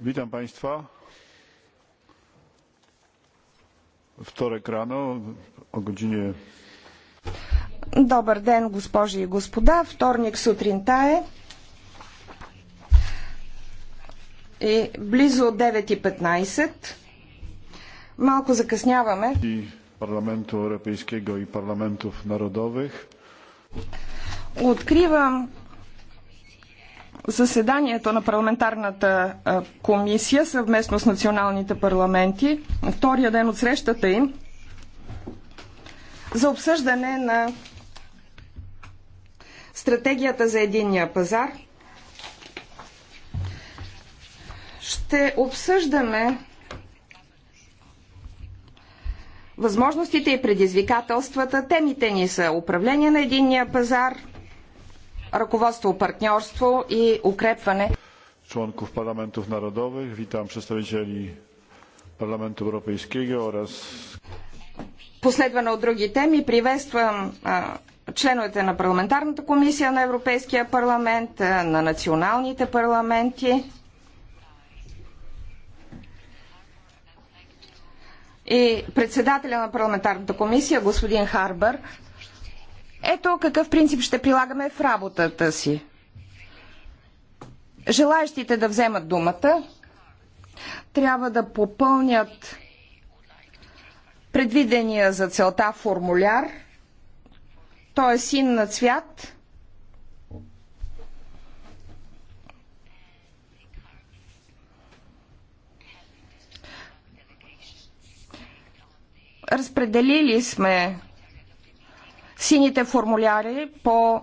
Witam Państwa. we Wtorek rano o godzinie. Добър ден, госпожи и господа. Вторник сутринта е. И близо 9.15. Малко закъсняваме. И парламенту Европейского и парламентов народовых. Откривам заседанието на парламентарната комисия съвместно с националните парламенти, втория ден от срещата им, за обсъждане на стратегията за единния пазар. Ще обсъждаме възможностите и предизвикателствата. Темите ни са управление на единния пазар – ръководство, партньорство и укрепване. Członków parlamentów narodowych, witam przedstawicieli Parlamentu Europejskiego oraz. Последвана от други теми, приветствам членовете на парламентарната комисия на Европейския парламент, на националните парламенти. И председателя на парламентарната комисия, господин Харбър, ето какъв принцип ще прилагаме в работата си. Желаящите да вземат думата трябва да попълнят предвидения за целта формуляр. Той е син на цвят. Разпределили сме сините формуляри по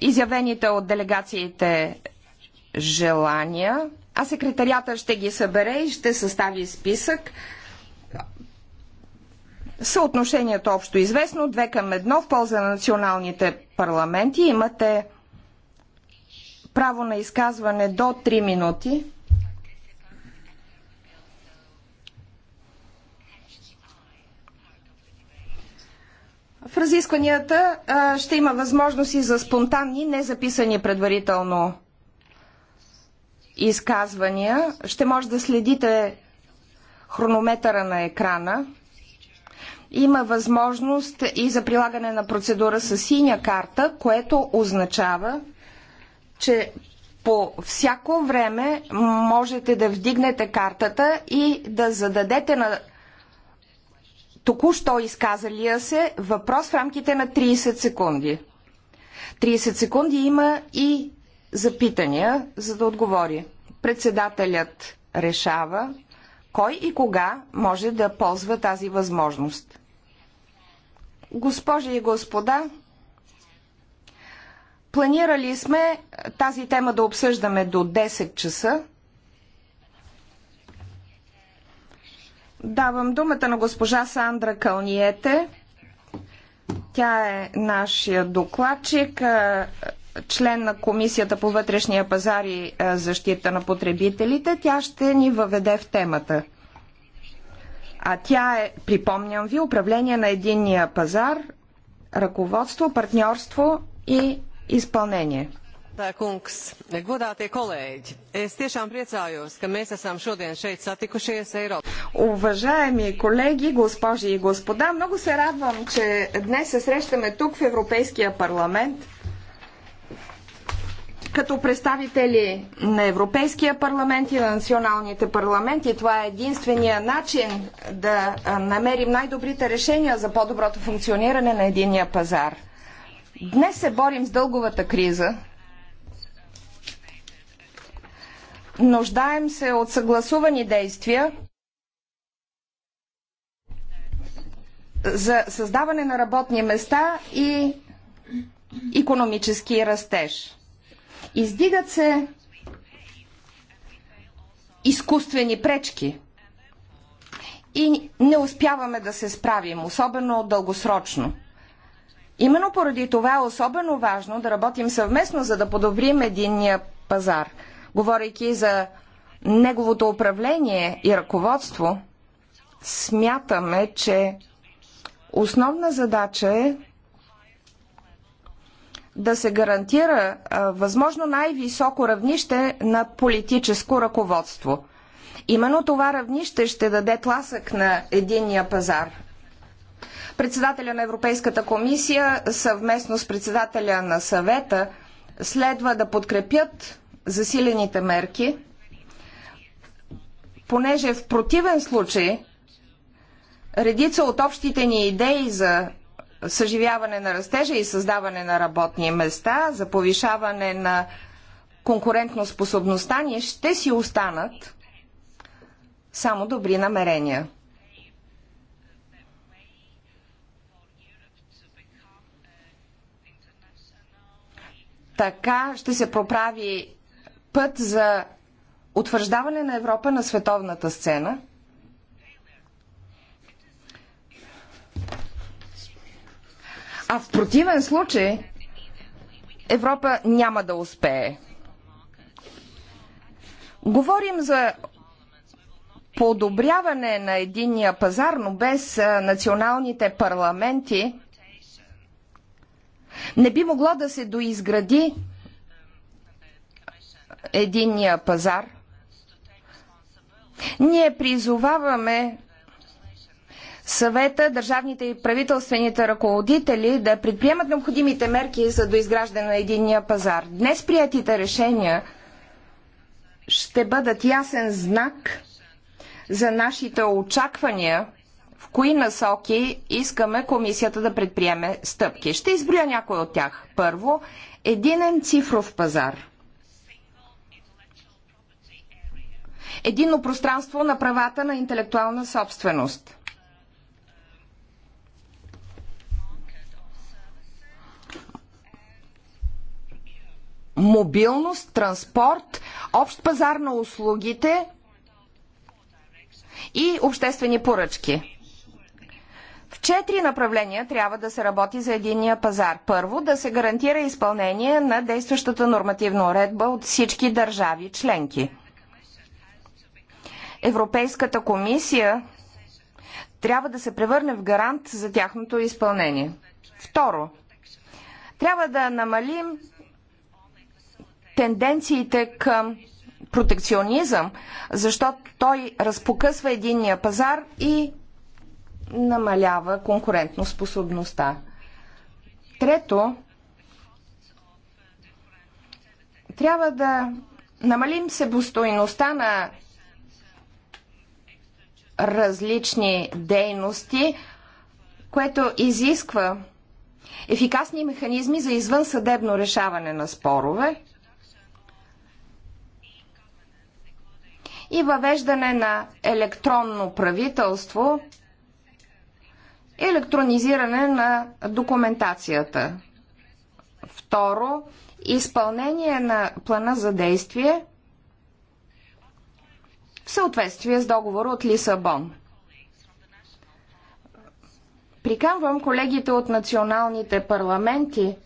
изявените от делегациите желания, а секретарията ще ги събере и ще състави списък. Съотношението общо известно, две към едно в полза на националните парламенти. Имате право на изказване до 3 минути. В разискванията а, ще има възможности за спонтанни, незаписани предварително изказвания. Ще може да следите хронометъра на екрана. Има възможност и за прилагане на процедура с синя карта, което означава, че по всяко време можете да вдигнете картата и да зададете на току-що изказалия се въпрос в рамките на 30 секунди. 30 секунди има и запитания, за да отговори. Председателят решава кой и кога може да ползва тази възможност. Госпожи и господа, планирали сме тази тема да обсъждаме до 10 часа. Давам думата на госпожа Сандра Кълниете. Тя е нашия докладчик, член на Комисията по вътрешния пазар и защита на потребителите. Тя ще ни въведе в темата. А тя е, припомням ви, управление на единния пазар, ръководство, партньорство и изпълнение godātie kolēģi, es tiešām priecājos, ka mēs esam šodien šeit satikušies Eiropā. Уважаеми колеги, госпожи и господа, много се радвам, че днес се срещаме тук в Европейския парламент като представители на Европейския парламент и на националните парламенти. Това е единствения начин да намерим най-добрите решения за по-доброто функциониране на единия пазар. Днес се борим с дълговата криза Нуждаем се от съгласувани действия за създаване на работни места и економически растеж. Издигат се изкуствени пречки и не успяваме да се справим, особено дългосрочно. Именно поради това е особено важно да работим съвместно, за да подобрим единния пазар говорейки за неговото управление и ръководство, смятаме, че основна задача е да се гарантира а, възможно най-високо равнище на политическо ръководство. Именно това равнище ще даде тласък на единния пазар. Председателя на Европейската комисия съвместно с председателя на съвета следва да подкрепят засилените мерки, понеже в противен случай редица от общите ни идеи за съживяване на растежа и създаване на работни места, за повишаване на конкурентноспособността ни ще си останат само добри намерения. Така ще се проправи път за утвърждаване на Европа на световната сцена. А в противен случай Европа няма да успее. Говорим за подобряване на единния пазар, но без националните парламенти не би могло да се доизгради единния пазар, ние призоваваме съвета, държавните и правителствените ръководители да предприемат необходимите мерки за доизграждане на единния пазар. Днес приятите решения ще бъдат ясен знак за нашите очаквания в кои насоки искаме комисията да предприеме стъпки. Ще изброя някои от тях. Първо, единен цифров пазар. единно пространство на правата на интелектуална собственост. Мобилност, транспорт, общ пазар на услугите и обществени поръчки. В четири направления трябва да се работи за единия пазар. Първо, да се гарантира изпълнение на действащата нормативна уредба от всички държави членки. Европейската комисия трябва да се превърне в гарант за тяхното изпълнение. Второ, трябва да намалим тенденциите към протекционизъм, защото той разпокъсва единния пазар и намалява конкурентноспособността. Трето, трябва да намалим себостоиността на различни дейности, което изисква ефикасни механизми за извънсъдебно решаване на спорове и въвеждане на електронно правителство и електронизиране на документацията. Второ, изпълнение на плана за действие – в съответствие с договора от Лисабон. Приканвам колегите от националните парламенти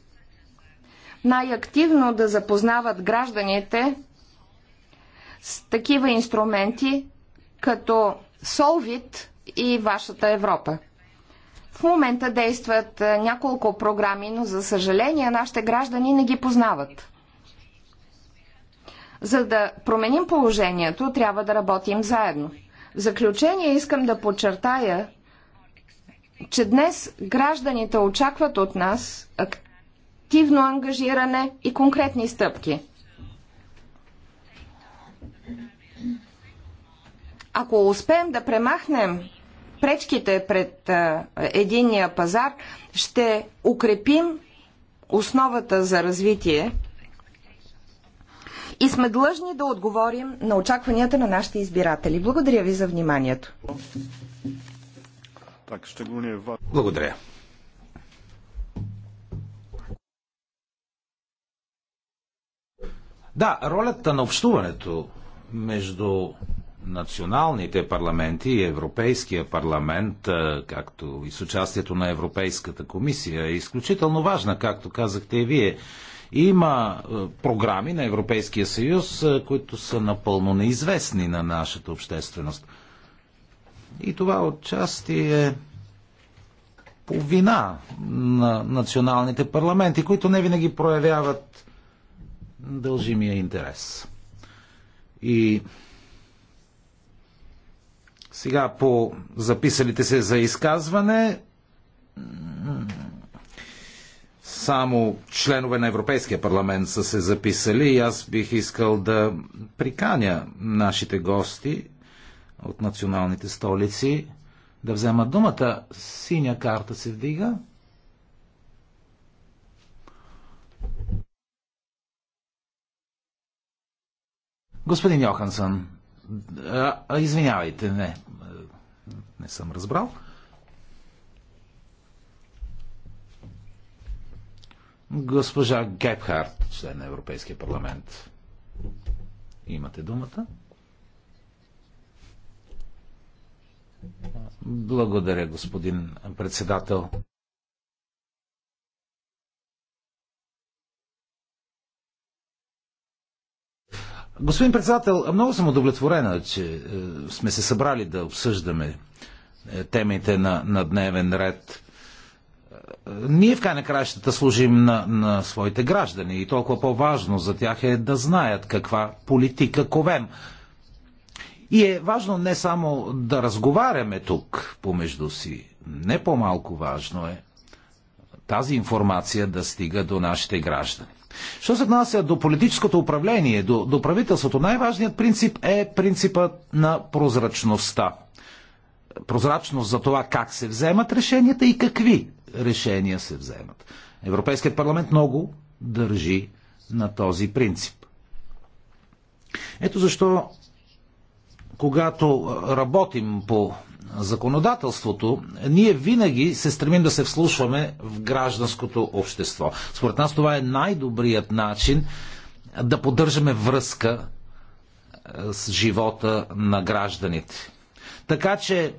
най-активно да запознават гражданите с такива инструменти, като Solvit и Вашата Европа. В момента действат няколко програми, но за съжаление нашите граждани не ги познават. За да променим положението, трябва да работим заедно. В заключение искам да подчертая, че днес гражданите очакват от нас активно ангажиране и конкретни стъпки. Ако успеем да премахнем пречките пред единния пазар, ще укрепим основата за развитие и сме длъжни да отговорим на очакванията на нашите избиратели. Благодаря ви за вниманието. Е Благодаря. Да, ролята на общуването между националните парламенти и Европейския парламент, както и с участието на Европейската комисия, е изключително важна, както казахте и вие. Има е, програми на Европейския съюз, е, които са напълно неизвестни на нашата общественост. И това отчасти е по вина на националните парламенти, които не винаги проявяват дължимия интерес. И сега по записалите се за изказване само членове на Европейския парламент са се записали и аз бих искал да приканя нашите гости от националните столици да вземат думата. Синя карта се вдига. Господин Йохансън, извинявайте, не, не съм разбрал. Госпожа Гепхарт, член на Европейския парламент. Имате думата. Благодаря, господин председател. Господин председател, много съм удовлетворена, че е, сме се събрали да обсъждаме е, темите на, на дневен ред ние в край на краищата служим на, на своите граждани и толкова по-важно за тях е да знаят каква политика ковем. И е важно не само да разговаряме тук помежду си, не по-малко важно е тази информация да стига до нашите граждани. Що се отнася до политическото управление, до, до правителството, най-важният принцип е принципът на прозрачността. Прозрачност за това как се вземат решенията и какви решения се вземат. Европейският парламент много държи на този принцип. Ето защо, когато работим по законодателството, ние винаги се стремим да се вслушваме в гражданското общество. Според нас това е най-добрият начин да поддържаме връзка е, с живота на гражданите. Така че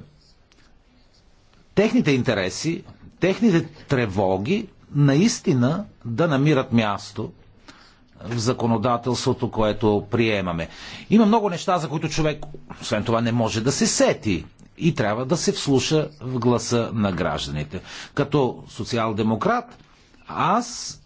техните интереси техните тревоги наистина да намират място в законодателството, което приемаме. Има много неща, за които човек, освен това, не може да се сети и трябва да се вслуша в гласа на гражданите. Като социал-демократ, аз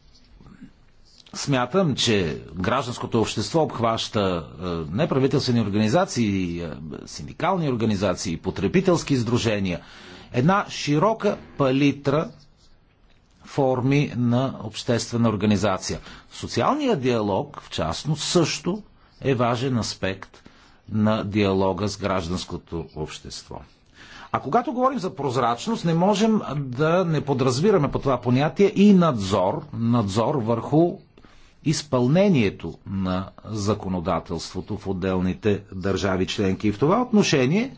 смятам, че гражданското общество обхваща е, неправителствени организации, е, синдикални организации, потребителски издружения – една широка палитра форми на обществена организация. Социалният диалог, в частност, също е важен аспект на диалога с гражданското общество. А когато говорим за прозрачност, не можем да не подразбираме по това понятие и надзор, надзор върху изпълнението на законодателството в отделните държави членки. И в това отношение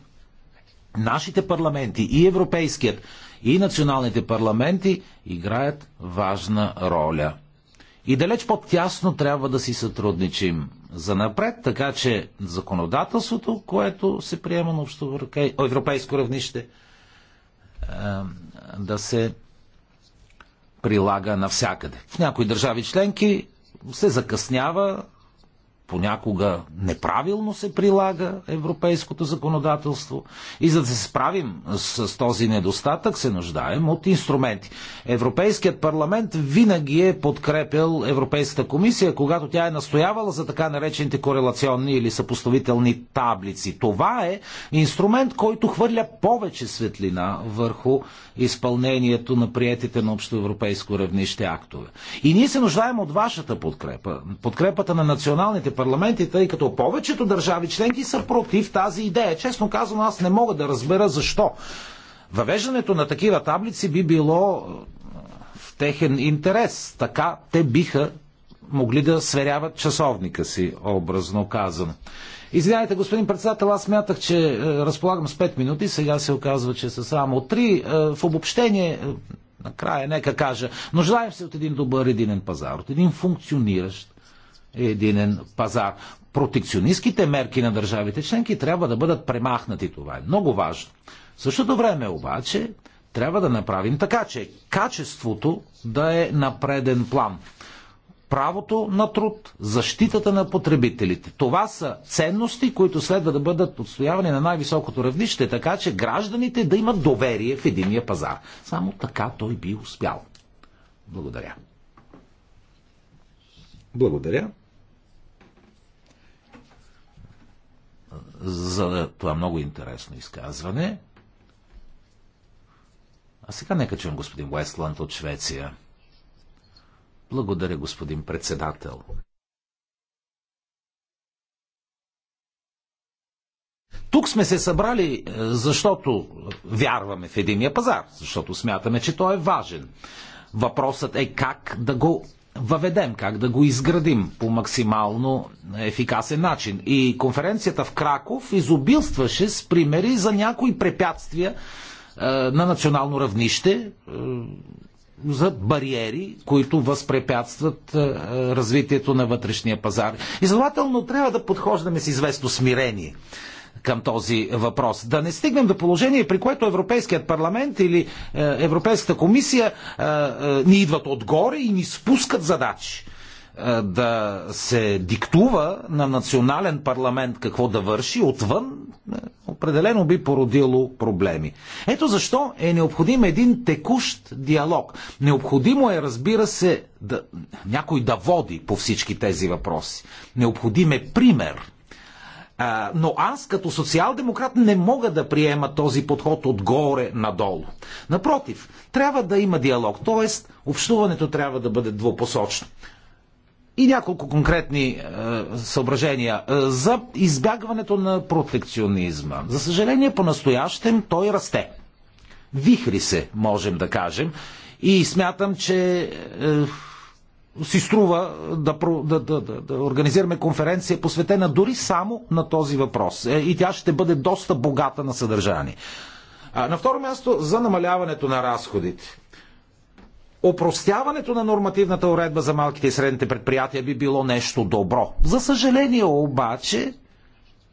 нашите парламенти и европейският и националните парламенти играят важна роля. И далеч по-тясно трябва да си сътрудничим за напред, така че законодателството, което се приема на общо европейско равнище, да се прилага навсякъде. В някои държави членки се закъснява понякога неправилно се прилага европейското законодателство. И за да се справим с този недостатък, се нуждаем от инструменти. Европейският парламент винаги е подкрепил Европейската комисия, когато тя е настоявала за така наречените корелационни или съпоставителни таблици. Това е инструмент, който хвърля повече светлина върху изпълнението на приетите на общоевропейско равнище актове. И ние се нуждаем от вашата подкрепа, подкрепата на националните парламенти, тъй като повечето държави членки са против тази идея. Честно казано, аз не мога да разбера защо. Въвеждането на такива таблици би било е, в техен интерес. Така те биха могли да сверяват часовника си, образно казано. Извинявайте, господин председател, аз смятах, че е, разполагам с 5 минути, сега се оказва, че са само 3. Е, в обобщение, накрая, нека кажа, нуждаем се от един добър единен пазар, от един функциониращ единен пазар. Протекционистските мерки на държавите членки трябва да бъдат премахнати. Това е много важно. В същото време обаче трябва да направим така, че качеството да е на преден план. Правото на труд, защитата на потребителите. Това са ценности, които следва да бъдат отстоявани на най-високото равнище, така че гражданите да имат доверие в единия пазар. Само така той би успял. Благодаря. Благодаря. за това много интересно изказване. А сега нека чуем господин Уестланд от Швеция. Благодаря, господин председател. Тук сме се събрали, е, защото вярваме в единия пазар, защото смятаме, че той е важен. Въпросът е как да го въведем, как да го изградим по максимално ефикасен начин. И конференцията в Краков изобилстваше с примери за някои препятствия е, на национално равнище е, за бариери, които възпрепятстват е, е развитието на вътрешния пазар. И следователно трябва да подхождаме с известно смирение към този въпрос. Да не стигнем до положение, при което Европейският парламент или е, Европейската комисия е, е, ни идват отгоре и ни спускат задачи да се диктува на национален парламент какво да върши отвън, определено би породило проблеми. Ето защо е необходим един текущ диалог. Необходимо е, разбира се, да, някой да води по всички тези въпроси. Необходим е пример но аз като социал-демократ не мога да приема този подход отгоре надолу. Напротив, трябва да има диалог, т.е. общуването трябва да бъде двупосочно. И няколко конкретни е, съображения е, за избягването на протекционизма. За съжаление, по-настоящем той расте. Вихри се, можем да кажем. И смятам, че. Е, си струва да, да, да, да, да организираме конференция, посветена дори само на този въпрос. Е, и тя ще бъде доста богата на съдържание. А, на второ място, за намаляването на разходите. Опростяването на нормативната уредба за малките и средните предприятия би било нещо добро. За съжаление обаче,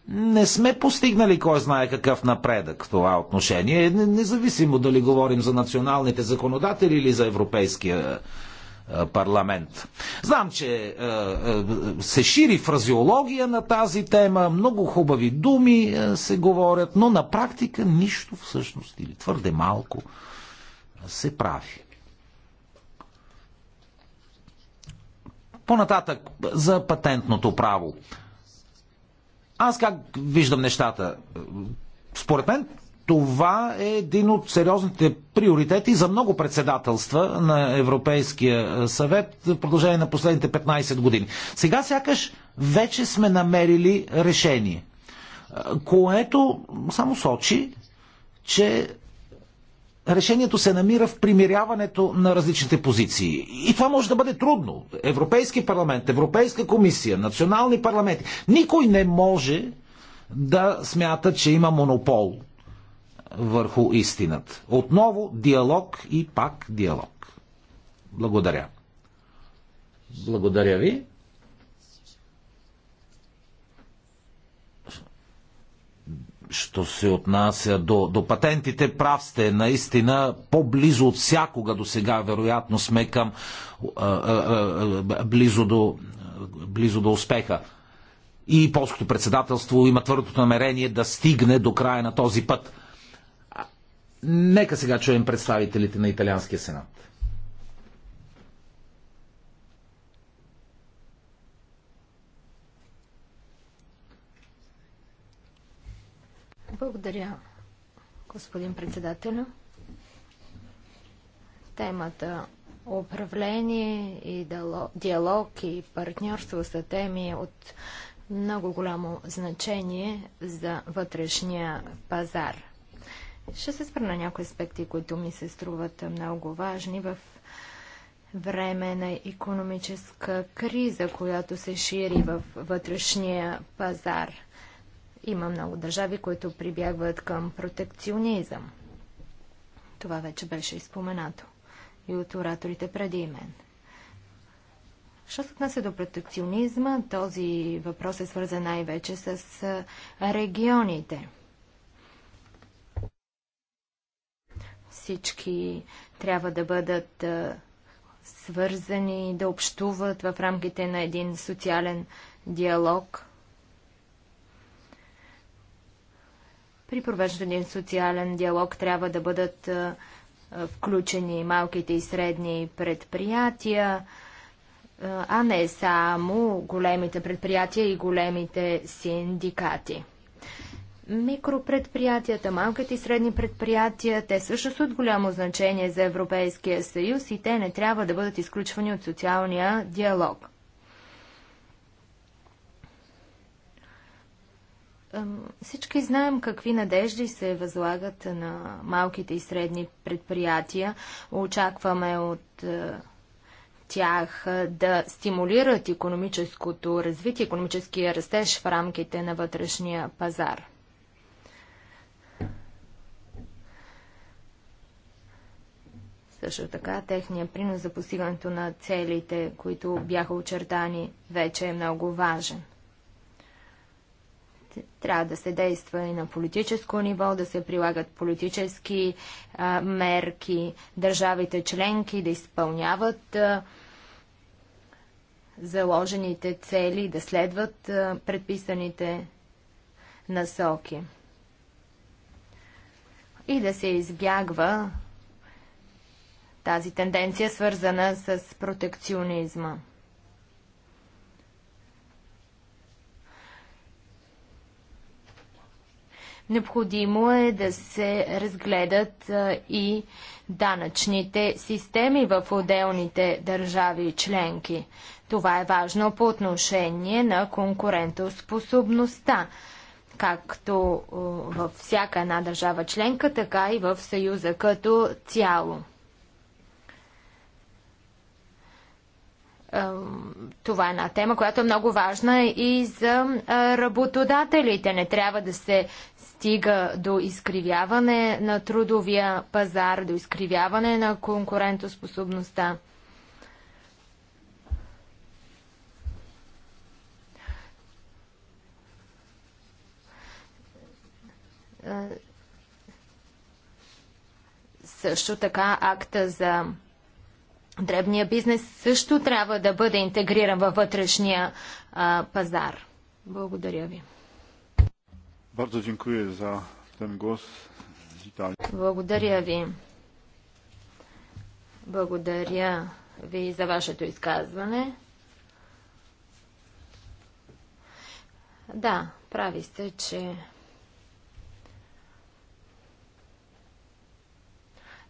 не сме постигнали кой знае какъв напредък в това отношение, независимо дали говорим за националните законодатели или за Европейския е, парламент. Знам, че е, е, се шири фразеология на тази тема, много хубави думи се говорят, но на практика нищо всъщност или твърде малко се прави. По-нататък за патентното право. Аз как виждам нещата? Според мен това е един от сериозните приоритети за много председателства на Европейския съвет в продължение на последните 15 години. Сега сякаш вече сме намерили решение, което само сочи, че решението се намира в примиряването на различните позиции. И това може да бъде трудно. Европейски парламент, Европейска комисия, национални парламенти. Никой не може да смята, че има монопол върху истината. Отново диалог и пак диалог. Благодаря. Благодаря ви. Що се отнася до, до патентите, прав сте, наистина по-близо от всякога до сега, вероятно сме към а, а, а, близо, до, близо до успеха. И полското председателство има твърдото намерение да стигне до края на този път. Нека сега чуем представителите на Италианския сенат. Благодаря, господин председател. Темата управление и диалог и партньорство са теми от много голямо значение за вътрешния пазар. Ще се спра на някои аспекти, които ми се струват много важни в време на економическа криза, която се шири в вътрешния пазар. Има много държави, които прибягват към протекционизъм. Това вече беше изпоменато и от ораторите преди мен. Що се отнася до протекционизма, този въпрос е свързан най-вече с регионите – Всички трябва да бъдат свързани, да общуват в рамките на един социален диалог. При провеждане един социален диалог трябва да бъдат включени малките и средни предприятия, а не само големите предприятия и големите синдикати. Микропредприятията, малките и средни предприятия, те също са от голямо значение за Европейския съюз и те не трябва да бъдат изключвани от социалния диалог. Всички знаем какви надежди се възлагат на малките и средни предприятия. Очакваме от е, тях е, да стимулират економическото развитие, економическия растеж в рамките на вътрешния пазар. Също така, техният принос за постигането на целите, които бяха очертани, вече е много важен. Трябва да се действа и на политическо ниво, да се прилагат политически а, мерки, държавите членки да изпълняват а, заложените цели, да следват а, предписаните насоки и да се избягва тази тенденция, свързана с протекционизма. Необходимо е да се разгледат и данъчните системи в отделните държави и членки. Това е важно по отношение на конкурентоспособността, както във всяка една държава членка, така и в Съюза като цяло. това е една тема, която е много важна и за работодателите. Не трябва да се стига до изкривяване на трудовия пазар, до изкривяване на конкурентоспособността. Също така акта за Дребния бизнес също трябва да бъде интегриран във вътрешния а, пазар. Благодаря ви. Bardzo dziękuję za ten Благодаря ви. Благодаря ви за вашето изказване. Да, прави сте, че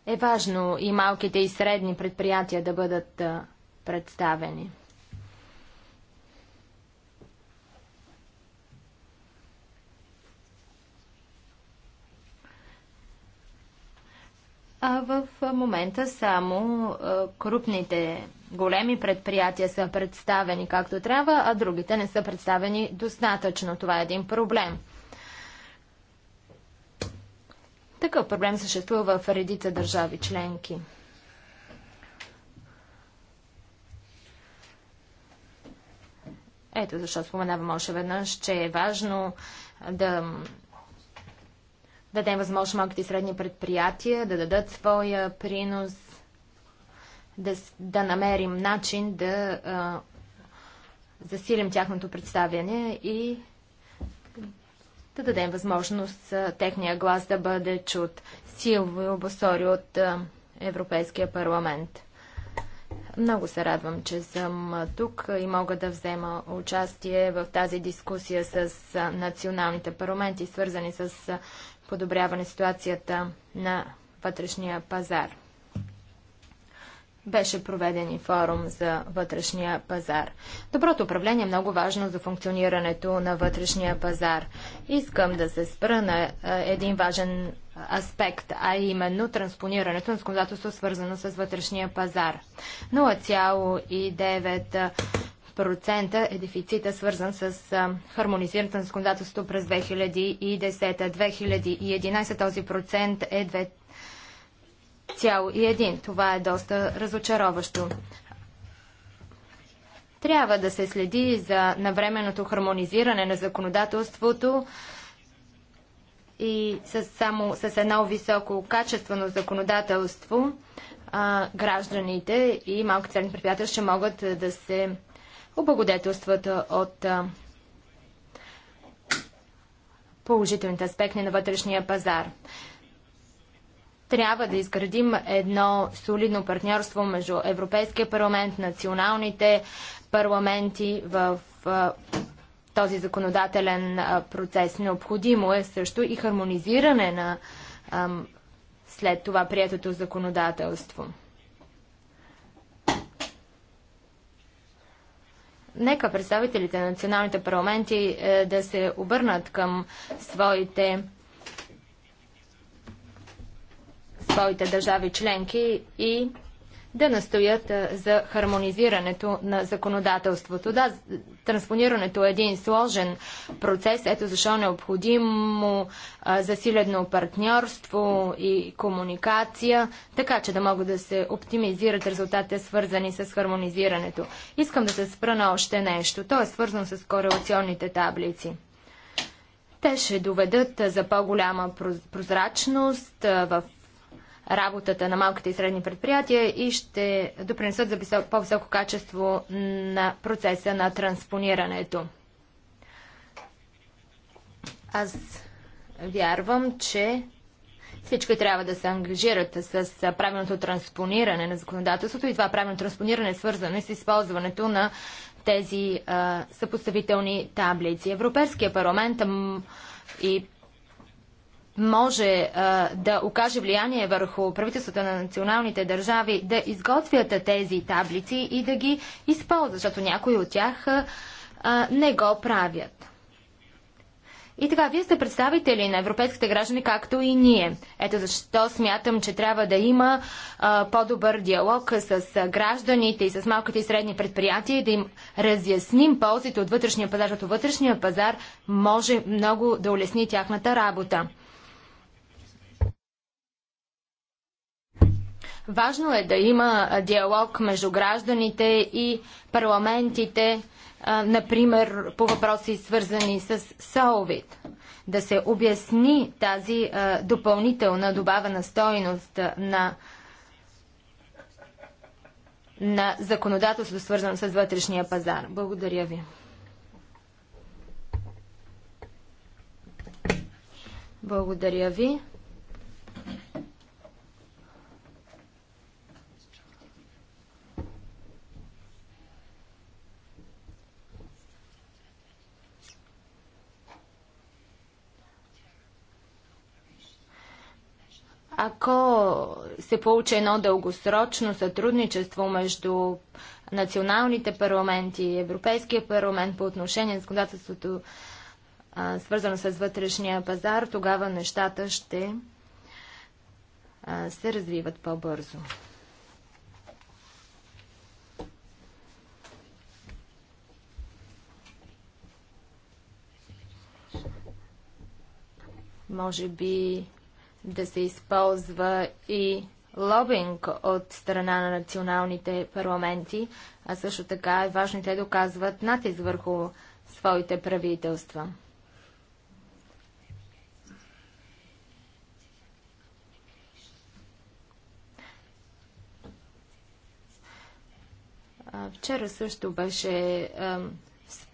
е важно и малките и средни предприятия да бъдат представени. А в момента само крупните големи предприятия са представени както трябва, а другите не са представени достатъчно. Това е един проблем. Такъв проблем съществува в редица държави членки. Ето защо споменавам още веднъж, че е важно да дадем възможност малките и средни предприятия да дадат своя принос, да, да намерим начин да а, засилим тяхното представяне и да дадем възможност техния глас да бъде чут. Силвио обосори от Европейския парламент. Много се радвам, че съм тук и мога да взема участие в тази дискусия с националните парламенти, свързани с подобряване ситуацията на вътрешния пазар беше проведен и форум за вътрешния пазар. Доброто управление е много важно за функционирането на вътрешния пазар. Искам да се спра на един важен аспект, а именно транспонирането на законодателство, свързано с вътрешния пазар. 0,9 процента е дефицита, свързан с хармонизирането на законодателство през 2010-2011. Този процент е Цял и един. Това е доста разочароващо. Трябва да се следи за навременното хармонизиране на законодателството и с, само с едно високо качествено законодателство а, гражданите и малки ценни предприятия ще могат да се облагодетелстват от а, положителните аспекти на вътрешния пазар. Трябва да изградим едно солидно партньорство между Европейския парламент, националните парламенти в този законодателен процес. Необходимо е също и хармонизиране на след това приятото законодателство. Нека представителите на националните парламенти е, да се обърнат към своите своите държави членки и да настоят за хармонизирането на законодателството. Да, транспонирането е един сложен процес, ето защо е необходимо засилено партньорство и комуникация, така че да могат да се оптимизират резултатите, свързани с хармонизирането. Искам да се спра на още нещо. То е свързано с корелационните таблици. Те ще доведат за по-голяма прозрачност в работата на малките и средни предприятия и ще допринесат за по-високо качество на процеса на транспонирането. Аз вярвам, че всички трябва да се ангажират с правилното транспониране на законодателството и това правилно транспониране е свързано с използването на тези а, съпоставителни таблици. Европейския парламент и може а, да окаже влияние върху правителствата на националните държави да изготвят тези таблици и да ги използват, защото някои от тях а, не го правят. И така, вие сте представители на европейските граждани, както и ние. Ето защо смятам, че трябва да има по-добър диалог с гражданите и с малките и средни предприятия и да им разясним ползите от вътрешния пазар, защото вътрешния пазар може много да улесни тяхната работа. Важно е да има диалог между гражданите и парламентите, например по въпроси свързани с СОВИД. Да се обясни тази допълнителна добавена стойност на на законодателство, свързано с вътрешния пазар. Благодаря ви. Благодаря ви. Ако се получи едно дългосрочно сътрудничество между националните парламенти и Европейския парламент по отношение на законодателството, свързано с вътрешния пазар, тогава нещата ще се развиват по-бързо. Може би да се използва и лобинг от страна на националните парламенти, а също така е важно и те доказват натиск върху своите правителства. Вчера също беше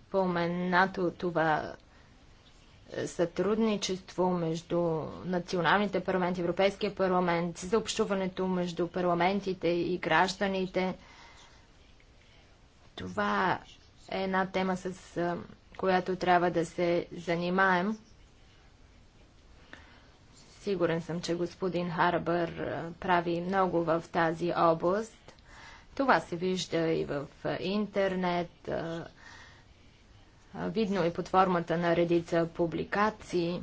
споменато това сътрудничество между националните парламенти, Европейския парламент, за общуването между парламентите и гражданите. Това е една тема, с която трябва да се занимаем. Сигурен съм, че господин Харбър прави много в тази област. Това се вижда и в интернет, Видно и под формата на редица публикации.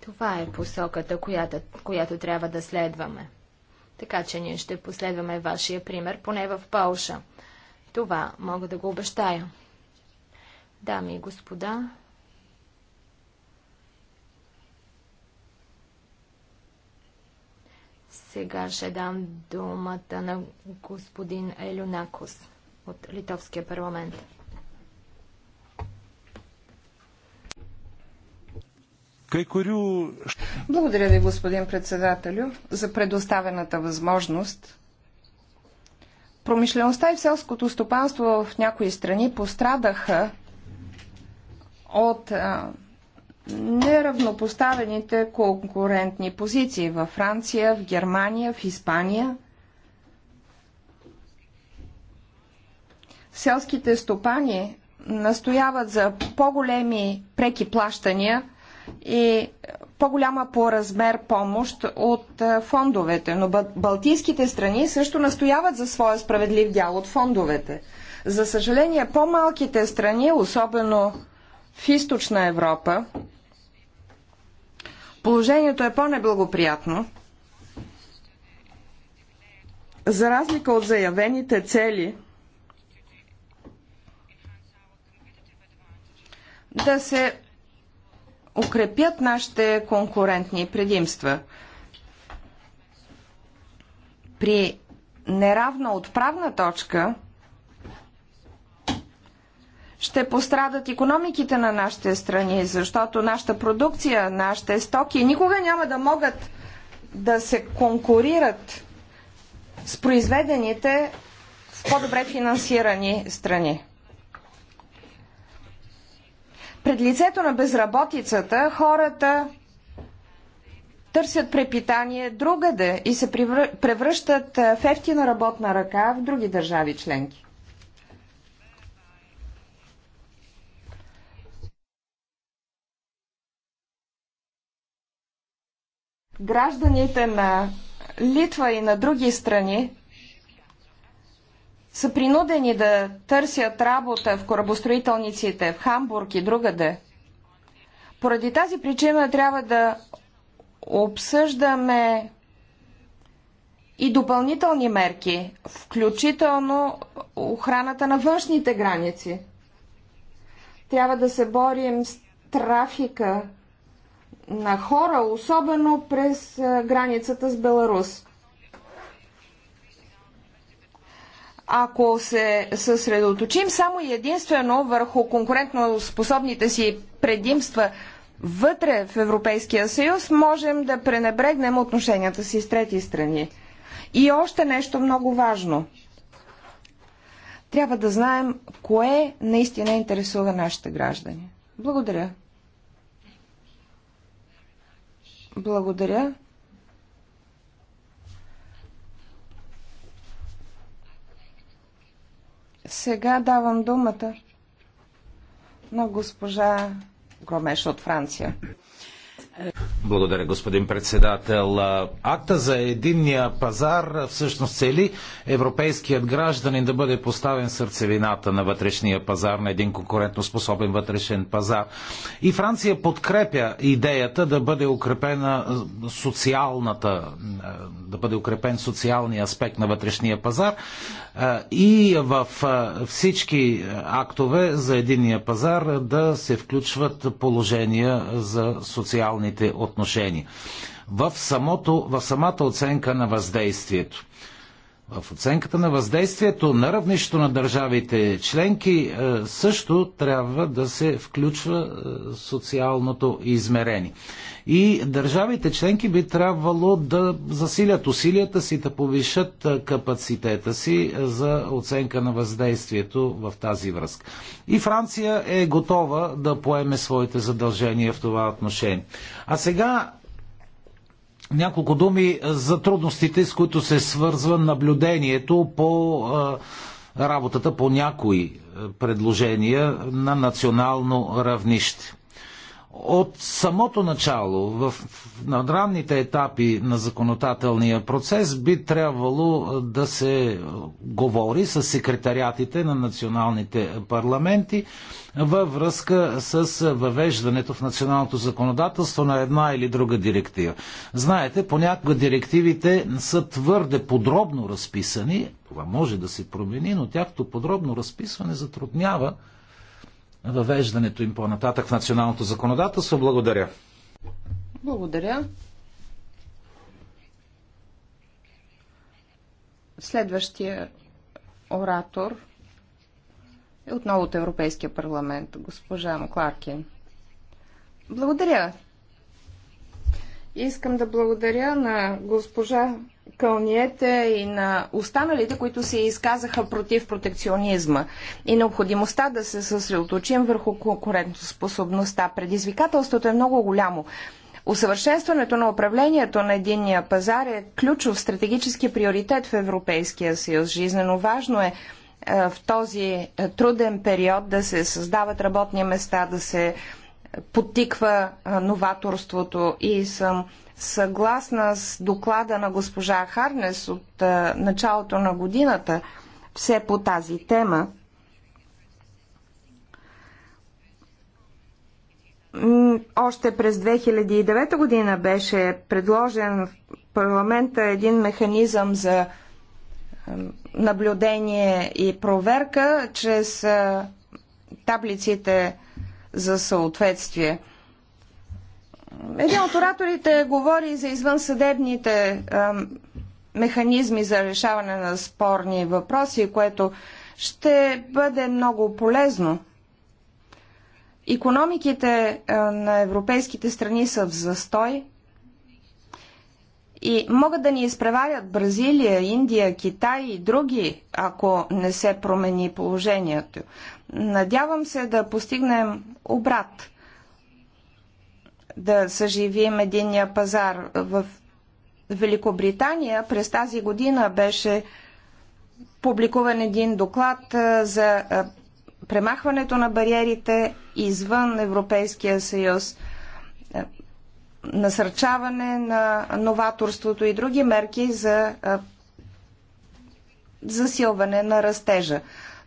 Това е посоката, която, която трябва да следваме. Така че ние ще последваме вашия пример, поне в Полша. Това мога да го обещая. Дами и господа, Сега ще дам думата на господин Елюнакос от Литовския парламент. Благодаря ви, господин председателю, за предоставената възможност. Промишлеността и селското стопанство в някои страни пострадаха от неравнопоставените конкурентни позиции във Франция, в Германия, в Испания. Селските стопани настояват за по-големи преки плащания и по-голяма по размер помощ от фондовете, но балтийските страни също настояват за своя справедлив дял от фондовете. За съжаление, по-малките страни, особено в източна Европа положението е по-неблагоприятно. За разлика от заявените цели да се укрепят нашите конкурентни предимства. При неравна отправна точка – ще пострадат економиките на нашите страни, защото нашата продукция, нашите стоки никога няма да могат да се конкурират с произведените в по-добре финансирани страни. Пред лицето на безработицата хората търсят препитание другаде и се превръщат в ефтина работна ръка в други държави членки. гражданите на Литва и на други страни са принудени да търсят работа в корабостроителниците в Хамбург и другаде. Поради тази причина трябва да обсъждаме и допълнителни мерки, включително охраната на външните граници. Трябва да се борим с трафика на хора, особено през границата с Беларус. Ако се съсредоточим само и единствено върху конкурентно способните си предимства вътре в Европейския съюз, можем да пренебрегнем отношенията си с трети страни. И още нещо много важно. Трябва да знаем кое наистина интересува нашите граждани. Благодаря. Благодаря. Сега давам думата на госпожа Громеш от Франция. Благодаря, господин председател. Акта за единния пазар всъщност цели европейският гражданин да бъде поставен сърцевината на вътрешния пазар, на един конкурентоспособен вътрешен пазар. И Франция подкрепя идеята да бъде укрепена социалната, да бъде укрепен социалния аспект на вътрешния пазар и в всички актове за единния пазар да се включват положения за социални социалните отношения. В, самото, в самата оценка на въздействието в оценката на въздействието на равнището на държавите членки е, също трябва да се включва е, социалното измерение. И държавите членки би трябвало да засилят усилията си, да повишат е, капацитета си за оценка на въздействието в тази връзка. И Франция е готова да поеме своите задължения в това отношение. А сега няколко думи за трудностите, с които се свързва наблюдението по работата по някои предложения на национално равнище от самото начало, в, ранните етапи на законодателния процес, би трябвало да се говори с секретариатите на националните парламенти във връзка с въвеждането в националното законодателство на една или друга директива. Знаете, понякога директивите са твърде подробно разписани, това може да се промени, но тяхното подробно разписване затруднява въвеждането им по-нататък в националното законодателство. Благодаря. Благодаря. Следващия оратор е отново от Европейския парламент, госпожа Макларкин. Благодаря. Искам да благодаря на госпожа Кълниет и на останалите, които се изказаха против протекционизма и необходимостта да се съсредоточим върху конкурентоспособността. Предизвикателството е много голямо. Усъвършенстването на управлението на единния пазар е ключов стратегически приоритет в Европейския съюз. Жизнено важно е, е в този е, труден период да се създават работни места, да се е, подтиква новаторството и съм Съгласна с доклада на госпожа Харнес от началото на годината, все по тази тема, още през 2009 година беше предложен в парламента един механизъм за наблюдение и проверка чрез таблиците за съответствие. Един от ораторите говори за извънсъдебните механизми за решаване на спорни въпроси, което ще бъде много полезно. Економиките на европейските страни са в застой и могат да ни изпреварят Бразилия, Индия, Китай и други, ако не се промени положението. Надявам се да постигнем обрат – да съживим единния пазар. В Великобритания през тази година беше публикуван един доклад за премахването на бариерите извън Европейския съюз, насърчаване на новаторството и други мерки за засилване на растежа.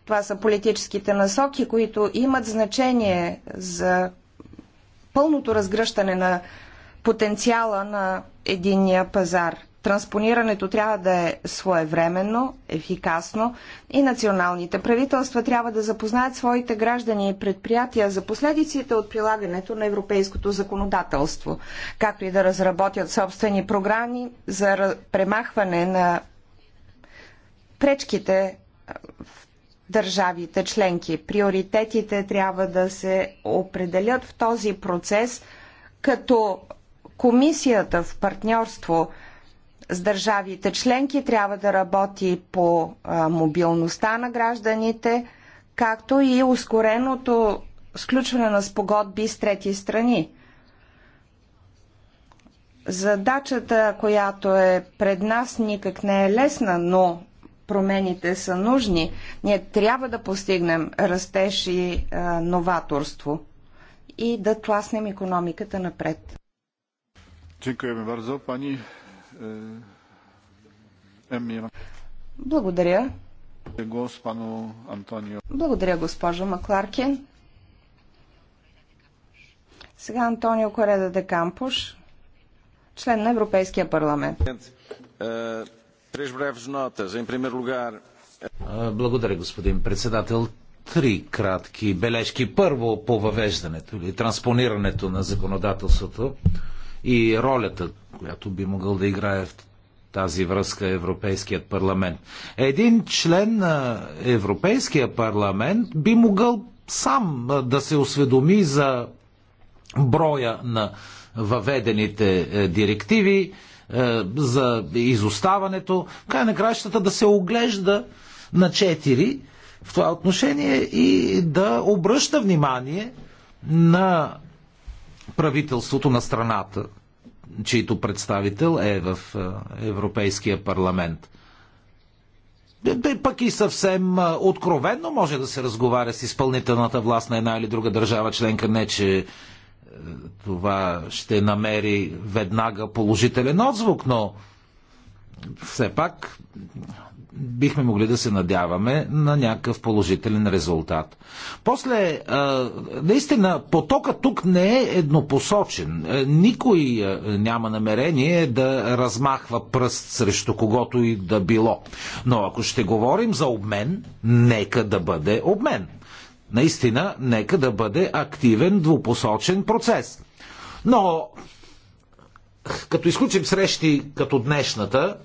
Това са политическите насоки, които имат значение за пълното разгръщане на потенциала на единния пазар. Транспонирането трябва да е своевременно, ефикасно и националните правителства трябва да запознаят своите граждани и предприятия за последиците от прилагането на европейското законодателство, както и да разработят собствени програми за премахване на пречките в държавите членки. Приоритетите трябва да се определят в този процес, като комисията в партньорство с държавите членки трябва да работи по мобилността на гражданите, както и ускореното сключване на спогодби с трети страни. Задачата, която е пред нас, никак не е лесна, но промените са нужни. Ние трябва да постигнем растеж и а, новаторство и да тласнем економиката напред. E, Благодаря. Благодаря, госпожо Макларкин. Сега Антонио Кореда де Кампуш, член на Европейския парламент. Е, благодаря, господин председател. Три кратки бележки. Първо по въвеждането или транспонирането на законодателството и ролята, която би могъл да играе в тази връзка Европейският парламент. Един член на Европейския парламент би могъл сам да се осведоми за броя на въведените е, директиви, е, за изоставането, край на кращата да се оглежда на четири в това отношение и да обръща внимание на правителството на страната, чийто представител е в е, Европейския парламент. Пък и съвсем е, откровенно може да се разговаря с изпълнителната власт на една или друга държава членка, не че това ще намери веднага положителен отзвук, но все пак бихме могли да се надяваме на някакъв положителен резултат. После, наистина, потока тук не е еднопосочен. Никой няма намерение да размахва пръст срещу когото и да било. Но ако ще говорим за обмен, нека да бъде обмен наистина нека да бъде активен двупосочен процес. Но като изключим срещи като днешната,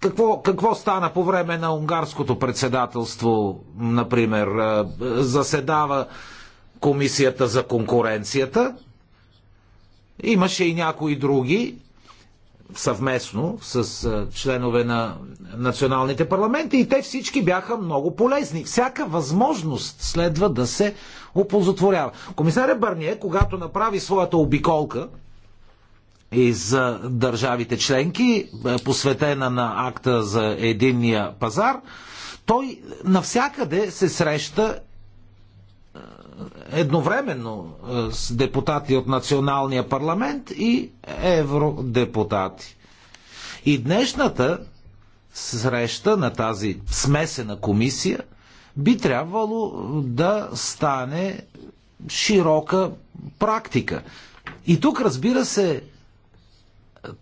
какво, какво стана по време на унгарското председателство, например? Заседава комисията за конкуренцията. Имаше и някои други съвместно с членове на националните парламенти и те всички бяха много полезни. Всяка възможност следва да се оползотворява. Комисаря Бърние, когато направи своята обиколка из държавите членки, е, посветена на акта за единния пазар, той навсякъде се среща едновременно е, с депутати от националния парламент и евродепутати. И днешната среща на тази смесена комисия би трябвало да стане широка практика. И тук, разбира се,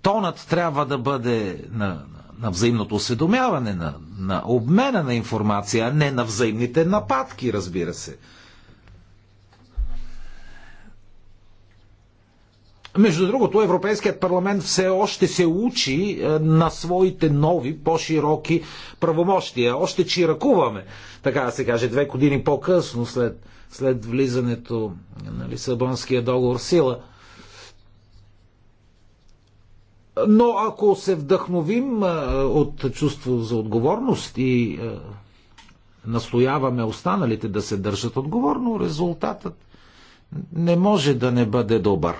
тонът трябва да бъде на, на взаимното осведомяване, на, на обмена на информация, а не на взаимните нападки, разбира се. Между другото, Европейският парламент все още се учи е, на своите нови, по-широки правомощия. Още чиракуваме, така да се каже, две години по-късно, след, след влизането на Лисабонския договор сила. Но ако се вдъхновим е, от чувство за отговорност и е, настояваме останалите да се държат отговорно, резултатът не може да не бъде добър.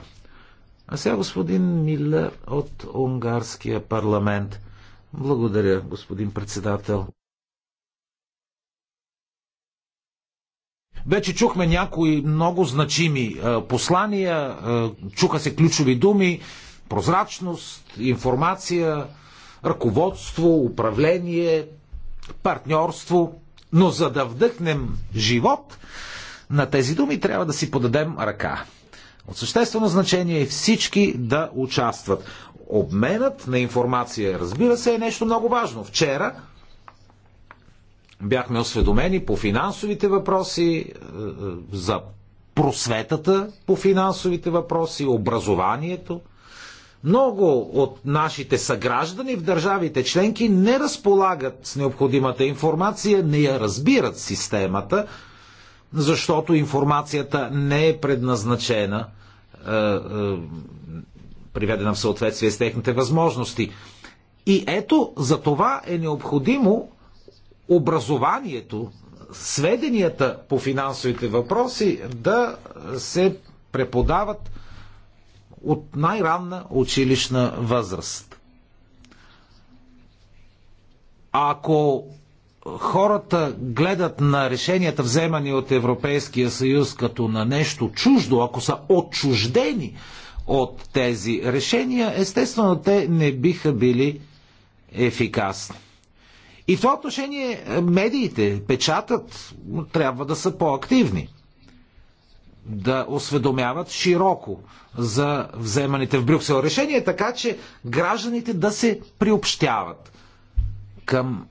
А сега господин Миле от Унгарския парламент. Благодаря, господин председател. Вече чухме някои много значими послания, чуха се ключови думи, прозрачност, информация, ръководство, управление, партньорство. Но за да вдъхнем живот на тези думи, трябва да си подадем ръка. От съществено значение е всички да участват. Обменът на информация, разбира се, е нещо много важно. Вчера бяхме осведомени по финансовите въпроси, е, е, за просветата по финансовите въпроси, образованието. Много от нашите съграждани в държавите членки не разполагат с необходимата информация, не я разбират системата, защото информацията не е предназначена, е, е, приведена в съответствие с техните възможности. И ето за това е необходимо образованието, сведенията по финансовите въпроси да се преподават от най-ранна училищна възраст. Ако хората гледат на решенията вземани от Европейския съюз като на нещо чуждо, ако са отчуждени от тези решения, естествено те не биха били ефикасни. И в това отношение е, медиите, печатат, трябва да са по-активни. Да осведомяват широко за вземаните в Брюксел решения, така че гражданите да се приобщяват към,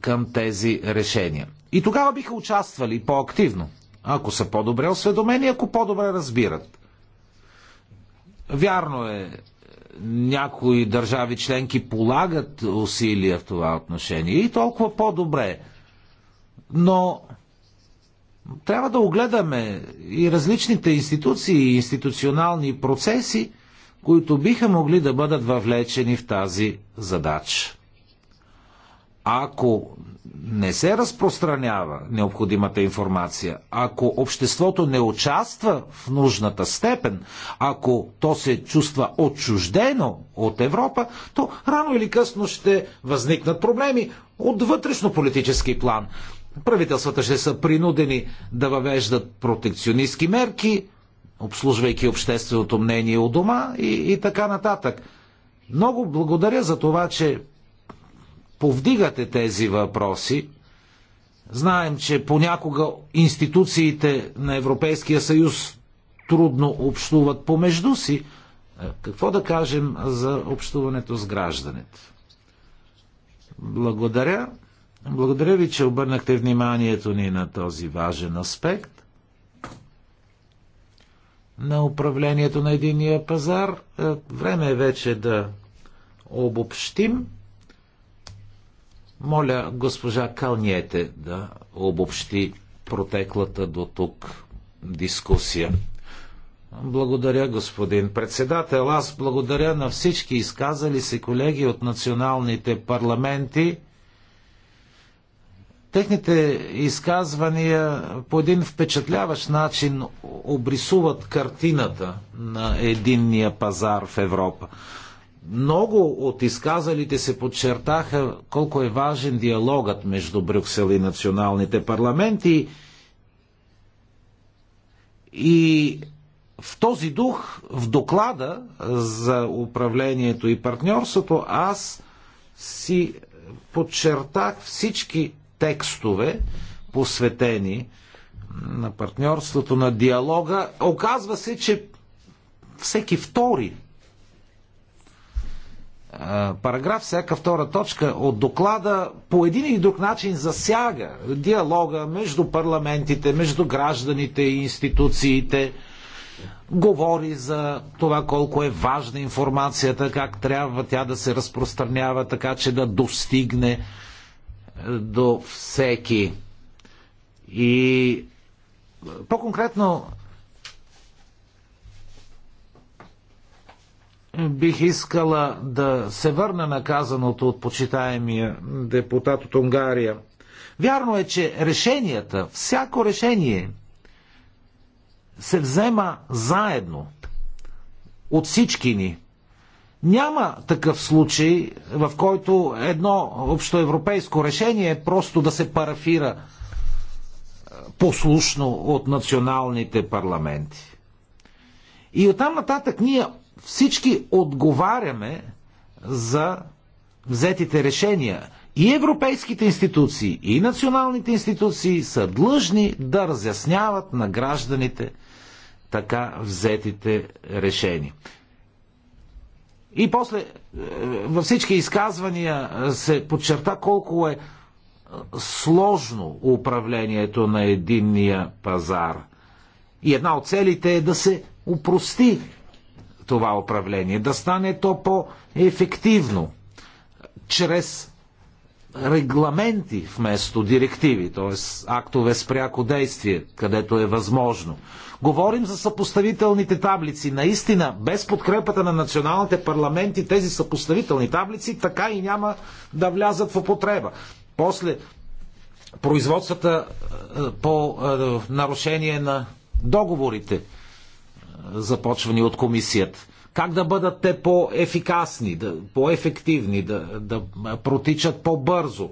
към тези решения. И тогава биха участвали по-активно, ако са по-добре осведомени, ако по-добре разбират. Вярно е, някои държави членки полагат усилия в това отношение и толкова по-добре. Но трябва да огледаме и различните институции и институционални процеси, които биха могли да бъдат въвлечени в тази задача. Ако не се разпространява необходимата информация, ако обществото не участва в нужната степен, ако то се чувства отчуждено от Европа, то рано или късно ще възникнат проблеми от вътрешно-политически план. Правителствата ще са принудени да въвеждат протекционистски мерки, обслужвайки общественото мнение у дома и, и така нататък. Много благодаря за това, че повдигате тези въпроси. Знаем, че понякога институциите на Европейския съюз трудно общуват помежду си. Е, какво да кажем за общуването с гражданите? Благодаря. Благодаря ви, че обърнахте вниманието ни на този важен аспект на управлението на единия пазар. Е, време е вече да обобщим. Моля госпожа Калниете да обобщи протеклата до тук дискусия. Благодаря, господин председател. Аз благодаря на всички изказали се колеги от националните парламенти. Техните изказвания по един впечатляващ начин обрисуват картината на единния пазар в Европа. Много от изказалите се подчертаха колко е важен диалогът между Брюксел и националните парламенти. И в този дух, в доклада за управлението и партньорството, аз си подчертах всички текстове, посветени на партньорството, на диалога. Оказва се, че всеки втори е, параграф, всяка втора точка от доклада по един или друг начин засяга диалога между парламентите, между гражданите и институциите. Говори за това колко е важна информацията, как трябва тя да се разпространява, така че да достигне е, до всеки. И е, по-конкретно бих искала да се върна на казаното от почитаемия депутат от Унгария. Вярно е, че решенията, всяко решение се взема заедно от всички ни. Няма такъв случай, в който едно общоевропейско решение е просто да се парафира е, послушно от националните парламенти. И оттам нататък ние всички отговаряме за взетите решения. И европейските институции, и националните институции са длъжни да разясняват на гражданите така взетите решения. И после е, във всички изказвания е, се подчерта колко е, е сложно управлението на единния пазар. И една от целите е да се упрости това управление, да стане то по-ефективно, чрез регламенти вместо директиви, т.е. актове с пряко действие, където е възможно. Говорим за съпоставителните таблици. Наистина, без подкрепата на националните парламенти, тези съпоставителни таблици така и няма да влязат в употреба. После производствата е, по е, нарушение на договорите – започвани от комисията. Как да бъдат те по-ефикасни, да, по-ефективни, да, да протичат по-бързо?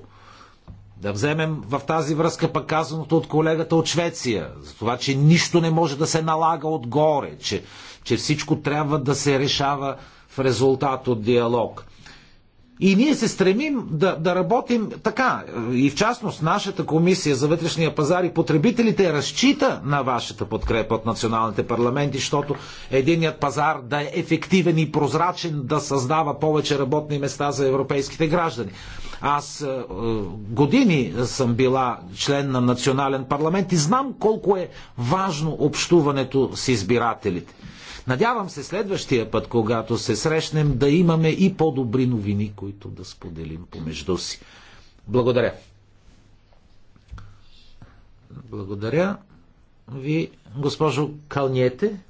Да вземем в тази връзка пък казаното от колегата от Швеция, за това, че нищо не може да се налага отгоре, че, че всичко трябва да се решава в резултат от диалог – и ние се стремим да, да работим така. И в частност нашата комисия за вътрешния пазар и потребителите разчита на вашата подкрепа от националните парламенти, защото единият пазар да е ефективен и прозрачен, да създава повече работни места за европейските граждани. Аз е, е, години съм била член на национален парламент и знам колко е важно общуването с избирателите. Надявам се следващия път, когато се срещнем, да имаме и по-добри новини, които да споделим помежду си. Благодаря. Благодаря ви, госпожо Калниете,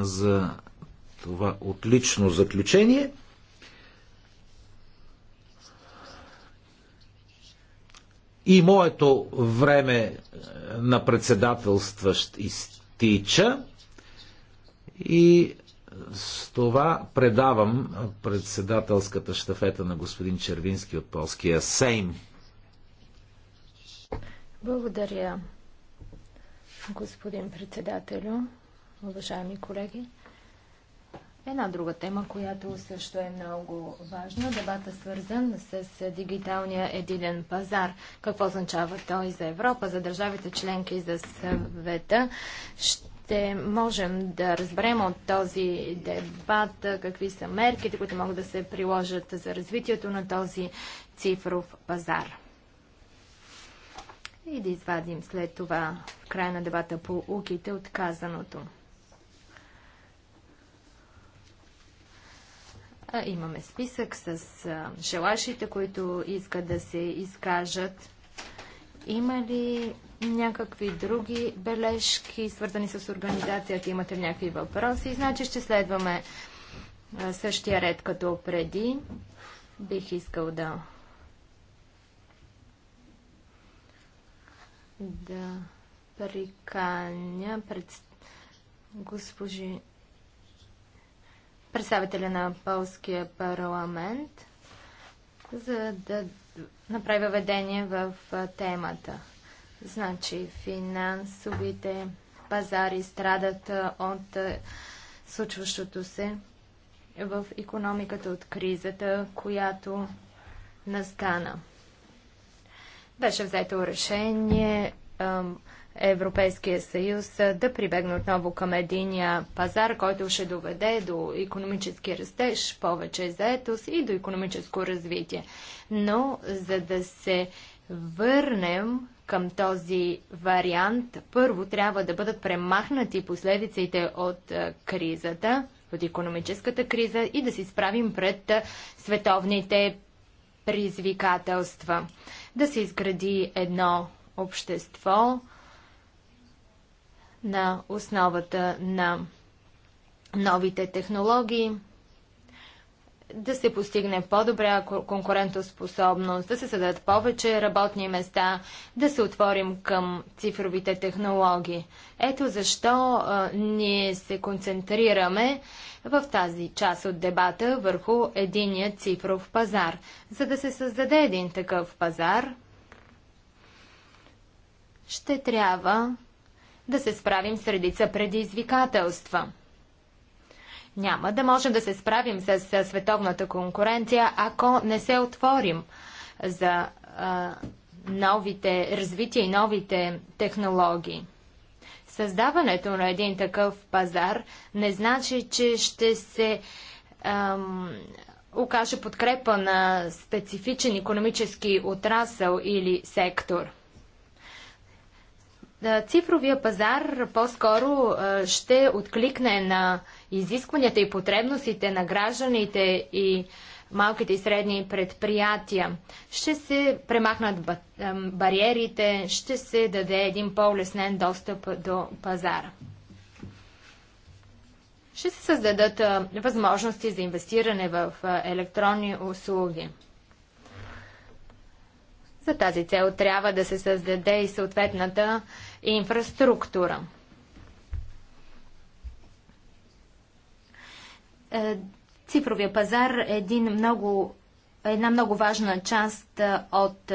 за това отлично заключение. И моето време е, на председателстващ изтича тича и с това предавам председателската щафета на господин Червински от полския Сейм. Благодаря, господин председателю, уважаеми колеги. Една друга тема, която също е много важна, дебата свързан с дигиталния единен пазар. Какво означава той за Европа, за държавите членки и за съвета? Ще можем да разберем от този дебат какви са мерките, които могат да се приложат за развитието на този цифров пазар. И да извадим след това в края на дебата по уките от казаното. имаме списък с желащите, които искат да се изкажат. Има ли някакви други бележки, свързани с организацията? Имате ли някакви въпроси? Значи ще следваме същия ред като преди. Бих искал да да приканя пред госпожи представителя на полския парламент, за да направи въведение в темата. Значи финансовите пазари страдат от случващото се в економиката от кризата, която настана. Беше взето решение Европейския съюз да прибегне отново към единия пазар, който ще доведе до економически растеж, повече заетост и до економическо развитие. Но за да се върнем към този вариант, първо трябва да бъдат премахнати последиците от кризата, от економическата криза и да се справим пред световните предизвикателства. Да се изгради едно общество, на основата на новите технологии, да се постигне по-добра конкурентоспособност, да се създадат повече работни места, да се отворим към цифровите технологии. Ето защо а, ние се концентрираме в тази част от дебата върху единия цифров пазар. За да се създаде един такъв пазар, ще трябва да се справим с редица предизвикателства. Няма да можем да се справим с, световната конкуренция, ако не се отворим за а, новите развития и новите технологии. Създаването на един такъв пазар не значи, че ще се ам, окаже подкрепа на специфичен економически отрасъл или сектор – Цифровия пазар по-скоро ще откликне на изискванията и потребностите на гражданите и малките и средни предприятия. Ще се премахнат бариерите, ще се даде един по-леснен достъп до пазара. Ще се създадат възможности за инвестиране в електронни услуги. За тази цел трябва да се създаде и съответната инфраструктура. Е, цифровия пазар е един много, е една много важна част е, от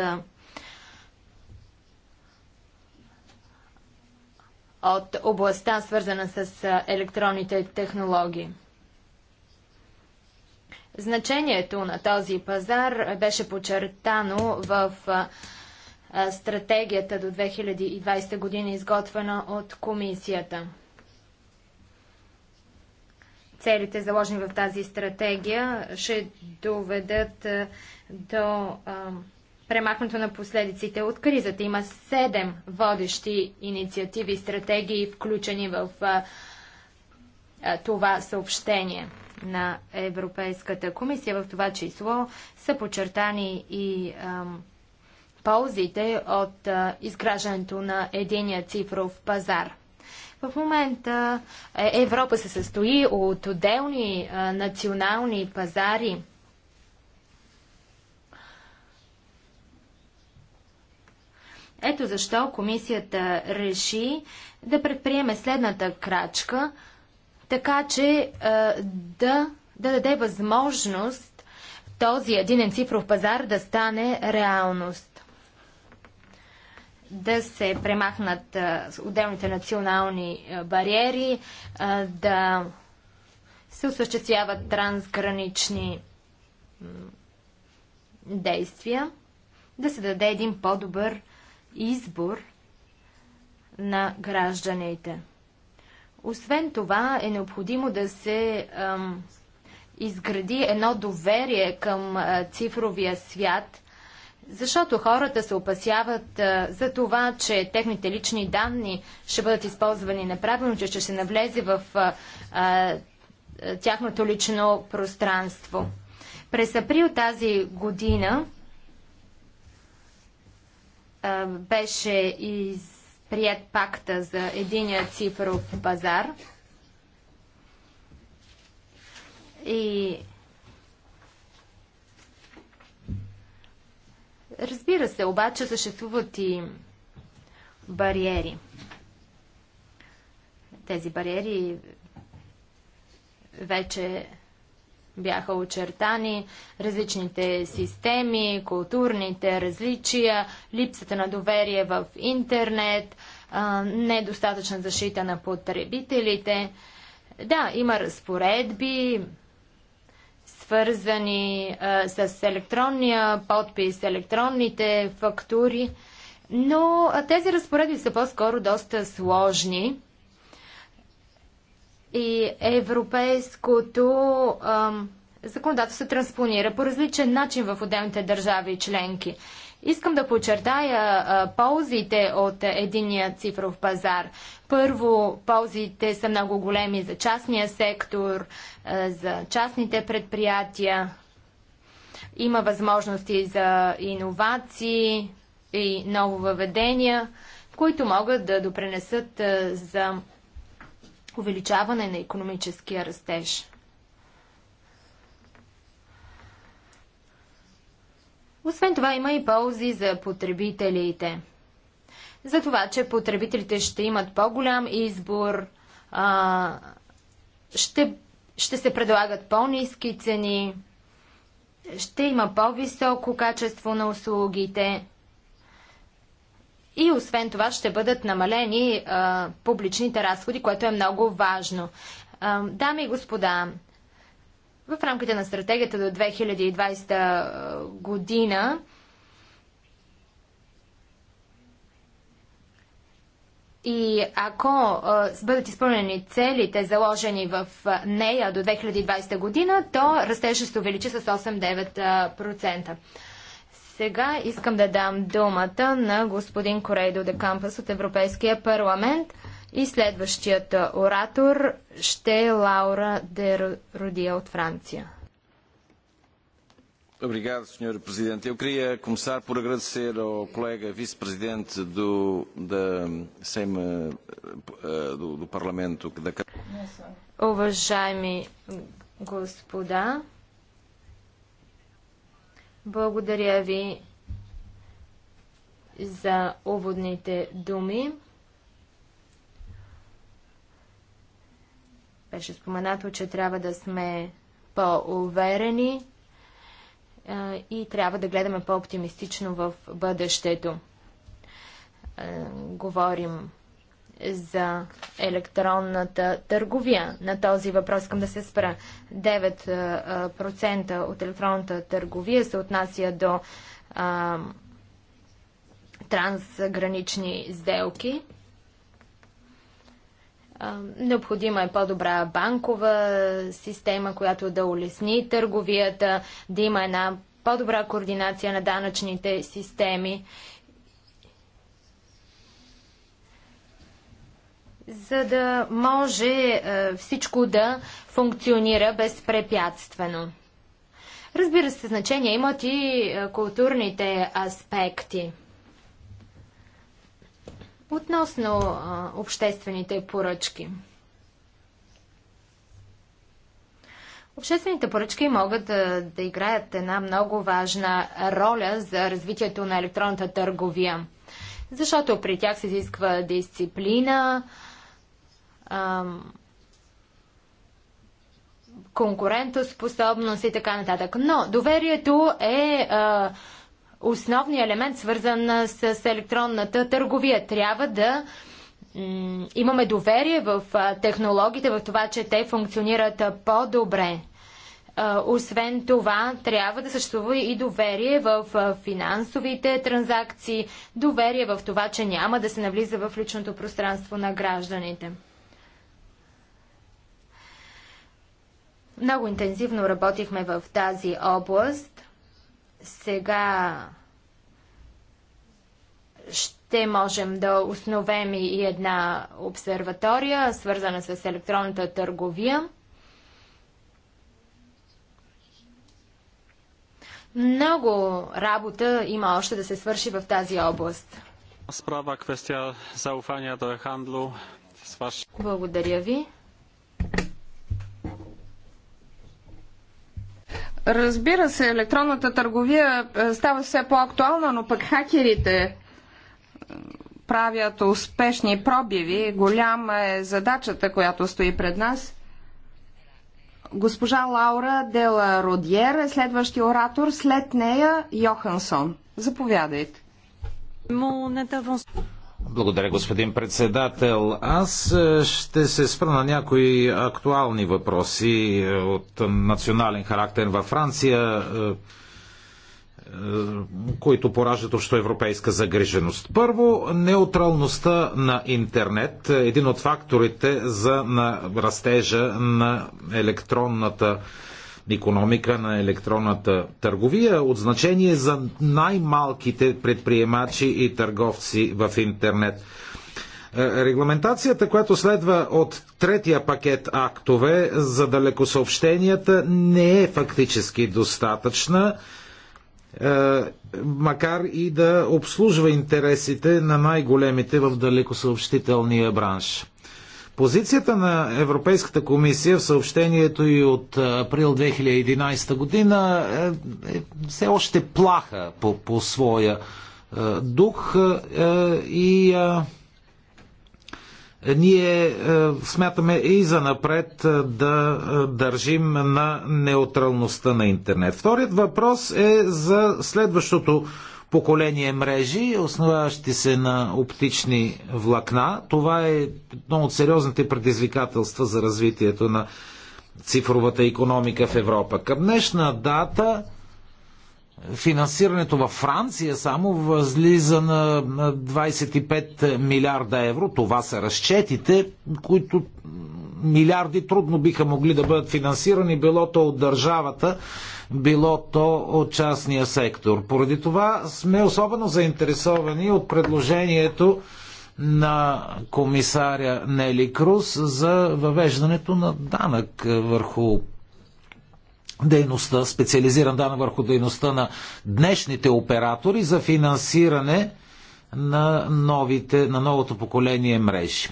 от областта, свързана с електронните технологии. Значението на този пазар беше подчертано в стратегията до 2020 година, изготвена от комисията. Целите, заложени в тази стратегия, ще доведат до премахването на последиците от кризата. Има седем водещи инициативи и стратегии, включени в това съобщение на Европейската комисия. В това число са подчертани и ам, ползите от изграждането на единия цифров пазар. В момента е, Европа се състои от отделни национални пазари. Ето защо комисията реши да предприеме следната крачка, така че да, да даде възможност този единен цифров пазар да стане реалност да се премахнат отделните национални бариери, да се осъществяват трансгранични действия, да се даде един по-добър избор на гражданите. Освен това е необходимо да се ам, изгради едно доверие към а, цифровия свят защото хората се опасяват а, за това, че техните лични данни ще бъдат използвани неправилно, че ще се навлезе в а, а, тяхното лично пространство. През април тази година а, беше изприят пакта за единия цифров пазар. И Разбира се, обаче съществуват и бариери. Тези бариери вече бяха очертани различните системи, културните различия, липсата на доверие в интернет, недостатъчна защита на потребителите. Да, има разпоредби, свързани а, с електронния подпис, електронните фактури, но а, тези разпоредби са по-скоро доста сложни. И европейското а, законодателство транспонира по различен начин в отделните държави и членки. Искам да подчертая ползите от единия цифров пазар. Първо, ползите са много големи за частния сектор, за частните предприятия. Има възможности за иновации и ново въведения, които могат да допренесат за увеличаване на економическия растеж. Освен това има и ползи за потребителите. За това, че потребителите ще имат по-голям избор, а, ще, ще се предлагат по-низки цени, ще има по-високо качество на услугите и освен това ще бъдат намалени а, публичните разходи, което е много важно. А, дами и господа, в рамките на стратегията до 2020 година И ако а, бъдат изпълнени целите, заложени в нея до 2020 година, то растежът ще увеличи с 8-9%. Сега искам да дам думата на господин Корейдо де Кампас от Европейския парламент. И следващият оратор ще е Лаура де Родия от Франция. Obrigado, Sr. Presidente. Eu queria começar por agradecer ao colega vice-presidente do, da, SEM, do, do Parlamento da Уважаеми господа, благодаря ви за уводните думи. Беше споменато, че трябва да сме по-уверени и трябва да гледаме по-оптимистично в бъдещето. Говорим за електронната търговия. На този въпрос искам да се спра. 9% от електронната търговия се отнася до а, трансгранични сделки. Необходима е по-добра банкова система, която да улесни търговията, да има една по-добра координация на данъчните системи. За да може всичко да функционира безпрепятствено. Разбира се, значение имат и културните аспекти. Относно а, обществените поръчки. Обществените поръчки могат да, да играят една много важна роля за развитието на електронната търговия, защото при тях се изисква дисциплина, ам, конкурентоспособност и така нататък. Но доверието е а, основния елемент, свързан с електронната търговия. Трябва да имаме доверие в технологиите, в това, че те функционират по-добре. Освен това, трябва да съществува и доверие в финансовите транзакции, доверие в това, че няма да се навлиза в личното пространство на гражданите. Много интензивно работихме в тази област. Сега ще можем да основем и една обсерватория, свързана с електронната търговия. Много работа има още да се свърши в тази област. Справа квестия зауфания до хандлу. Благодаря ви. Разбира се, електронната търговия е, става все по-актуална, но пък хакерите е, правят успешни пробиви. Голяма е задачата, която стои пред нас. Госпожа Лаура Дела Родиер е следващия оратор, след нея Йохансон. Заповядайте. Благодаря, господин председател. Аз е, ще се спра на някои актуални въпроси е, от национален характер във Франция, е, които пораждат европейска загриженост. Първо, неутралността на интернет, един от факторите за на растежа на електронната економика на електронната търговия от значение за най-малките предприемачи и търговци в интернет. Е, регламентацията, която следва от третия пакет актове за далекосъобщенията, не е фактически достатъчна, е, макар и да обслужва интересите на най-големите в далекосъобщителния бранш. Позицията на Европейската комисия в съобщението и от април 2011 година е, е все още плаха по, по своя дух и ние смятаме и за напред да държим на неутралността на интернет. Вторият въпрос е за следващото поколение мрежи, основаващи се на оптични влакна. Това е едно от сериозните предизвикателства за развитието на цифровата економика в Европа. Към днешна дата финансирането във Франция само възлиза на 25 милиарда евро. Това са разчетите, които милиарди трудно биха могли да бъдат финансирани, било то от държавата, било то от частния сектор. Поради това сме особено заинтересовани от предложението на комисаря Нели Круз за въвеждането на данък върху дейността, специализиран данък върху дейността на днешните оператори за финансиране на, новите, на новото поколение мрежи.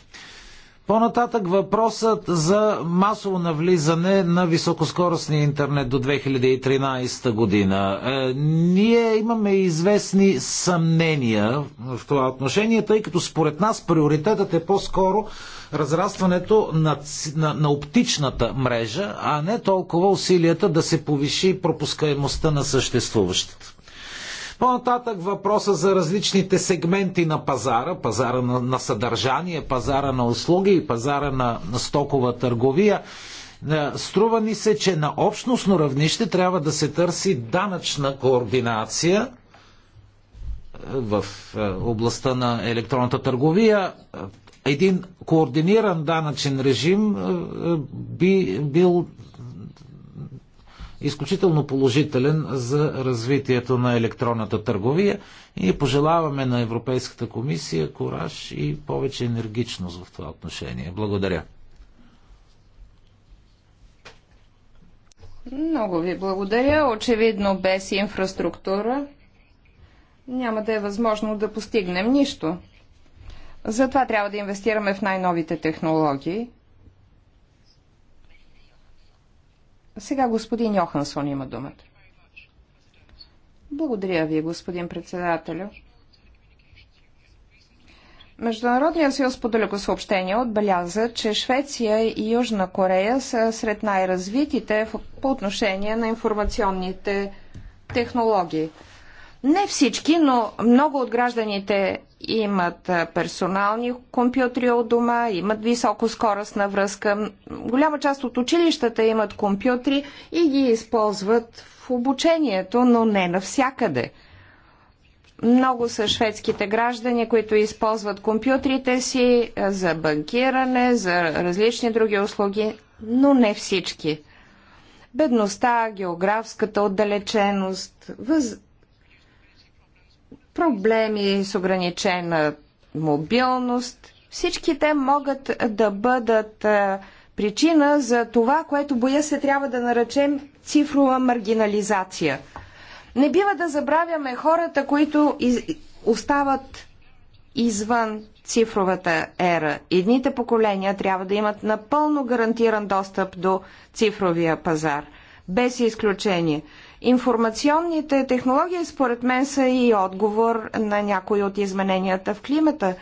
По-нататък въпросът за масово навлизане на високоскоростния интернет до 2013 година. Е, ние имаме известни съмнения в това отношение, тъй като според нас приоритетът е по-скоро разрастването на, на, на оптичната мрежа, а не толкова усилията да се повиши пропускаемостта на съществуващата. По-нататък въпроса за различните сегменти на пазара, пазара на, на съдържание, пазара на услуги и пазара на, на стокова търговия. Е, струва ни се, че на общностно равнище трябва да се търси данъчна координация е, в е, областта на електронната търговия. Един координиран данъчен режим би бил изключително положителен за развитието на електронната търговия и пожелаваме на Европейската комисия кораж и повече енергичност в това отношение. Благодаря. Много ви благодаря. Очевидно без инфраструктура няма да е възможно да постигнем нищо. Затова трябва да инвестираме в най-новите технологии – Сега господин Йохансон има думата. Благодаря ви, господин председателю. Международният съюз по съобщение отбеляза, че Швеция и Южна Корея са сред най-развитите по отношение на информационните технологии. Не всички, но много от гражданите имат персонални компютри от дома, имат високоскоростна връзка. Голяма част от училищата имат компютри и ги използват в обучението, но не навсякъде. Много са шведските граждани, които използват компютрите си за банкиране, за различни други услуги, но не всички. Бедността, географската отдалеченост, въз проблеми с ограничена мобилност. Всички те могат да бъдат е, причина за това, което боя се трябва да наречем цифрова маргинализация. Не бива да забравяме хората, които из... остават извън цифровата ера. Едните поколения трябва да имат напълно гарантиран достъп до цифровия пазар. Без изключение. Информационните технологии, според мен, са и отговор на някои от измененията в климата.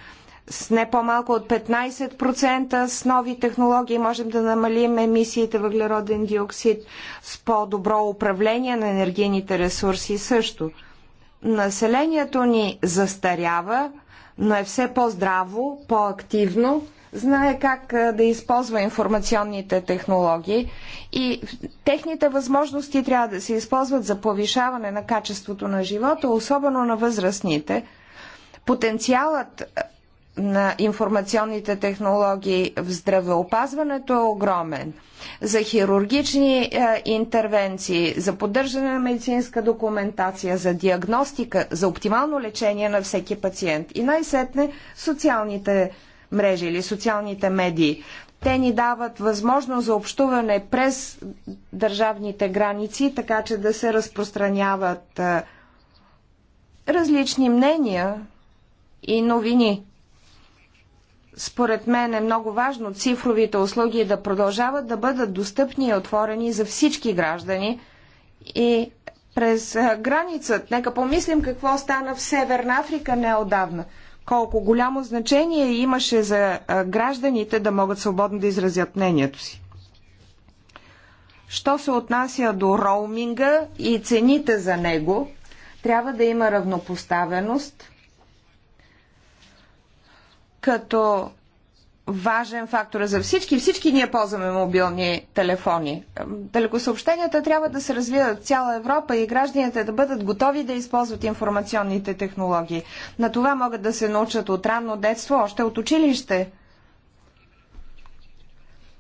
С не по-малко от 15% с нови технологии можем да намалим емисиите въглероден диоксид с по-добро управление на енергийните ресурси също. Населението ни застарява, но е все по-здраво, по-активно знае как да използва информационните технологии и техните възможности трябва да се използват за повишаване на качеството на живота, особено на възрастните. Потенциалът на информационните технологии в здравеопазването е огромен. За хирургични е, интервенции, за поддържане на медицинска документация, за диагностика, за оптимално лечение на всеки пациент. И най-сетне социалните мрежи или социалните медии. Те ни дават възможност за общуване през държавните граници, така че да се разпространяват е, различни мнения и новини. Според мен е много важно цифровите услуги да продължават да бъдат достъпни и отворени за всички граждани и през е, границата. Нека помислим какво стана в Северна Африка неодавна – колко голямо значение имаше за гражданите да могат свободно да изразят мнението си. Що се отнася до роуминга и цените за него, трябва да има равнопоставеност, като важен фактор е за всички. Всички ние ползваме мобилни телефони. Далекосъобщенията трябва да се развият в цяла Европа и гражданите да бъдат готови да използват информационните технологии. На това могат да се научат от ранно детство, още от училище.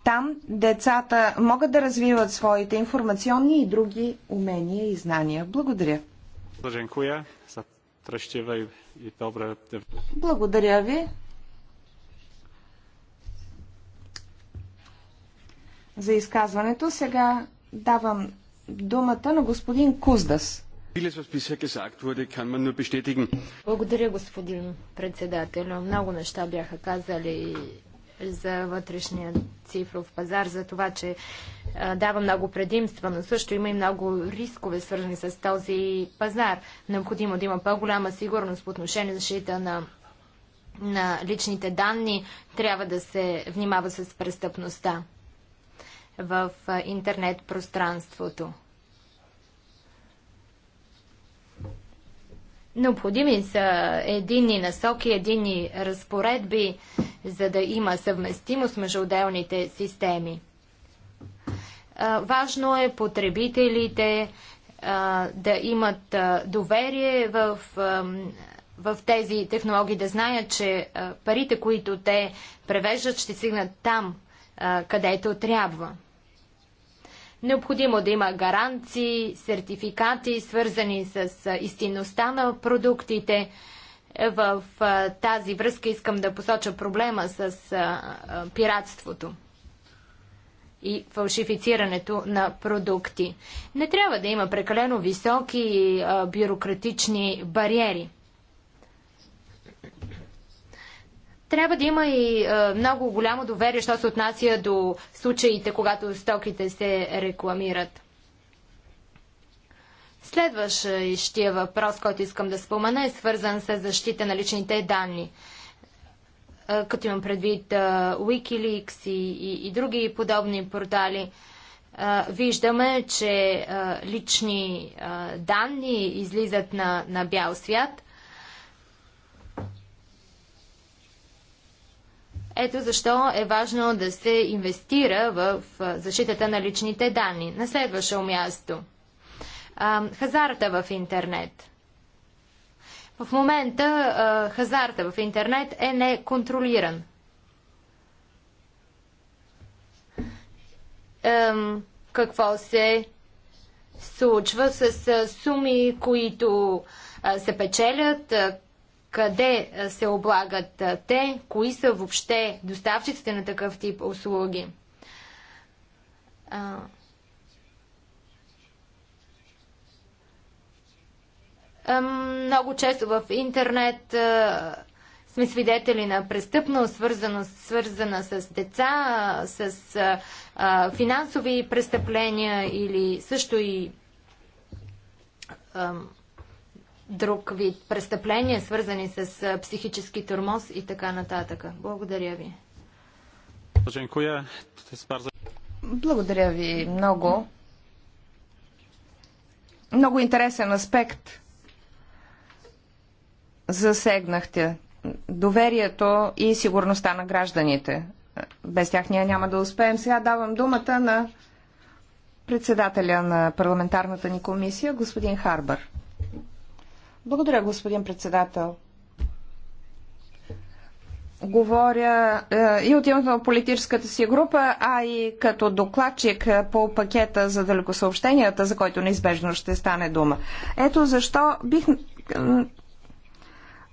Там децата могат да развиват своите информационни и други умения и знания. Благодаря. Благодаря ви. за изказването. Сега давам думата на господин Куздас. Благодаря, господин председател. Много неща бяха казали за вътрешния цифров пазар, за това, че дава много предимства, но също има и много рискове, свързани с този пазар. Необходимо да има по-голяма сигурност по отношение на защита на на личните данни, трябва да се внимава с престъпността в интернет пространството. Необходими са единни насоки, единни разпоредби, за да има съвместимост между отделните системи. Важно е потребителите да имат доверие в, в тези технологии, да знаят, че парите, които те превеждат, ще стигнат там, където трябва. Необходимо да има гаранции, сертификати, свързани с истинността на продуктите. Е, в тази връзка искам да посоча проблема с пиратството и фалшифицирането на продукти. Не трябва да има прекалено високи бюрократични бариери. Трябва да има и а, е, много голямо доверие, що се отнася до случаите, когато стоките се рекламират. Следващия въпрос, който искам да спомена, е свързан с защита на личните данни. А, е, като имам предвид а, е, Wikileaks и, и, и други подобни портали, виждаме, че лични данни излизат на, на бял свят – Ето защо е важно да се инвестира в защитата на личните данни. На следващо място. хазарта в интернет. В момента хазарта в интернет е неконтролиран. какво се случва с суми, които се печелят, къде се облагат те, кои са въобще доставчиците на такъв тип услуги. много често в интернет сме свидетели на престъпност, свързана, свързана с деца, с а, финансови престъпления или също и друг вид престъпления, свързани с психически тормоз и така нататък. Благодаря ви. Благодаря ви много. Много интересен аспект засегнахте. Доверието и сигурността на гражданите. Без тях ние няма да успеем. Сега давам думата на председателя на парламентарната ни комисия, господин Харбър. Благодаря, господин председател. Говоря е, и от името на политическата си група, а и като докладчик е, по пакета за далекосъобщенията, за който неизбежно ще стане дума. Ето защо бих е,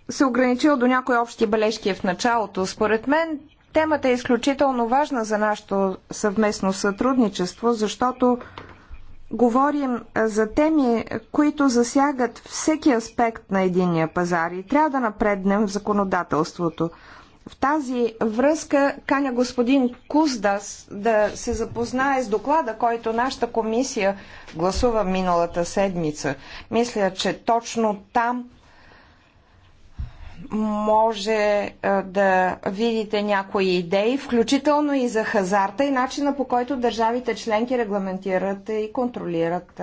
се ограничил до някои общи бележки в началото. Според мен темата е изключително важна за нашето съвместно сътрудничество, защото говорим за теми, които засягат всеки аспект на единия пазар и трябва да напреднем в законодателството. В тази връзка каня господин Куздас да се запознае с доклада, който нашата комисия гласува миналата седмица. Мисля, че точно там може да видите някои идеи, включително и за хазарта и начина по който държавите членки регламентират и контролират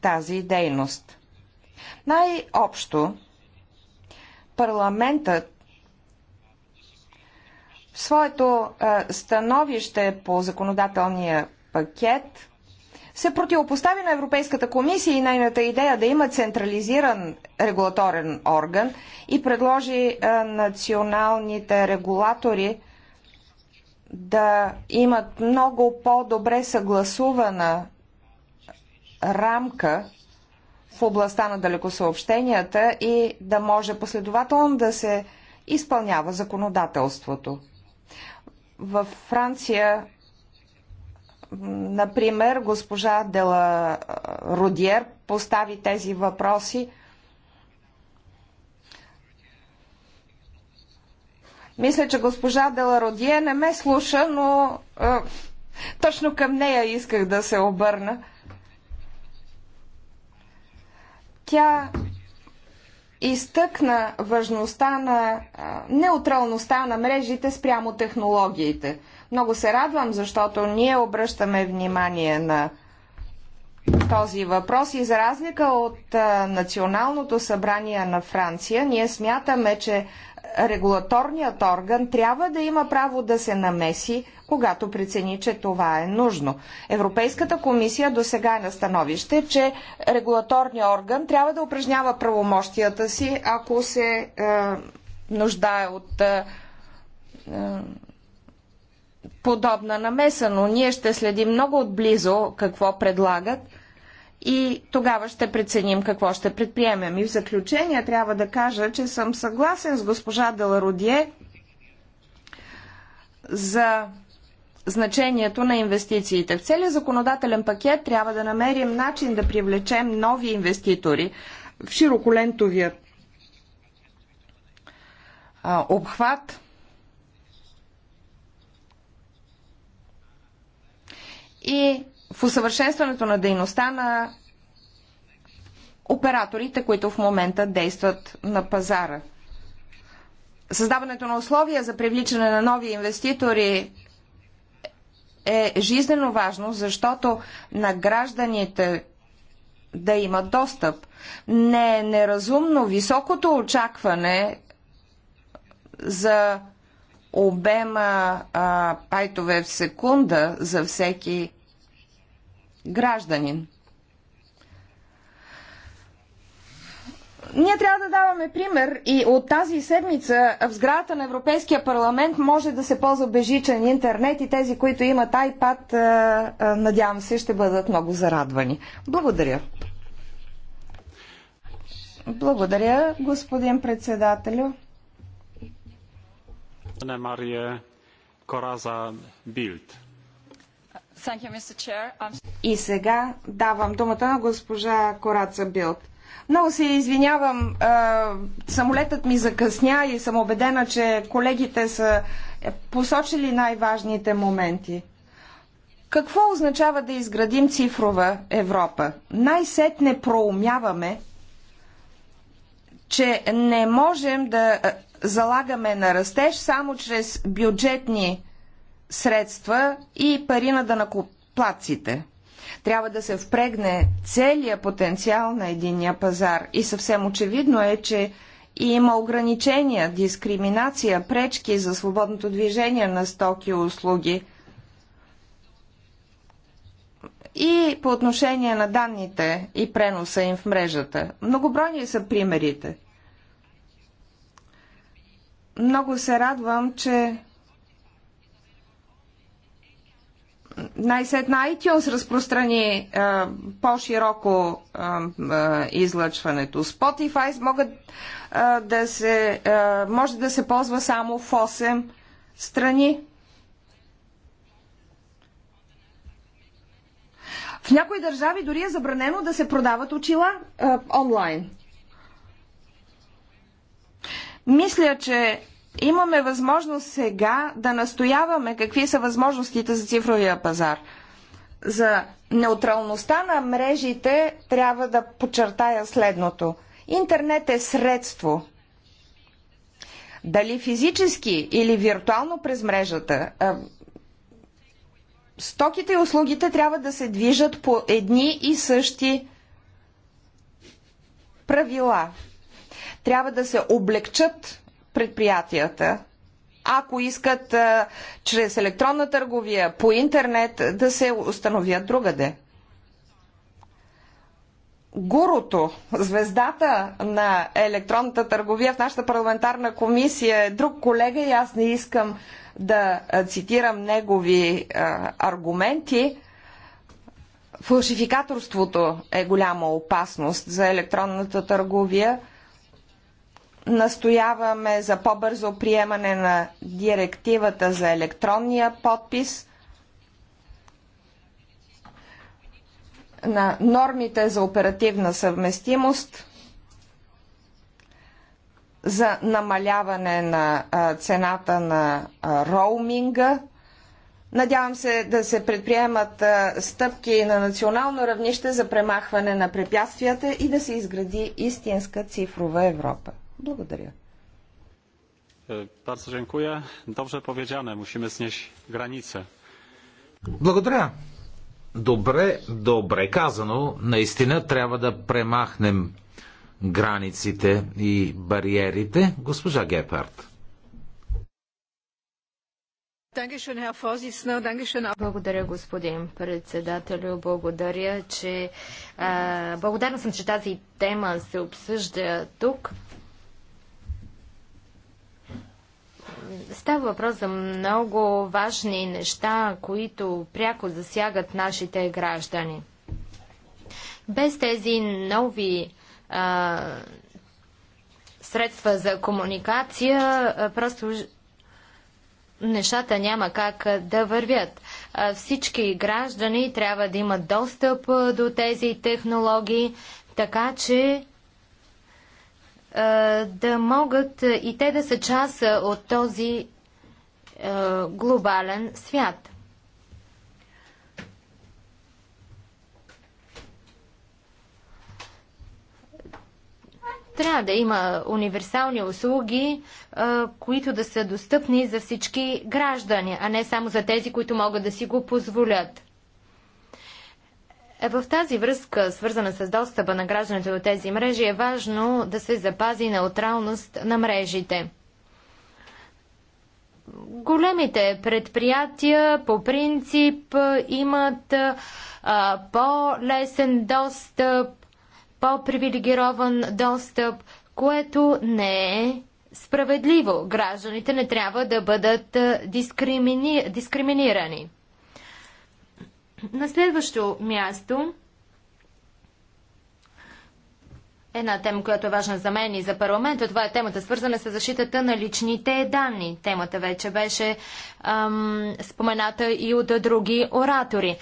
тази дейност. Най-общо парламентът в своето становище по законодателния пакет се противопостави на Европейската комисия и нейната идея да има централизиран регулаторен орган и предложи националните регулатори да имат много по-добре съгласувана рамка в областта на далекосъобщенията и да може последователно да се изпълнява законодателството. В Франция Например, госпожа Дела Родиер постави тези въпроси. Мисля, че госпожа Делародие не ме слуша, но а, е, точно към нея исках да се обърна. Тя изтъкна важността на а, неутралността на мрежите спрямо технологиите. Много се радвам, защото ние обръщаме внимание на този въпрос и за разлика от Националното събрание на Франция, ние смятаме, че регулаторният орган трябва да има право да се намеси, когато прецени, че това е нужно. Европейската комисия до сега е на становище, че регулаторният орган трябва да упражнява правомощията си, ако се е, нуждае от е, подобна намеса, но ние ще следим много отблизо какво предлагат и тогава ще преценим какво ще предприемем. И в заключение трябва да кажа, че съм съгласен с госпожа Делародие за значението на инвестициите. В целия законодателен пакет трябва да намерим начин да привлечем нови инвеститори в широколентовия обхват – и в усъвършенстването на дейността на операторите, които в момента действат на пазара. Създаването на условия за привличане на нови инвеститори е жизнено важно, защото на гражданите да имат достъп. Не е неразумно високото очакване за обема а, пайтове в секунда за всеки гражданин. Ние трябва да даваме пример и от тази седмица в сградата на Европейския парламент може да се ползва бежичен интернет и тези, които имат iPad, надявам се, ще бъдат много зарадвани. Благодаря. Благодаря, господин председателю. И сега давам думата на госпожа Кораца Билт. Много се извинявам, самолетът ми закъсня и съм убедена, че колегите са е, посочили най-важните моменти. Какво означава да изградим цифрова Европа? Най-сетне проумяваме, че не можем да залагаме на растеж само чрез бюджетни средства и пари на данакоплаците. Трябва да се впрегне целият потенциал на единния пазар и съвсем очевидно е, че има ограничения, дискриминация, пречки за свободното движение на стоки и услуги. И по отношение на данните и преноса им в мрежата. Многобройни са примерите. Много се радвам, че най-сетна iTunes разпространи по-широко излъчването. Spotify могат, а, да се, а, може да се ползва само в 8 страни. В някои държави дори е забранено да се продават очила а, онлайн. Мисля, че имаме възможност сега да настояваме какви са възможностите за цифровия пазар. За неутралността на мрежите трябва да подчертая следното. Интернет е средство. Дали физически или виртуално през мрежата, стоките и услугите трябва да се движат по едни и същи правила. Трябва да се облегчат предприятията, ако искат чрез електронна търговия, по интернет да се установят другаде. Гурото, звездата на електронната търговия в нашата парламентарна комисия е друг колега и аз не искам да цитирам негови а, аргументи. Фалшификаторството е голяма опасност за електронната търговия – Настояваме за по-бързо приемане на директивата за електронния подпис, на нормите за оперативна съвместимост, за намаляване на цената на роуминга. Надявам се да се предприемат стъпки на национално равнище за премахване на препятствията и да се изгради истинска цифрова Европа. Благодаря. Е, bardzo dziękuję. Dobrze powiedziane, musimy znieść granice. Благодаря. Добре, добре казано. Наистина трябва да премахнем границите и бариерите. Госпожа Гепард. Благодаря, господин председателю. Благодаря, че... благодарна съм, че тази тема се обсъжда тук. Става въпрос за много важни неща, които пряко засягат нашите граждани. Без тези нови а, средства за комуникация, а, просто нещата няма как да вървят. А, всички граждани трябва да имат достъп до тези технологии, така че да могат и те да са част от този глобален свят. Трябва да има универсални услуги, които да са достъпни за всички граждани, а не само за тези, които могат да си го позволят. Е, в тази връзка, свързана с достъпа на гражданите до тези мрежи, е важно да се запази неутралност на мрежите. Големите предприятия по принцип имат по-лесен достъп, по-привилегирован достъп, което не е справедливо. Гражданите не трябва да бъдат дискримини... дискриминирани. На следващо място Една тема, която е важна за мен и за парламента, това е темата свързана с защитата на личните данни. Темата вече беше ам, спомената и от други оратори.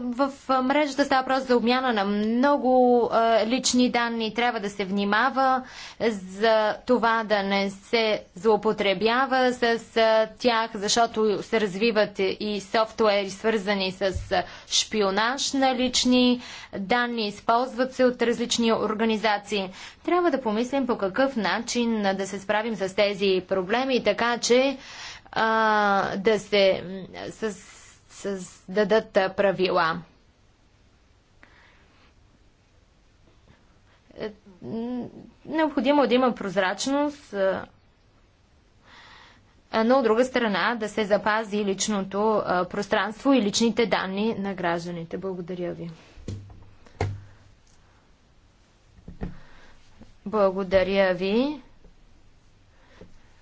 В мрежата става просто за обмяна на много а, лични данни. Трябва да се внимава за това да не се злоупотребява с а, тях, защото се развиват и софтуери свързани с шпионаж на лични данни. Използват се от различни организации организации. Трябва да помислим по какъв начин да се справим с тези проблеми, така че а, да се създадат правила. Е, необходимо е да има прозрачност, но от друга страна да се запази личното пространство и личните данни на гражданите. Благодаря ви. Благодаря ви.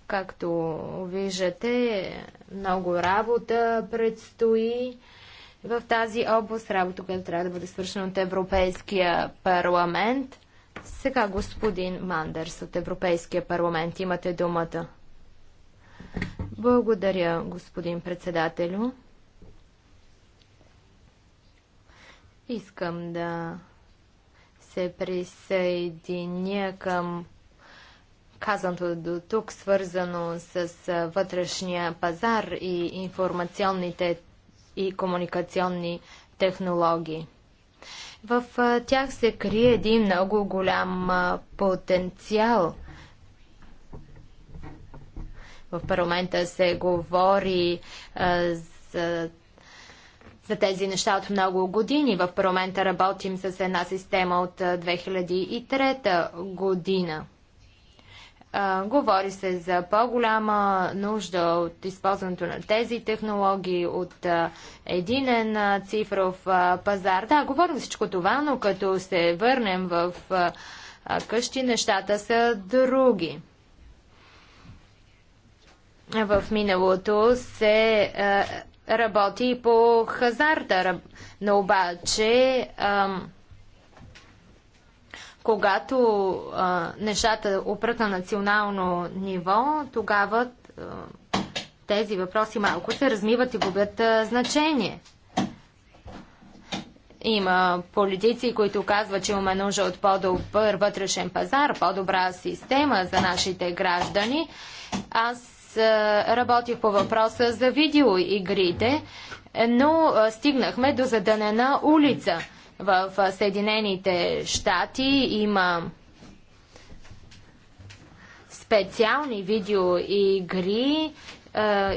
Както виждате, много работа предстои в тази област, работа, която трябва да бъде свършена от Европейския парламент. Сега господин Мандърс от Европейския парламент, имате думата. Благодаря, господин председателю. Искам да се присъединя към казаното до тук, свързано с вътрешния пазар и информационните и комуникационни технологии. В тях се крие един много голям потенциал. В парламента се говори а, за за тези неща от много години. В парламента работим с една система от 2003 година. говори се за по-голяма нужда от използването на тези технологии, от единен цифров пазар. Да, говорим всичко това, но като се върнем в къщи, нещата са други. В миналото се работи и по хазарта. Но обаче, ам, когато а, нещата опрат на национално ниво, тогава а, тези въпроси малко се размиват и губят а, значение. Има политици, които казват, че имаме нужда от по-добър вътрешен пазар, по-добра система за нашите граждани. Аз работих по въпроса за видеоигрите, но стигнахме до задънена улица. В Съединените щати има специални видеоигри,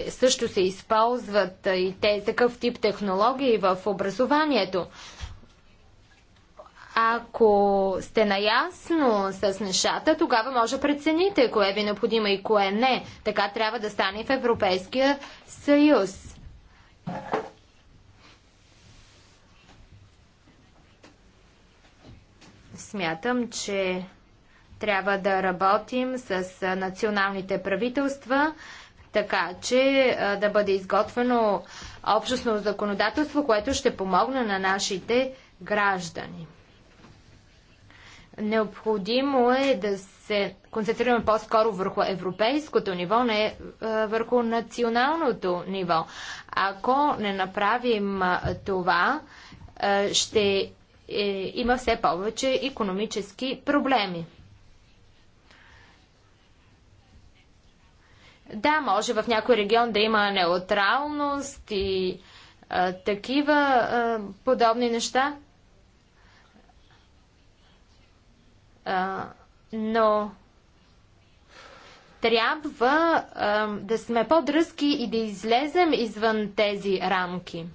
също се използват и те такъв тип технологии в образованието. Ако сте наясно с нещата, тогава може да прецените кое ви е необходимо и кое не. Така трябва да стане в Европейския съюз. Смятам, че трябва да работим с националните правителства, така че да бъде изготвено общностно законодателство, което ще помогне на нашите граждани. Необходимо е да се концентрираме по-скоро върху европейското ниво, не е, върху националното ниво. Ако не направим това, ще е, има все повече економически проблеми. Да, може в някой регион да има неутралност и а, такива а, подобни неща, А, но трябва а, да сме по-дръзки и да излезем извън тези рамки.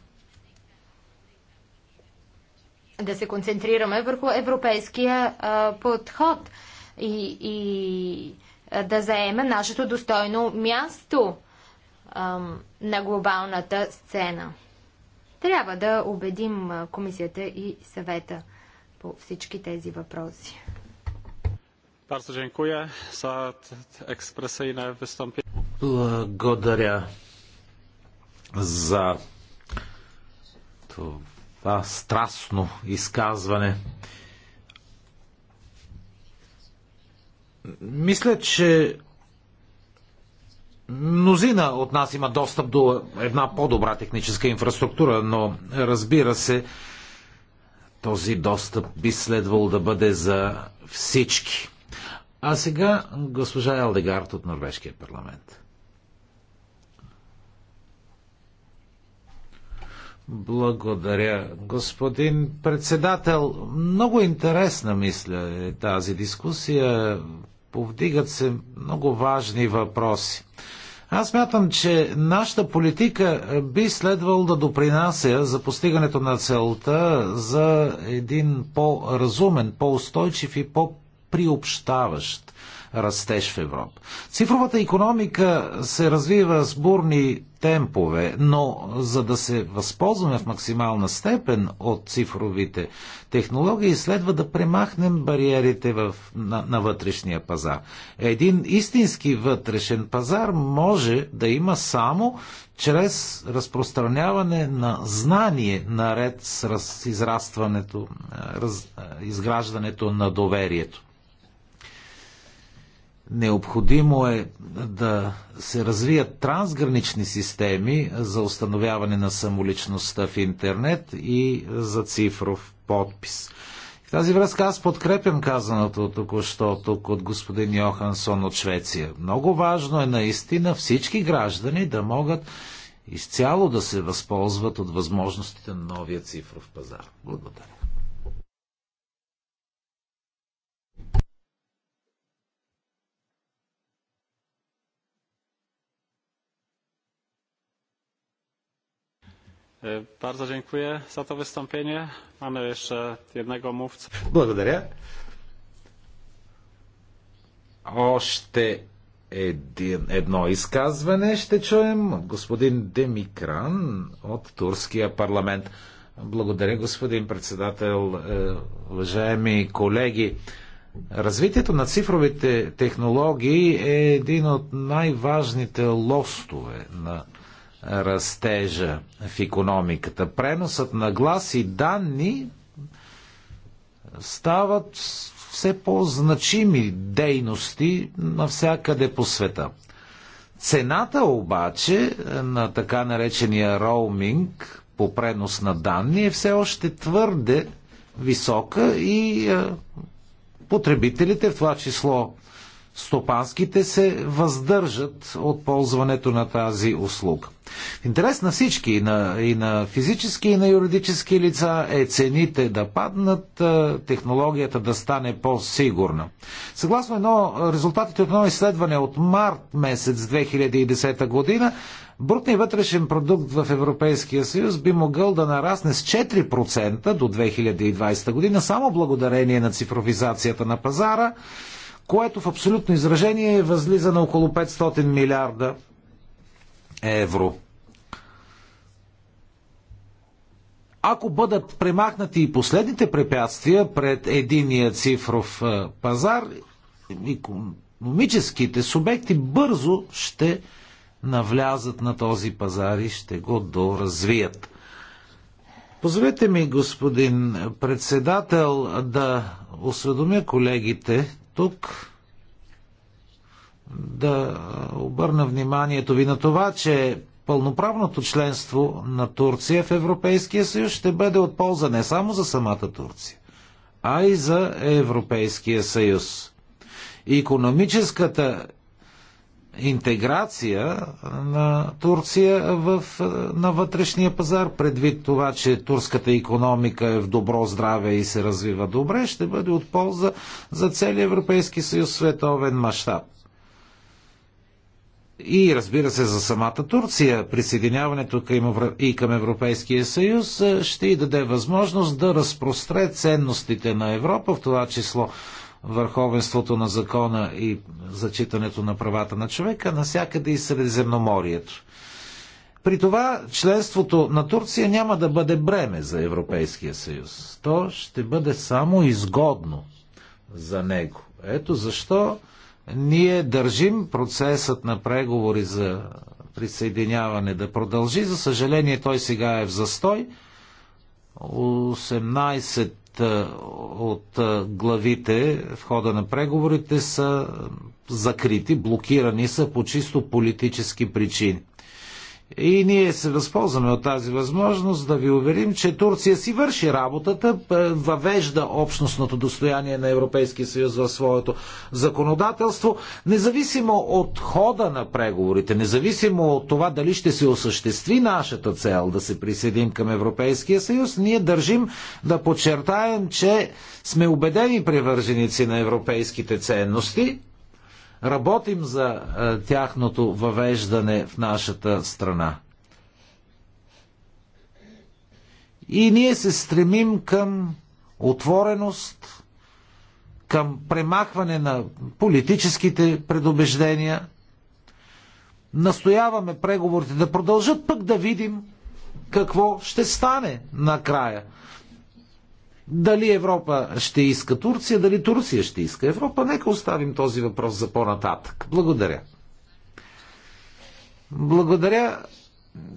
Да се концентрираме върху европейския а, подход и, и а, да заеме нашето достойно място а, на глобалната сцена. Трябва да убедим комисията и съвета по всички тези въпроси. Bardzo dziękuję za ekspresyjne wystąpienie. Благодаря за това страстно изказване. Мисля, че мнозина от нас има достъп до една по-добра техническа инфраструктура, но разбира се, този достъп би следвал да бъде за всички. А сега госпожа Елдегард от Норвежкия парламент. Благодаря, господин председател. Много интересна, мисля, е тази дискусия. Повдигат се много важни въпроси. Аз мятам, че нашата политика би следвало да допринася за постигането на целта за един по-разумен, по-устойчив и по приобщаващ растеж в Европа. Цифровата економика се развива с бурни темпове, но за да се възползваме в максимална степен от цифровите технологии, следва да премахнем бариерите в, на, на вътрешния пазар. Един истински вътрешен пазар може да има само чрез разпространяване на знание наред с раз, израстването, раз, изграждането на доверието. Необходимо е да се развият трансгранични системи за установяване на самоличността в интернет и за цифров подпис. В тази връзка аз подкрепям казаното току-що тук от господин Йохансон от Швеция. Много важно е наистина всички граждани да могат изцяло да се възползват от възможностите на новия цифров пазар. Благодаря. E, bardzo dziękuję za to wystąpienie. Mamy jeszcze jednego mówcę. Благодаря. Още един, едно изказване ще чуем от господин Демикран от Турския парламент. Благодаря, господин председател. Е, уважаеми колеги, развитието на цифровите технологии е един от най-важните лостове на растежа в економиката. Преносът на глас и данни стават все по-значими дейности навсякъде по света. Цената обаче на така наречения роуминг по пренос на данни е все още твърде висока и е, потребителите, в това число стопанските се въздържат от ползването на тази услуга. В интерес на всички, и на, и на физически, и на юридически лица е цените да паднат, технологията да стане по-сигурна. Съгласно едно, резултатите от едно изследване от март месец 2010 година, брутният вътрешен продукт в Европейския съюз би могъл да нарасне с 4% до 2020 година, само благодарение на цифровизацията на пазара, което в абсолютно изражение възлиза на около 500 милиарда евро. Ако бъдат премахнати и последните препятствия пред единия цифров е, пазар, економическите субекти бързо ще навлязат на този пазар и ще го доразвият. Позволете ми, господин председател, да осведомя колегите, тук да обърна вниманието ви на това, че пълноправното членство на Турция в Европейския съюз ще бъде от полза не само за самата Турция, а и за Европейския съюз. Икономическата интеграция на Турция в, на вътрешния пазар, предвид това, че турската економика е в добро здраве и се развива добре, ще бъде от полза за целия Европейски съюз световен мащаб. И разбира се, за самата Турция, присъединяването и към Европейския съюз е, ще й даде възможност да разпростре ценностите на Европа, в това число върховенството на закона и зачитането на правата на човека насякъде и Средиземноморието. При това членството на Турция няма да бъде бреме за Европейския съюз. То ще бъде само изгодно за него. Ето защо ние държим процесът на преговори за присъединяване да продължи. За съжаление той сега е в застой. 18 от е, е, главите в хода на преговорите са закрити, блокирани са по чисто политически причини. И ние се възползваме от тази възможност да ви уверим, че Турция си върши работата, е, въвежда общностното достояние на Европейския съюз в своето законодателство, независимо от хода на преговорите, независимо от това дали ще се осъществи нашата цел да се присъединим към Европейския съюз, ние държим да подчертаем, че сме убедени привърженици на европейските ценности, Работим за е, тяхното въвеждане в нашата страна. И ние се стремим към отвореност, към премахване на политическите предубеждения. Настояваме преговорите да продължат, пък да видим какво ще стане накрая. Дали Европа ще иска Турция, дали Турция ще иска Европа, нека оставим този въпрос за по-нататък. Благодаря. Благодаря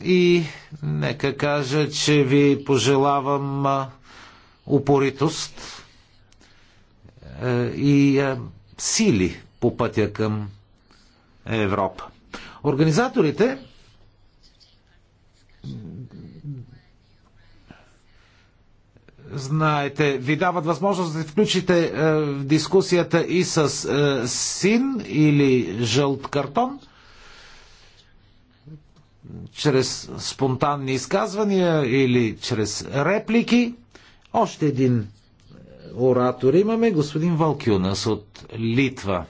и нека кажа, че ви пожелавам упоритост е, и е, сили по пътя към Европа. Организаторите знаете, ви дават възможност да включите е, в дискусията и с е, син или жълт картон, чрез спонтанни изказвания или чрез реплики. Още един е, оратор имаме, господин Валкюнас от Литва.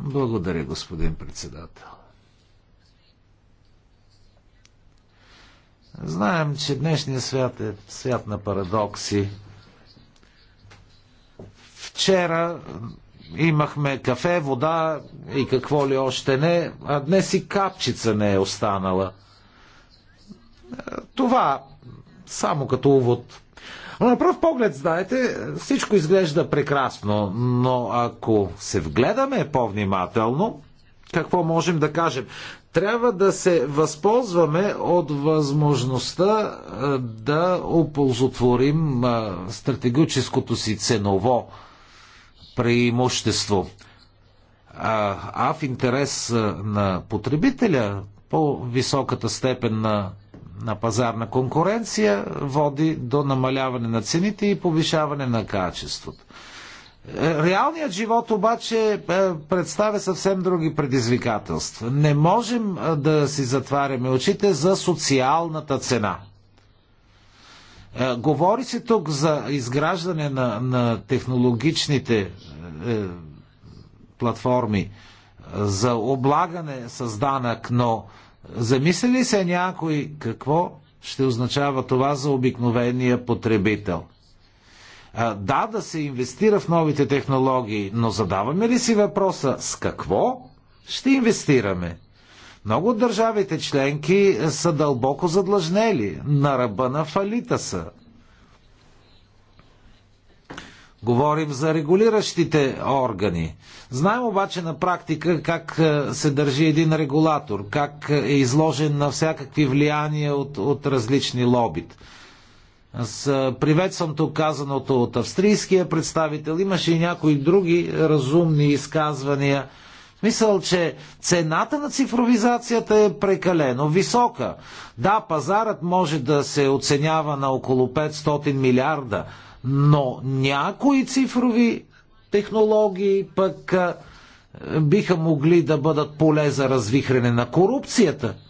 Благодаря, господин председател. Знаем, че днешният свят е свят на парадокси. Вчера имахме кафе, вода и какво ли още не, а днес и капчица не е останала. Това само като увод. На пръв поглед, знаете, всичко изглежда прекрасно, но ако се вгледаме по-внимателно, какво можем да кажем? трябва да се възползваме от възможността е, да оползотворим е, стратегическото си ценово преимущество. А в интерес е, на потребителя по-високата степен на, на пазарна конкуренция води до намаляване на цените и повишаване на качеството. Реалният живот обаче е, представя съвсем други предизвикателства. Не можем е, да си затваряме очите за социалната цена. Е, говори се тук за изграждане на, на технологичните платформи, за облагане с данък, но замисли ли се някой какво ще означава това за обикновения потребител? Да, да се инвестира в новите технологии, но задаваме ли си въпроса с какво ще инвестираме? Много от държавите членки е, са дълбоко задлъжнели, на ръба на фалита са. Говорим за регулиращите органи. Знаем обаче на практика как е, се държи един регулатор, как е, е изложен на всякакви влияния от, от различни лобит. Аз приветствам тук казаното от австрийския представител. Имаше и някои други разумни изказвания. Мисъл, че цената на цифровизацията е прекалено висока. Да, пазарът може да се оценява на около 500 милиарда, но някои цифрови технологии пък биха могли да бъдат поле за развихрене на корупцията –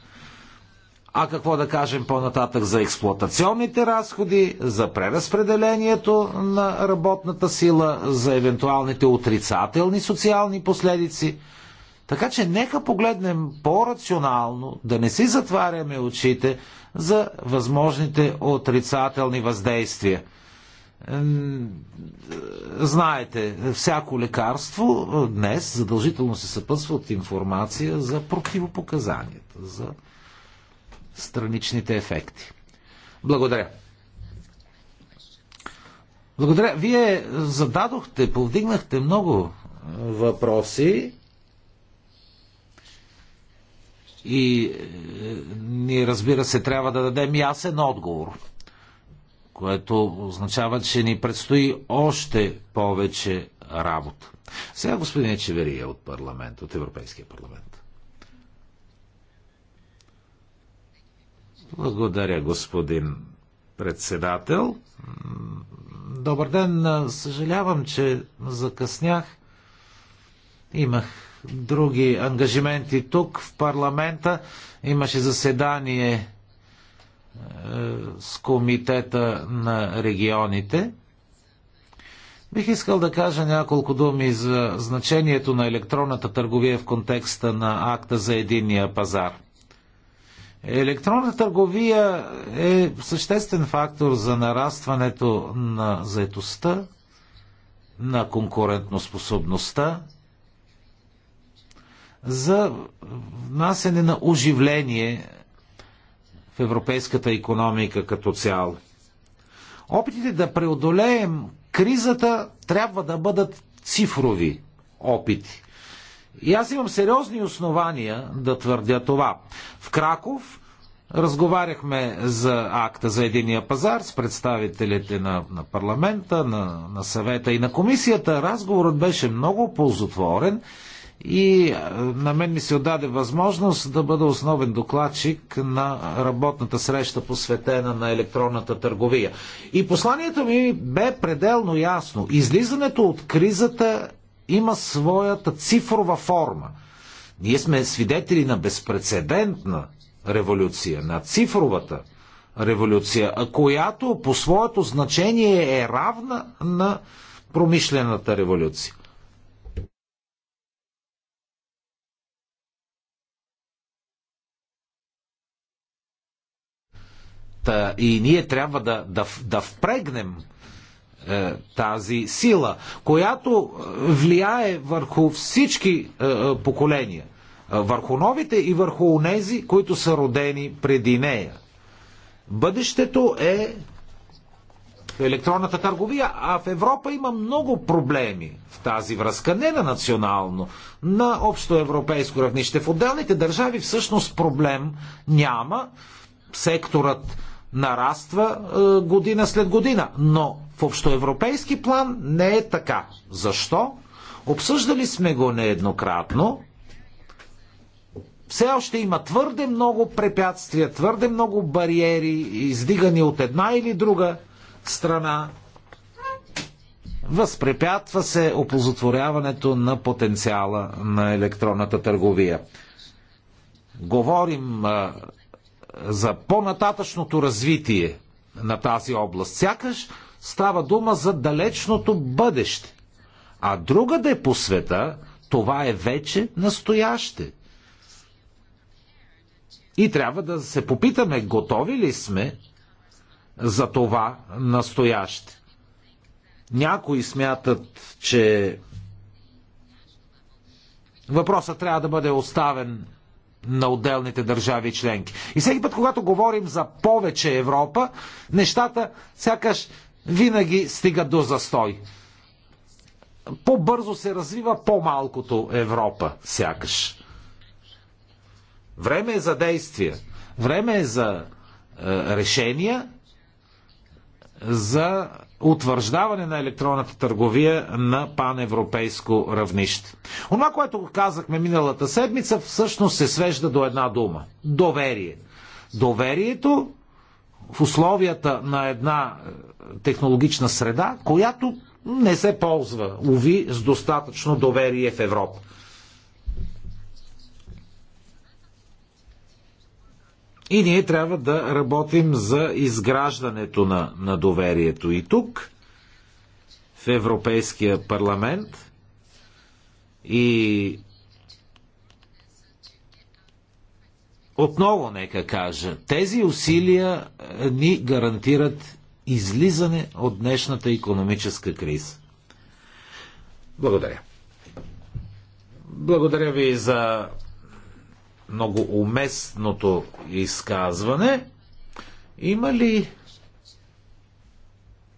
а какво да кажем по-нататък за експлуатационните разходи, за преразпределението на работната сила, за евентуалните отрицателни социални последици? Така че нека погледнем по-рационално, да не си затваряме очите за възможните отрицателни въздействия. Знаете, всяко лекарство днес задължително се съпътства от информация за противопоказанията, за страничните ефекти. Благодаря. Благодаря. Вие зададохте, повдигнахте много е, въпроси и е, ние, разбира се, трябва да дадем ясен отговор, което означава, че ни предстои още повече работа. Сега господин Чеверия от парламент, от Европейския парламент. Благодаря, господин председател. Добър ден. Съжалявам, че закъснях. Имах други ангажименти тук в парламента. Имаше заседание е, с комитета на регионите. Бих искал да кажа няколко думи за значението на електронната търговия в контекста на акта за единния пазар – Електронната търговия е съществен фактор за нарастването на заетостта, на конкурентноспособността, за внасене на оживление в европейската економика като цяло. Опитите да преодолеем кризата трябва да бъдат цифрови опити. И аз имам сериозни основания да твърдя това. В Краков разговаряхме за акта за единия пазар с представителите на, на парламента, на, на съвета и на комисията. Разговорът беше много ползотворен и е, на мен ми се отдаде възможност да бъда основен докладчик на работната среща посветена на електронната търговия. И посланието ми бе пределно ясно. Излизането от кризата има своята цифрова форма. Ние сме свидетели на безпредседентна революция, на цифровата революция, която по своето значение е равна на промишлената революция. Та, и ние трябва да, да, да впрегнем е, тази сила, която е, влияе върху всички е, поколения, върху новите и върху онези, които са родени преди нея. Бъдещето е електронната търговия, а в Европа има много проблеми в тази връзка, не на национално, на общо европейско равнище. В отделните държави всъщност проблем няма. Секторът нараства е, година след година. Но в общоевропейски план не е така. Защо? Обсъждали сме го нееднократно. Все още има твърде много препятствия, твърде много бариери, издигани от една или друга страна. Възпрепятва се опозотворяването на потенциала на електронната търговия. Говорим е, за по-нататъчното развитие на тази област. Сякаш става дума за далечното бъдеще. А другаде по света това е вече настояще. И трябва да се попитаме, готови ли сме за това настояще. Някои смятат, че въпросът трябва да бъде оставен на отделните държави членки. И всеки път, когато говорим за повече Европа, нещата сякаш винаги стигат до застой. По-бързо се развива по-малкото Европа, сякаш. Време е за действия. Време е за е, решения, за утвърждаване на електронната търговия на паневропейско равнище. Онова, което казахме миналата седмица, всъщност се свежда до една дума – доверие. Доверието в условията на една е, технологична среда, която не се ползва, уви, с достатъчно доверие в Европа. И ние трябва да работим за изграждането на, на доверието. И тук, в Европейския парламент, и отново нека кажа, тези усилия е, ни гарантират излизане от днешната економическа криза. Благодаря. Благодаря ви за много уместното изказване. Има ли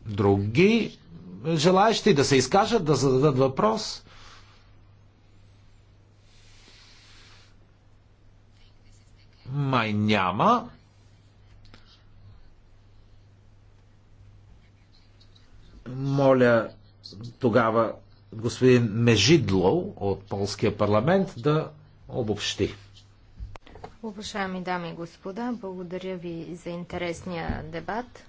други желаящи да се изкажат, да зададат въпрос? Май няма. Моля тогава господин Межидло от Полския парламент да обобщи. Уважаеми дами и господа, благодаря ви за интересния дебат.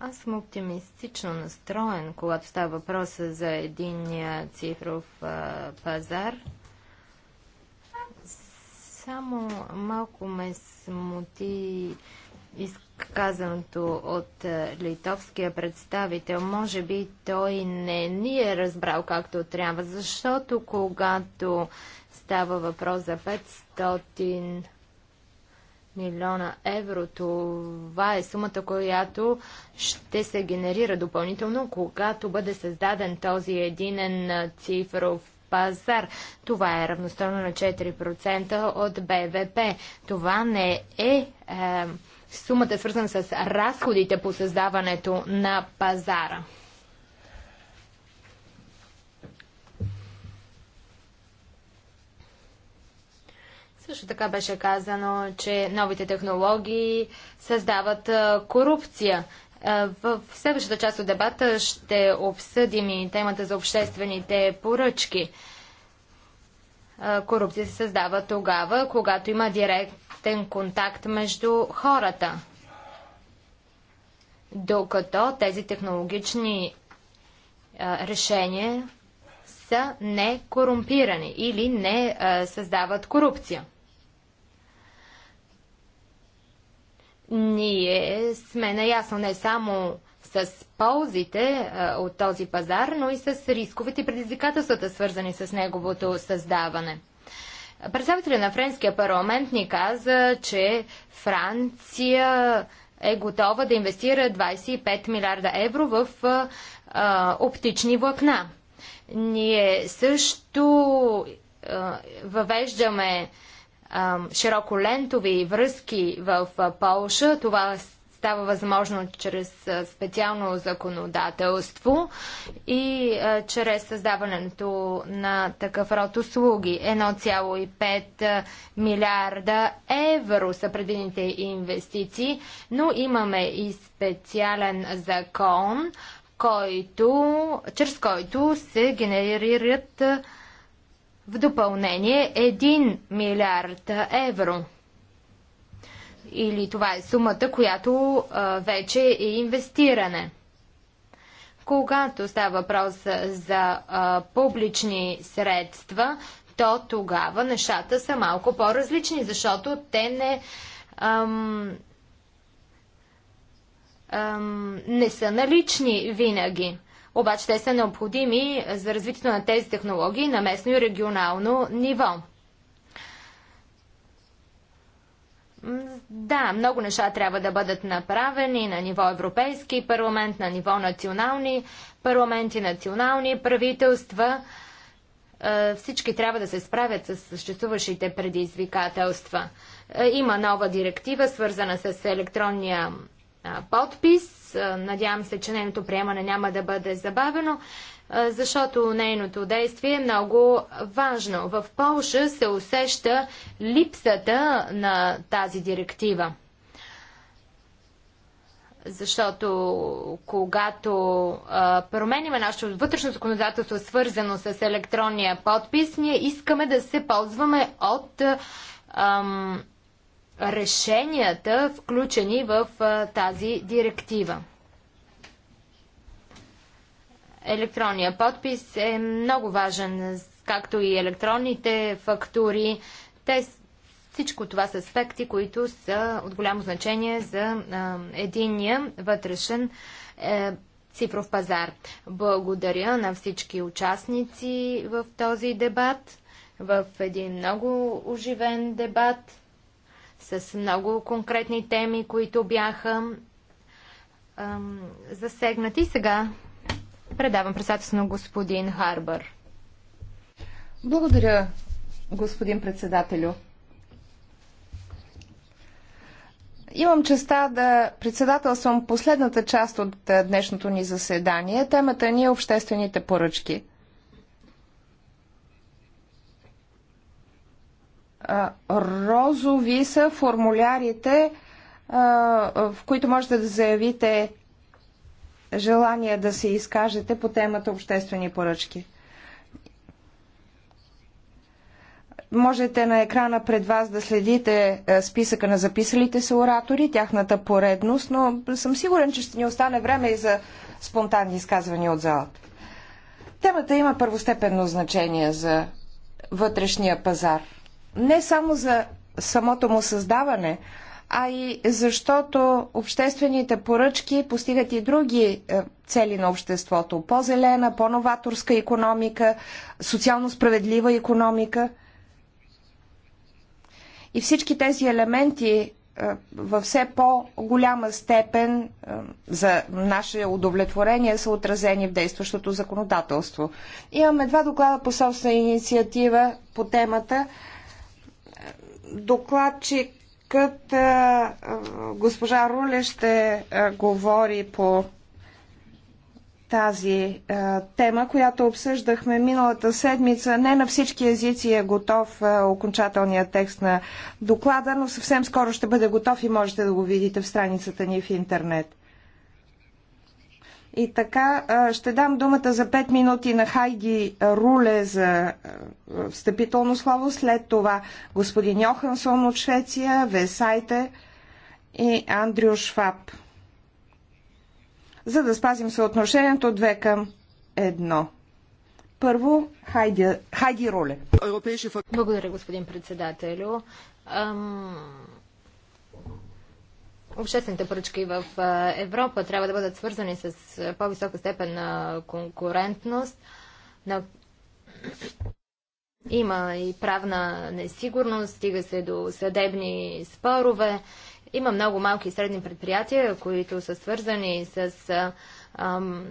Аз съм оптимистично настроен, когато става въпроса за един цифров а, пазар. Само малко ме смути из казаното от е, литовския представител. Може би той не ни е разбрал както трябва, защото когато става въпрос за 500 милиона евро, това е сумата, която ще се генерира допълнително, когато бъде създаден този единен е, цифров пазар. Това е равностойно на 4% от БВП. Това не е, е Сумата е свързана с разходите по създаването на пазара. Също така беше казано, че новите технологии създават корупция. В следващата част от дебата ще обсъдим и темата за обществените поръчки. Корупция се създава тогава, когато има директ контактен контакт между хората. Докато тези технологични решения са не корумпирани или не създават корупция. Ние сме наясно не само с ползите от този пазар, но и с рисковете и предизвикателствата, свързани с неговото създаване. Представителя на Френския парламент ни каза, че Франция е готова да инвестира 25 милиарда евро в а, оптични влакна. Ние също а, въвеждаме широколентови връзки в Полша. Това става възможно чрез специално законодателство и чрез създаването на такъв род услуги. 1,5 милиарда евро са предвидените инвестиции, но имаме и специален закон, който, чрез който се генерират в допълнение 1 милиард евро. Или това е сумата, която а, вече е инвестиране. Когато става въпрос за а, публични средства, то тогава нещата са малко по-различни, защото те не, ам, ам, не са налични винаги. Обаче те са необходими за развитието на тези технологии на местно и регионално ниво. Да, много неща трябва да бъдат направени на ниво Европейски парламент, на ниво национални парламенти, национални правителства. Е, всички трябва да се справят с съществуващите предизвикателства. Е, има нова директива, свързана с електронния подпис. Е, надявам се, че нейното приемане няма да бъде забавено защото нейното действие е много важно. В Полша се усеща липсата на тази директива. Защото когато променяме променим нашето вътрешно законодателство, свързано с електронния подпис, ние искаме да се ползваме от ам, решенията, включени в а, тази директива. Електронния подпис е много важен, както и електронните фактури. Те, всичко това са аспекти, които са от голямо значение за единния вътрешен е, цифров пазар. Благодаря на всички участници в този дебат, в един много оживен дебат с много конкретни теми, които бяха засегнати. Сега Предавам председателство на господин Харбър. Благодаря, господин председателю. Имам честа да председателствам последната част от е, днешното ни заседание. Темата ни е обществените поръчки. Розови са формулярите, в които можете да заявите желание да се изкажете по темата обществени поръчки. Можете на екрана пред вас да следите е, списъка на записалите се оратори, тяхната поредност, но съм сигурен, че ще ни остане време и за спонтанни изказвания от залата. Темата има първостепенно значение за вътрешния пазар. Не само за самото му създаване, а и защото обществените поръчки постигат и други е, цели на обществото. По-зелена, по-новаторска економика, социално справедлива економика. И всички тези елементи е, във все по-голяма степен е, за наше удовлетворение са отразени в действащото законодателство. Имаме два доклада по собствена инициатива по темата. Докладчик като госпожа Руле ще говори по тази а, тема, която обсъждахме миналата седмица. Не на всички езици е готов а, окончателният текст на доклада, но съвсем скоро ще бъде готов и можете да го видите в страницата ни в интернет. И така ще дам думата за 5 минути на Хайди Руле за встъпително слово. След това господин Йохансон от Швеция, Весайте и Андрю Шваб. За да спазим съотношението 2 към 1. Първо, Хайди, Хайди Руле. Благодаря, господин председателю. Ам Обществените поръчки в Европа трябва да бъдат свързани с по-висока степен на конкурентност. На... Има и правна несигурност, стига се до съдебни спорове. Има много малки и средни предприятия, които са свързани с ам,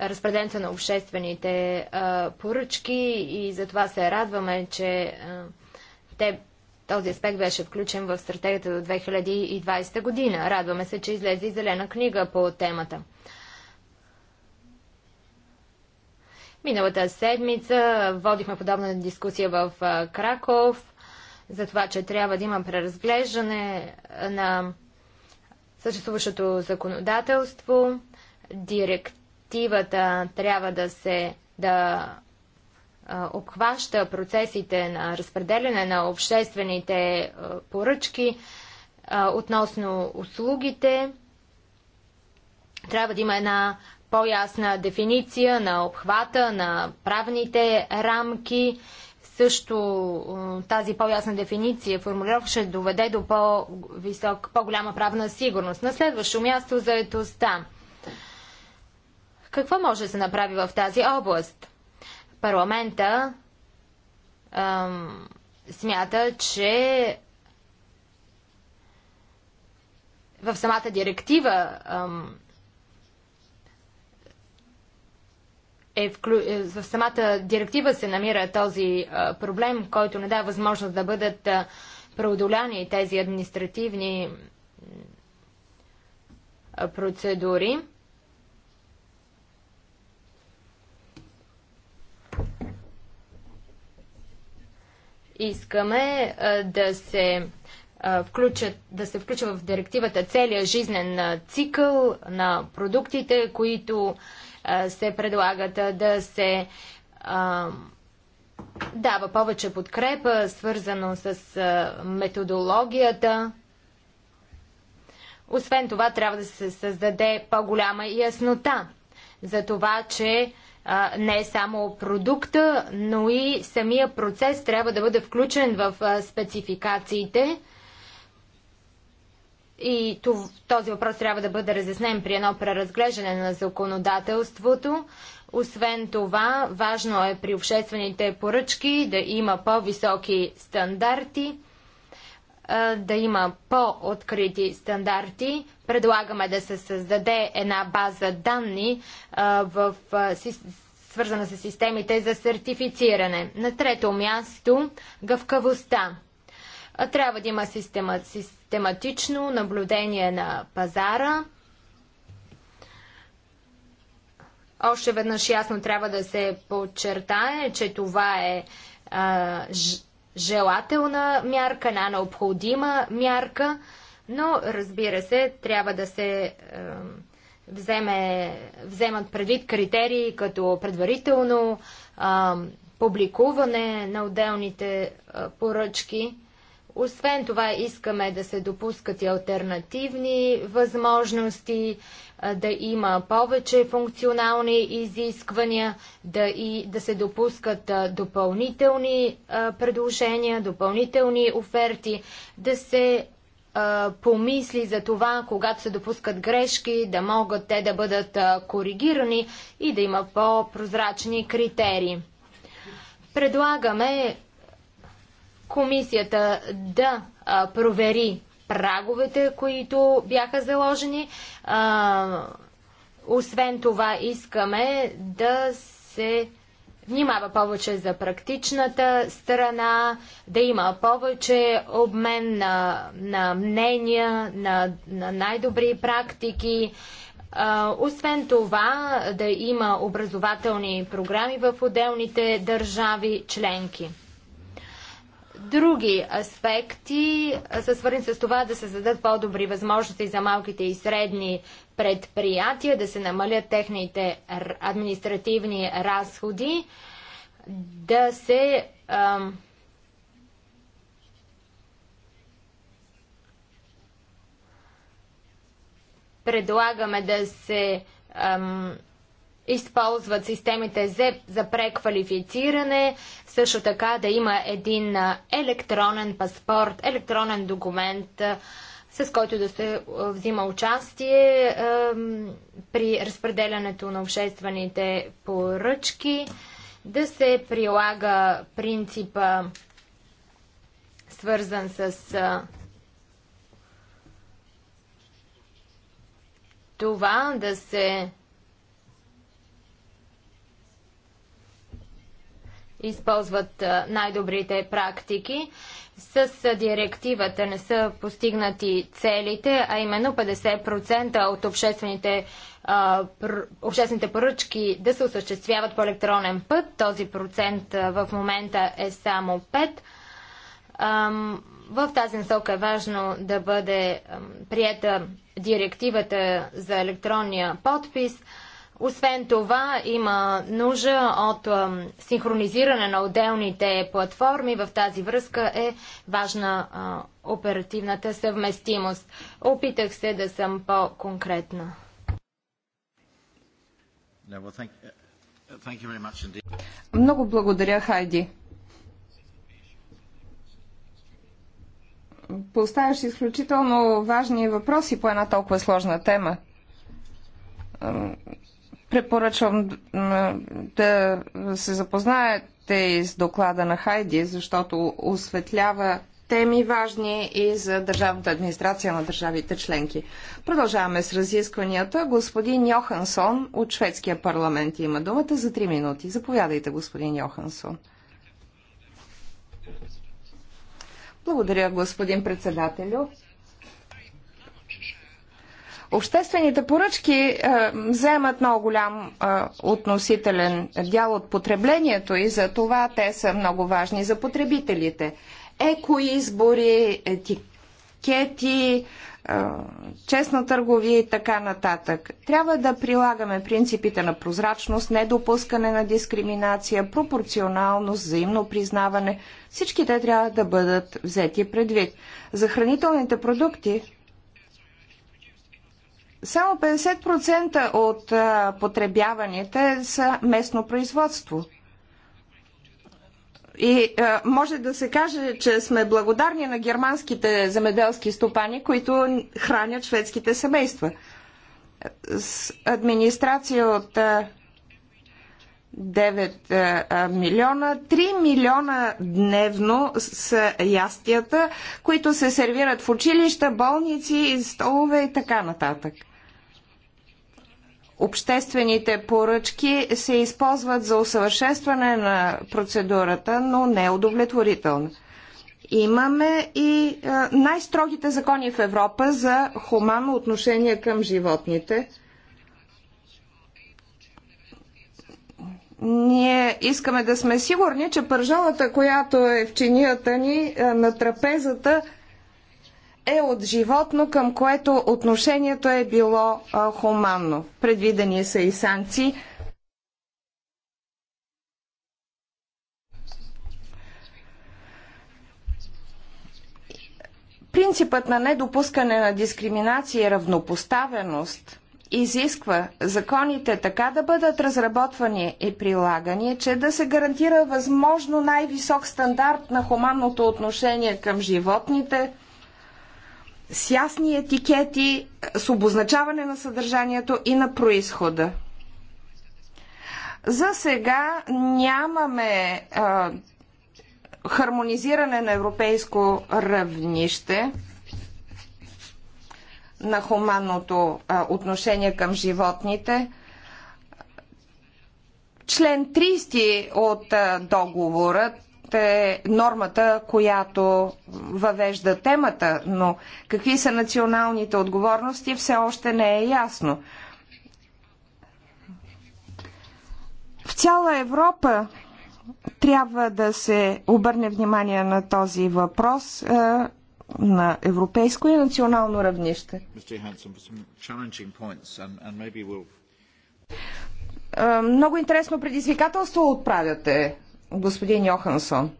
разпределението на обществените а, поръчки и затова се радваме, че а, те този аспект беше включен в стратегията до 2020 година. Радваме се, че излезе и зелена книга по темата. Миналата седмица водихме подобна дискусия в Краков за това, че трябва да има преразглеждане на съществуващото законодателство. Директивата трябва да се да обхваща процесите на разпределяне на обществените поръчки относно услугите. Трябва да има една по-ясна дефиниция на обхвата, на правните рамки. Също тази по-ясна дефиниция, формулировка ще доведе до по-висок, по-голяма правна сигурност. На следващо място заетостта. Какво може да се направи в тази област? Парламента ам, смята, че в самата директива ам, е вклю... Е, в самата директива се намира този а, проблем, който не дава възможност да бъдат а, преодоляни тези административни а, процедури. Искаме а, да се включат, да се включва в директивата целият жизнен цикъл на продуктите, които се предлагат да се дава повече подкрепа, свързано с методологията. Освен това, трябва да се създаде по-голяма яснота за това, че не не само продукта, но и самия процес трябва да бъде включен в спецификациите. И този въпрос трябва да бъде разяснен при едно преразглеждане на законодателството. Освен това, важно е при обществените поръчки да има по-високи стандарти, да има по-открити стандарти, Предлагаме да се създаде една база данни а, в, а, си, свързана с системите за сертифициране. На трето място гъвкавостта. А, трябва да има система, систематично наблюдение на пазара. Още веднъж ясно трябва да се подчертае, че това е а, желателна мярка, една необходима мярка. Но, разбира се, трябва да се е, вземе, вземат предвид критерии като предварително е, публикуване на отделните е, поръчки. Освен това, искаме да се допускат и альтернативни възможности, е, да има повече функционални изисквания, да, и, да се допускат е, допълнителни е, предложения, допълнителни оферти, да се помисли за това, когато се допускат грешки, да могат те да бъдат коригирани и да има по-прозрачни критерии. Предлагаме комисията да провери праговете, които бяха заложени. Освен това искаме да се внимава повече за практичната страна, да има повече обмен на, на мнения, на, на най-добри практики. освен това, да има образователни програми в отделните държави членки. Други аспекти са свързани с това да се зададат по-добри възможности за малките и средни предприятия, да се намалят техните административни разходи, да се ам, предлагаме да се ам, използват системите за, за преквалифициране, също така да има един електронен паспорт, електронен документ, с който да се взима участие при разпределянето на обществените поръчки, да се прилага принципа свързан с това да се използват най-добрите практики. С директивата не са постигнати целите, а именно 50% от обществените, обществените поръчки да се осъществяват по електронен път. Този процент в момента е само 5%. в тази насока е важно да бъде приета директивата за електронния подпис – освен това, има нужда от синхронизиране на отделните платформи. В тази връзка е важна оперативната съвместимост. Опитах се да съм по-конкретна. Uh, Много благодаря, Хайди. Поставяш изключително важни въпроси по една толкова сложна тема. Препоръчвам да се запознаете с доклада на Хайди, защото осветлява теми важни и за държавната администрация на държавите членки. Продължаваме с разискванията. Господин Йохансон от шведския парламент има думата за 3 минути. Заповядайте, господин Йохансон. Благодаря, господин председателю. Обществените поръчки е, вземат много голям е, относителен дял от потреблението и за това те са много важни за потребителите. Екоизбори, етикети, е, честна търговия и така нататък. Трябва да прилагаме принципите на прозрачност, недопускане на дискриминация, пропорционалност, взаимно признаване. Всички те трябва да бъдат взети предвид. За хранителните продукти само 50% от а, потребяваните са местно производство. И а, може да се каже, че сме благодарни на германските земеделски стопани, които хранят шведските семейства. С администрация от а, 9 милиона, 3 милиона дневно с ястията, които се сервират в училища, болници, столове и така нататък обществените поръчки се използват за усъвършенстване на процедурата, но не удовлетворително. Имаме и е, най-строгите закони в Европа за хуманно отношение към животните. Ние искаме да сме сигурни, че пържалата, която е в чинията ни е, на трапезата, е от животно, към което отношението е било а, хуманно. Предвидени са и санкции. Принципът на недопускане на дискриминация и равнопоставеност изисква законите така да бъдат разработвани и прилагани, че да се гарантира възможно най-висок стандарт на хуманното отношение към животните – с ясни етикети, е, с обозначаване на съдържанието и на происхода. За сега нямаме а, е, хармонизиране на европейско равнище на хуманното а, е, отношение към животните. Член 30 от а, договорът е нормата, която въвежда темата, но какви са националните отговорности все още не е ясно. В цяла Европа трябва да се обърне внимание на този въпрос е, на европейско и национално равнище. Е, много интересно предизвикателство отправяте господин Йохансон.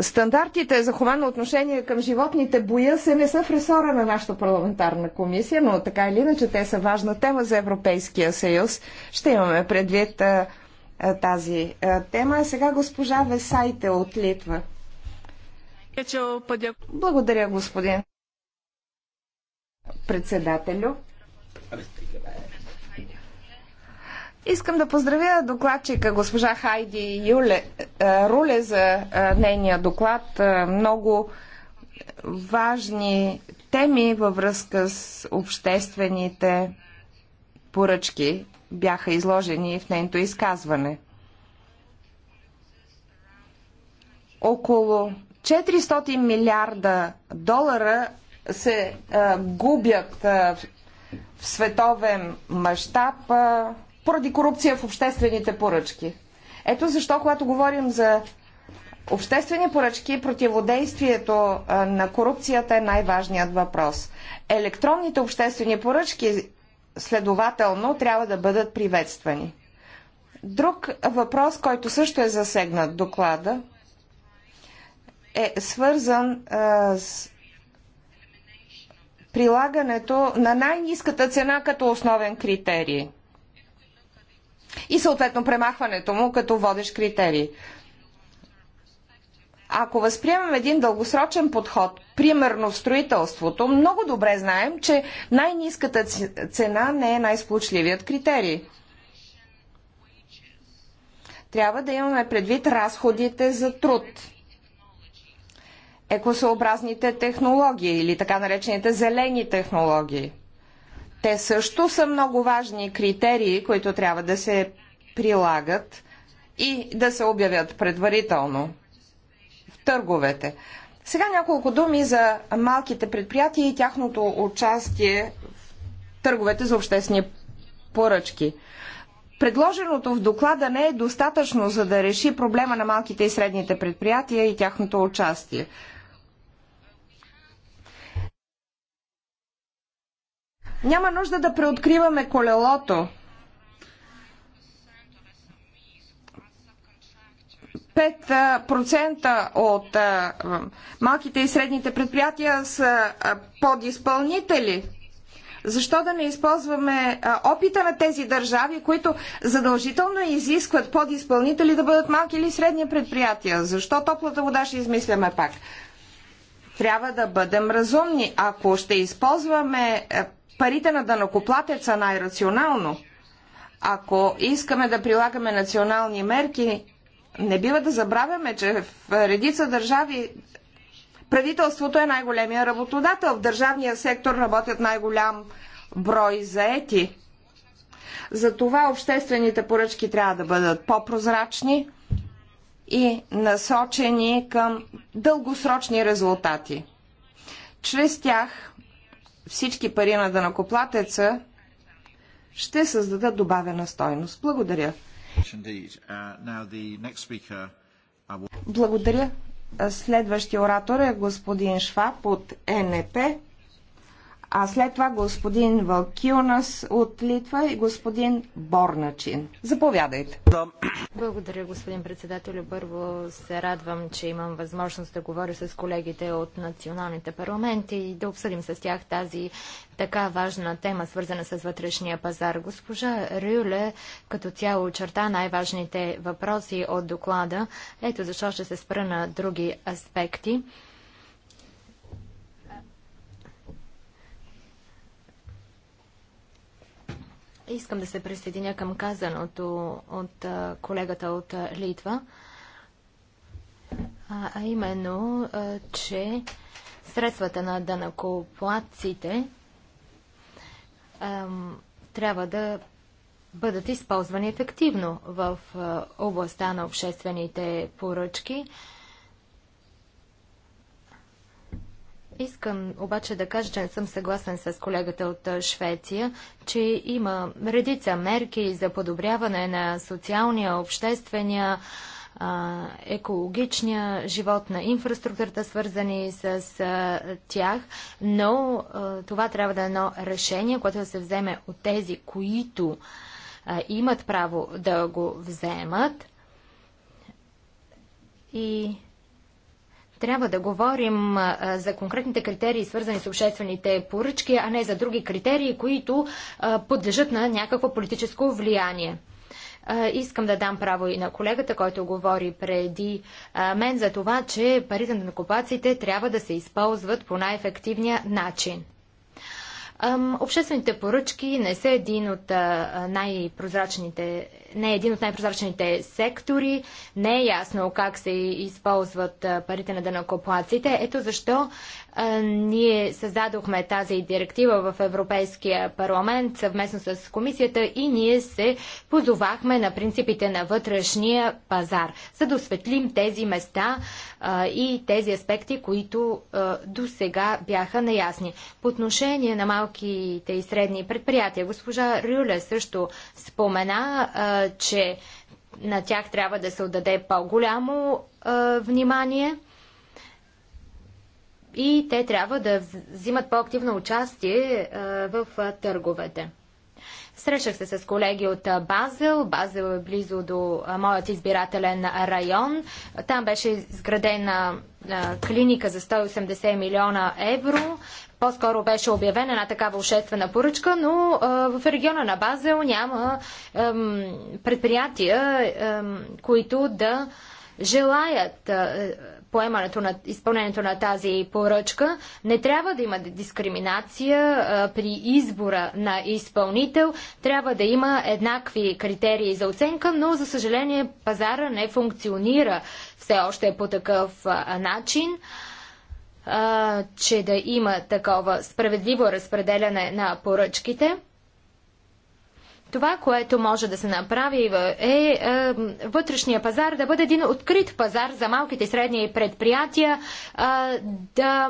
Стандартите за хумано отношение към животните, боя се, не са в ресора на нашата парламентарна комисия, но така или иначе те са важна тема за Европейския съюз. Ще имаме предвид а, а, тази а, тема. Сега госпожа Весайте от Литва. Благодаря, господин председателю. Искам да поздравя докладчика госпожа Хайди Юле, е, Руле за е, нейния доклад. Е, много важни теми във връзка с обществените поръчки бяха изложени в нейното изказване. Около 400 милиарда долара се а, губят а, в световен мащаб поради корупция в обществените поръчки. Ето защо, когато говорим за обществени поръчки, противодействието на корупцията е най-важният въпрос. Електронните обществени поръчки, следователно, трябва да бъдат приветствани. Друг въпрос, който също е засегнат доклада, е свързан а, с прилагането на най-низката цена като основен критерий – и съответно премахването му като водещ критерий. Ако възприемем един дългосрочен подход, примерно в строителството, много добре знаем, че най-низката цена не е най-сполучливият критерий. Трябва да имаме предвид разходите за труд, екосъобразните технологии или така наречените зелени технологии – те също са много важни критерии, които трябва да се прилагат и да се обявят предварително в търговете. Сега няколко думи за малките предприятия и тяхното участие в търговете за обществени поръчки. Предложеното в доклада не е достатъчно, за да реши проблема на малките и средните предприятия и тяхното участие. Няма нужда да преоткриваме колелото. 5% от малките и средните предприятия са подизпълнители. Защо да не използваме опита на тези държави, които задължително изискват подизпълнители да бъдат малки или средни предприятия? Защо топлата вода ще измисляме пак? Трябва да бъдем разумни. Ако ще използваме парите на данокоплатеца най-рационално. Ако искаме да прилагаме национални мерки, не бива да забравяме, че в редица държави правителството е най-големия работодател. В държавния сектор работят най-голям брой заети. Затова обществените поръчки трябва да бъдат по-прозрачни и насочени към дългосрочни резултати. Чрез тях всички пари на дънакоплатеца ще създадат добавена стойност. Благодаря. Uh, Благодаря. Следващия оратор е господин Шваб от НП а след това господин Валкилнас от Литва и господин Борначин. Заповядайте. Благодаря, господин председател. Първо се радвам, че имам възможност да говоря с колегите от националните парламенти и да обсъдим с тях тази така важна тема, свързана с вътрешния пазар. Госпожа Рюле като цяло очерта най-важните въпроси от доклада. Ето защо ще се спра на други аспекти. Искам да се присъединя към казаното от колегата от Литва, а именно, че средствата на данакоплатците трябва да бъдат използвани ефективно в областта на обществените поръчки. Искам обаче да кажа, че не съм съгласен с колегата от Швеция, че има редица мерки за подобряване на социалния, обществения, екологичния живот на инфраструктурата, свързани с тях, но това трябва да е едно решение, което да се вземе от тези, които имат право да го вземат. И трябва да говорим за конкретните критерии, свързани с обществените поръчки, а не за други критерии, които подлежат на някакво политическо влияние. Искам да дам право и на колегата, който говори преди мен за това, че парите на накопаците трябва да се използват по най-ефективния начин. Обществените поръчки не са един от най-прозрачните не е един от най-прозрачните сектори, не е ясно как се използват парите на дънакоплаците. Ето защо ние създадохме тази директива в Европейския парламент съвместно с комисията и ние се позовахме на принципите на вътрешния пазар, за да осветлим тези места а, и тези аспекти, които до сега бяха неясни. По отношение на малките и средни предприятия, госпожа Рюле също спомена че на тях трябва да се отдаде по-голямо внимание и те трябва да взимат по-активно участие в търговете. Срещах се с колеги от Базел. Базел е близо до моят избирателен район. Там беше изградена клиника за 180 милиона евро. По-скоро беше обявена една такава ушествена поръчка, но в региона на Базел няма предприятия, които да желаят поемането на изпълнението на тази поръчка. Не трябва да има дискриминация а, при избора на изпълнител. Трябва да има еднакви критерии за оценка, но за съжаление пазара не функционира все още по такъв а, начин а, че да има такова справедливо разпределяне на поръчките. Това, което може да се направи е, е, е вътрешния пазар да бъде един открит пазар за малките и средни предприятия, е, да,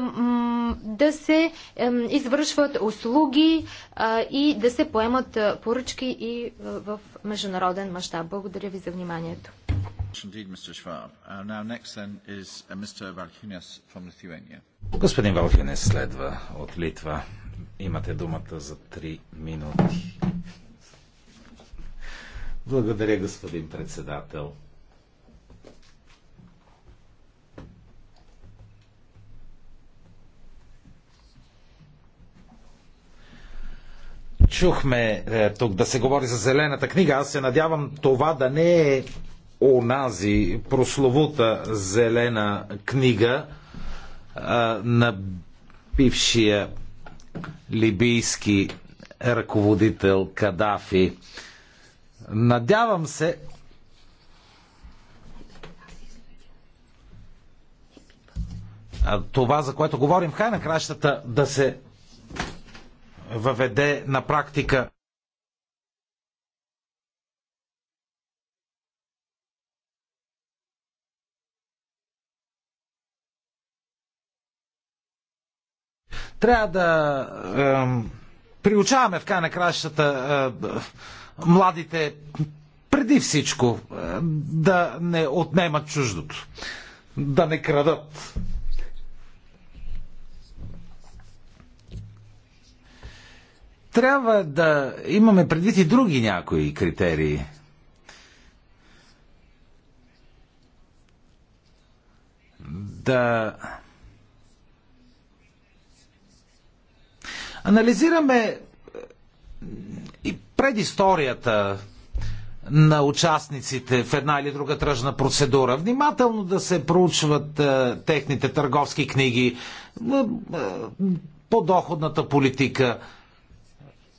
да се е, извършват услуги е, и да се поемат е, поръчки и в международен мащаб. Благодаря ви за вниманието. Uh, uh, Господин Валхинес следва от Литва. Имате думата за 3 минути. Благодаря, господин председател. Чухме е, тук да се говори за зелената книга. Аз се надявам това да не е онази прословута зелена книга е, на бившия либийски ръководител Кадафи. Надявам се, това, за което говорим хай на кращата, да се въведе на практика. Трябва да е, приучаваме в край на кращата е, младите преди всичко е, да не отнемат чуждото, да не крадат. Трябва да имаме предвид и други някои критерии. Да. Анализираме и предисторията на участниците в една или друга тръжна процедура, внимателно да се проучват а, е, техните търговски книги, е, е, подоходната политика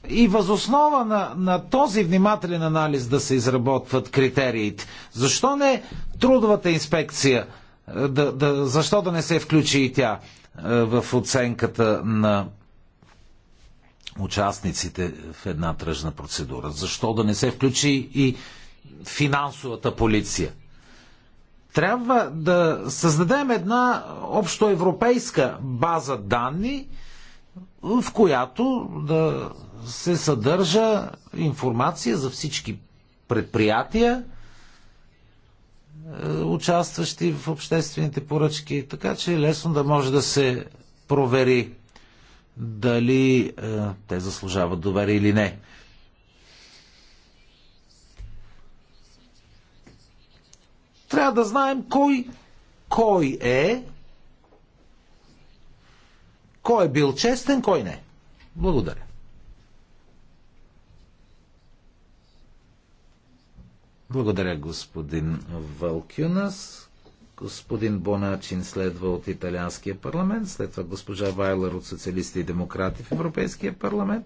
и възоснова на, на този внимателен анализ да се изработват критериите. Защо не трудовата инспекция? Е, да, да, защо да не се включи и тя в оценката на участниците в една тръжна процедура? Защо да не се включи и финансовата полиция? Трябва да създадем една общоевропейска база данни, в която да се съдържа информация за всички предприятия, е, участващи в обществените поръчки, така че е лесно да може да се провери дали е, те заслужават доверие или не. Трябва да знаем кой кой е, кой е бил честен, кой не. Благодаря. Благодаря, господин Валкюнас. Господин Боначин следва от Италианския парламент, след това госпожа Вайлер от Социалисти и Демократи в Европейския парламент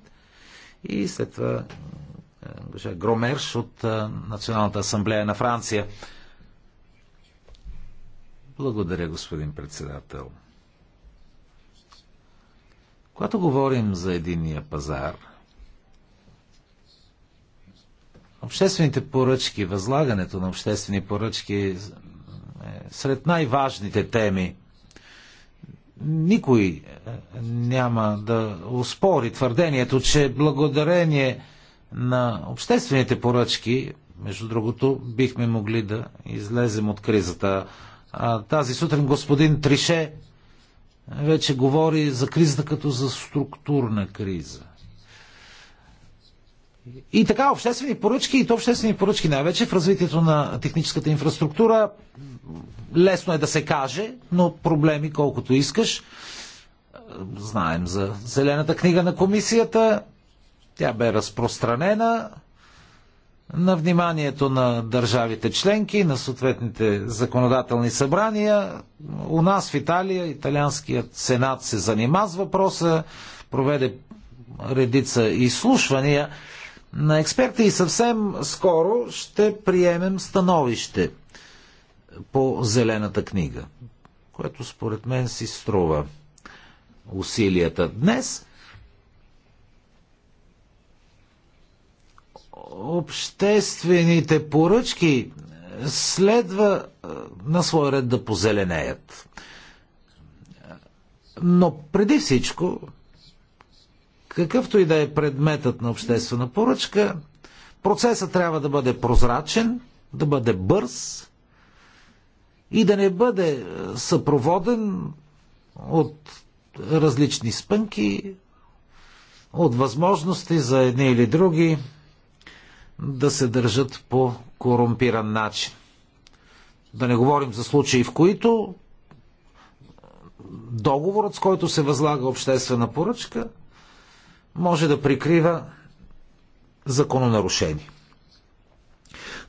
и след това е, госпожа Громерш от е, Националната асамблея на Франция. Благодаря, господин председател. Когато говорим за единния пазар, обществените поръчки, възлагането на обществени поръчки сред най-важните теми. Никой е, няма да успори твърдението, че благодарение на обществените поръчки, между другото, бихме могли да излезем от кризата. А, тази сутрин господин Трише вече говори за кризата като за структурна криза. И така, обществени поръчки, и то обществени поръчки най-вече в развитието на техническата инфраструктура. Лесно е да се каже, но проблеми колкото искаш. Е, знаем за Зелената книга на комисията. Тя бе разпространена на вниманието на държавите членки, на съответните законодателни събрания. У нас в Италия италианският сенат се занима с въпроса, проведе редица изслушвания на експерти и съвсем скоро ще приемем становище по зелената книга, което според мен си струва усилията днес. Обществените поръчки следва на свой ред да позеленеят. Но преди всичко Какъвто и да е предметът на обществена поръчка, процесът трябва да бъде прозрачен, да бъде бърз и да не бъде е, съпроводен от различни спънки, от възможности за едни или други да се държат по корумпиран начин. Да не говорим за случаи, в които договорът, с който се възлага обществена поръчка, може да прикрива закононарушение.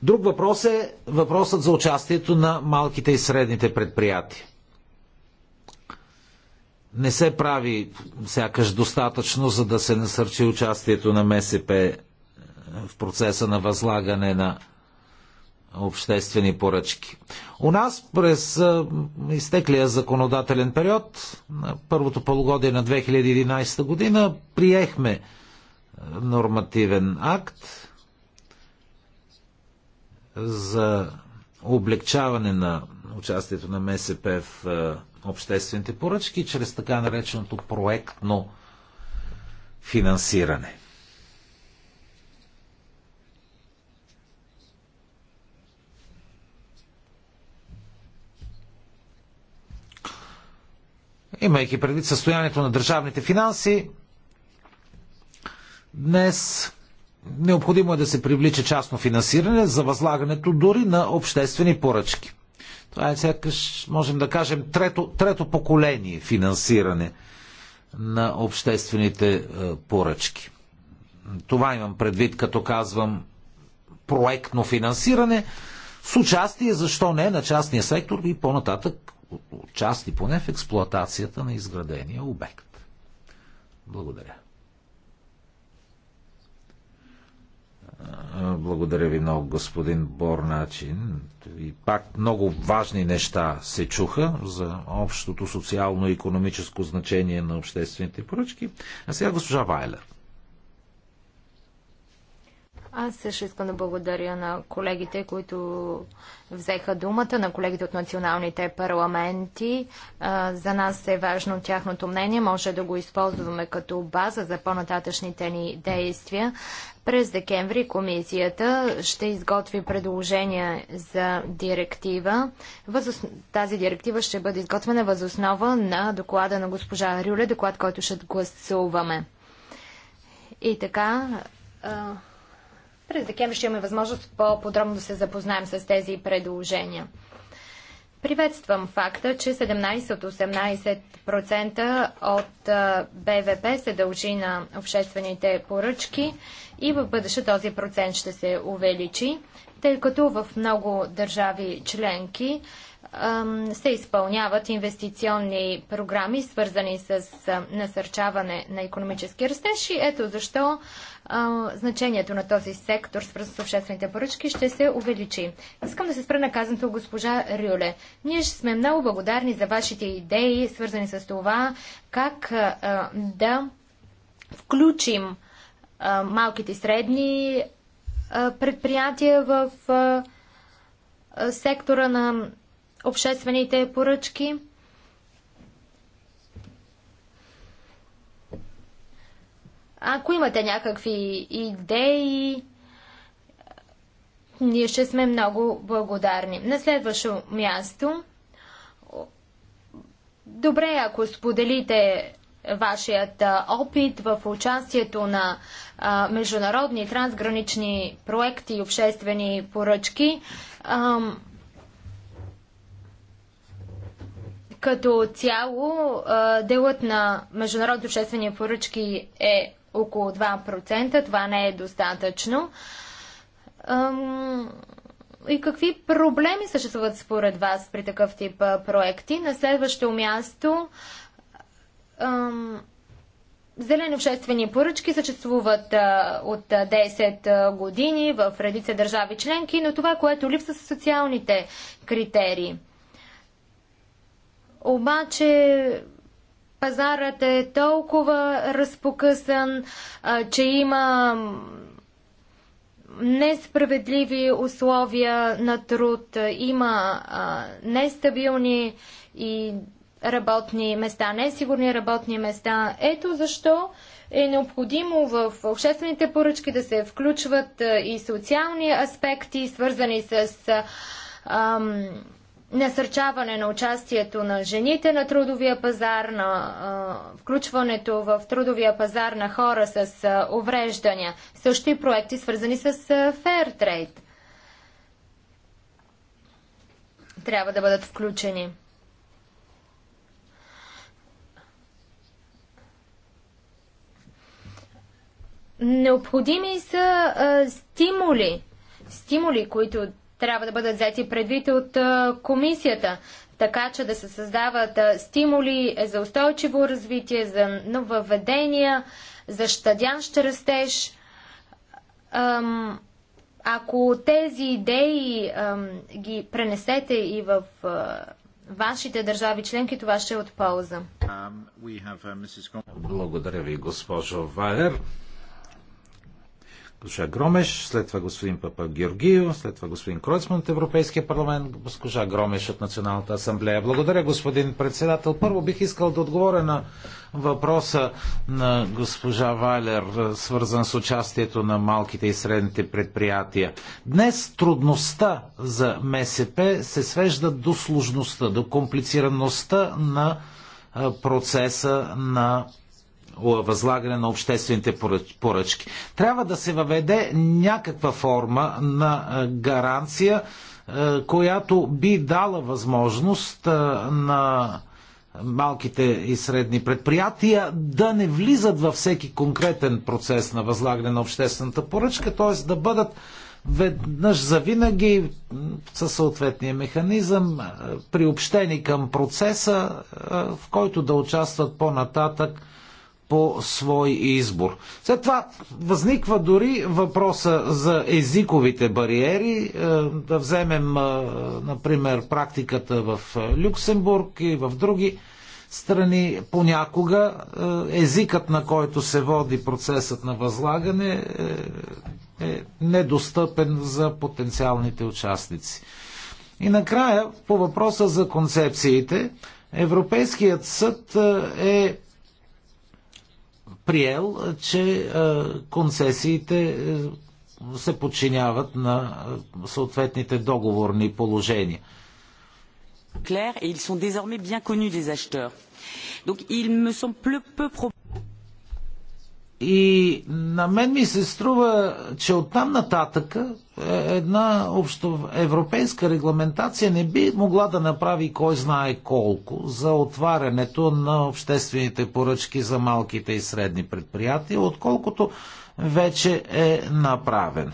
Друг въпрос е въпросът за участието на малките и средните предприятия. Не се прави сякаш достатъчно, за да се насърчи участието на МСП в процеса на възлагане на обществени поръчки. У нас през изтеклия законодателен период, на първото полугодие на 2011 година, приехме нормативен акт за облегчаване на участието на МСП в обществените поръчки чрез така нареченото проектно финансиране. Имайки предвид състоянието на държавните финанси, днес необходимо е да се привлича частно финансиране за възлагането дори на обществени поръчки. Това е сякаш, можем да кажем, трето, трето поколение финансиране на обществените е, поръчки. Това имам предвид, като казвам проектно финансиране с участие, защо не, на частния сектор и по-нататък участи поне в експлоатацията на изградения обект. Благодаря. Благодаря ви много, господин Борначин. И пак много важни неща се чуха за общото социално и економическо значение на обществените поръчки. А сега госпожа Вайлер. Аз също искам да благодаря на колегите, които взеха думата, на колегите от националните парламенти. За нас е важно тяхното мнение. Може да го използваме като база за по-нататъчните ни действия. През декември комисията ще изготви предложение за директива. Тази директива ще бъде изготвена възоснова на доклада на госпожа Рюле, доклад, който ще гласуваме. И така, през декември ще имаме възможност по-подробно да се запознаем с тези предложения. Приветствам факта, че 17 от 18% от БВП се дължи на обществените поръчки и в бъдеще този процент ще се увеличи, тъй като в много държави членки се изпълняват инвестиционни програми, свързани с насърчаване на економически растеж и ето защо значението на този сектор, свързан с обществените поръчки, ще се увеличи. Искам да се спра на казаното госпожа Рюле. Ние ще сме много благодарни за вашите идеи, свързани с това как да включим малките и средни предприятия в сектора на обществените поръчки. Ако имате някакви идеи, ние ще сме много благодарни. На следващо място, добре, ако споделите вашият опит в участието на международни трансгранични проекти и обществени поръчки. Ам, Като цяло делът на международно обществени поръчки е около 2%. Това не е достатъчно. И какви проблеми съществуват според вас при такъв тип проекти? На следващо място Зелени обществени поръчки съществуват от 10 години в редица държави членки, но това, което липсва са социалните критерии. Обаче пазарът е толкова разпокъсан, че има несправедливи условия на труд, има нестабилни и работни места, несигурни работни места. Ето защо е необходимо в обществените поръчки да се включват и социални аспекти, свързани с ам, насърчаване на участието на жените на трудовия пазар, на а, включването в трудовия пазар на хора с а, увреждания, също и проекти свързани с фертрейд. Трябва да бъдат включени. Необходими са а, стимули, стимули, които трябва да бъдат взети предвид от комисията, така че да се създават стимули за устойчиво развитие, за нововведения, за щадящ растеж. Ако тези идеи ги пренесете и в вашите държави членки, това ще е от полза. Um, uh, Благодаря ви, госпожо Вайер госпожа Громеш, след това господин Папа Георгио, след това господин Кройцман от Европейския парламент, госпожа Громеш от Националната асамблея. Благодаря, господин председател. Първо бих искал да отговоря на въпроса на госпожа Вайлер, свързан с участието на малките и средните предприятия. Днес трудността за МСП се свежда до сложността, до комплицираността на процеса на възлагане на обществените поръчки. Трябва да се въведе някаква форма на гаранция, която би дала възможност на малките и средни предприятия да не влизат във всеки конкретен процес на възлагане на обществената поръчка, т.е. да бъдат веднъж завинаги със съответния механизъм приобщени към процеса, в който да участват по-нататък по свой избор. След това възниква дори въпроса за езиковите бариери. Е, да вземем, е, например, практиката в е, Люксембург и в други страни. Понякога езикът, на който се води процесът на възлагане, е недостъпен за потенциалните участници. И накрая, по въпроса за концепциите, Европейският съд е приел, че концесиите се подчиняват на съответните договорни положения. Клер, и са sont désormais bien connus des acheteurs. Donc il me semble peu И на мен ми се струва, че оттам нататъка една общо европейска регламентация не би могла да направи кой знае колко за отварянето на обществените поръчки за малките и средни предприятия, отколкото вече е направен.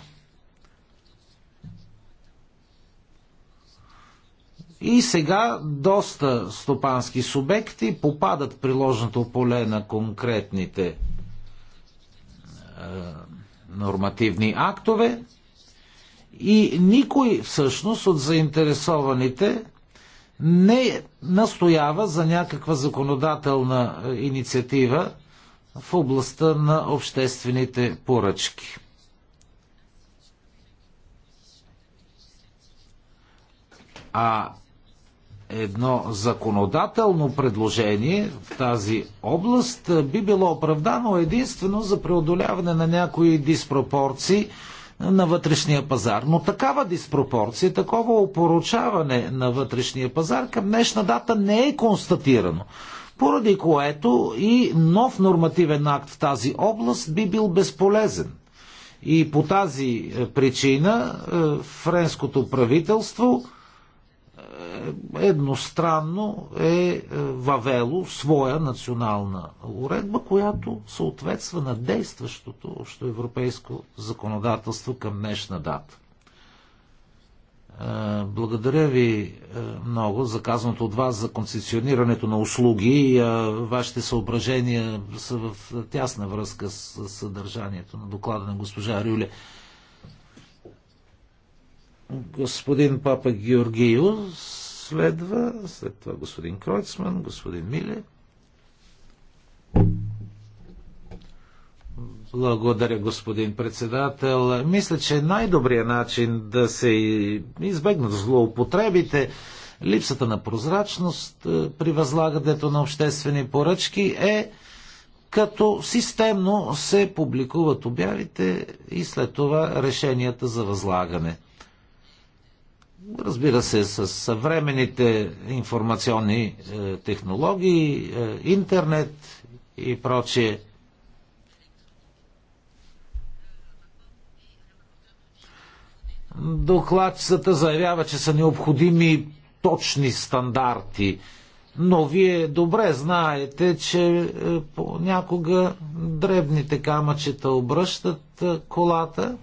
И сега доста стопански субекти попадат в приложното поле на конкретните е, нормативни актове, и никой всъщност от заинтересованите не настоява за някаква законодателна е, инициатива в областта на обществените поръчки. А едно законодателно предложение в тази област е, би било оправдано единствено за преодоляване на някои диспропорции на вътрешния пазар. Но такава диспропорция, такова опоручаване на вътрешния пазар към днешна дата не е констатирано. Поради което и нов нормативен акт в тази област би бил безполезен. И по тази е, причина е, френското правителство едностранно е, е въвело своя национална уредба, която съответства на действащото общоевропейско законодателство към днешна дата. Е, благодаря ви е, много за казаното от вас за концесионирането на услуги. и Вашите съображения са в тясна връзка с съдържанието на доклада на госпожа Рюле. Господин Папа Георгио следва, след това господин Кройцман, господин Миле. Благодаря, господин председател. Мисля, че най-добрият начин да се избегнат злоупотребите, липсата на прозрачност е, при възлагането на обществени поръчки е като системно се публикуват обявите и след това решенията за възлагане разбира се, с съвременните информационни е, технологии, е, интернет и прочие. Докладчицата заявява, че са необходими точни стандарти, но вие добре знаете, че е, понякога дребните камъчета обръщат колата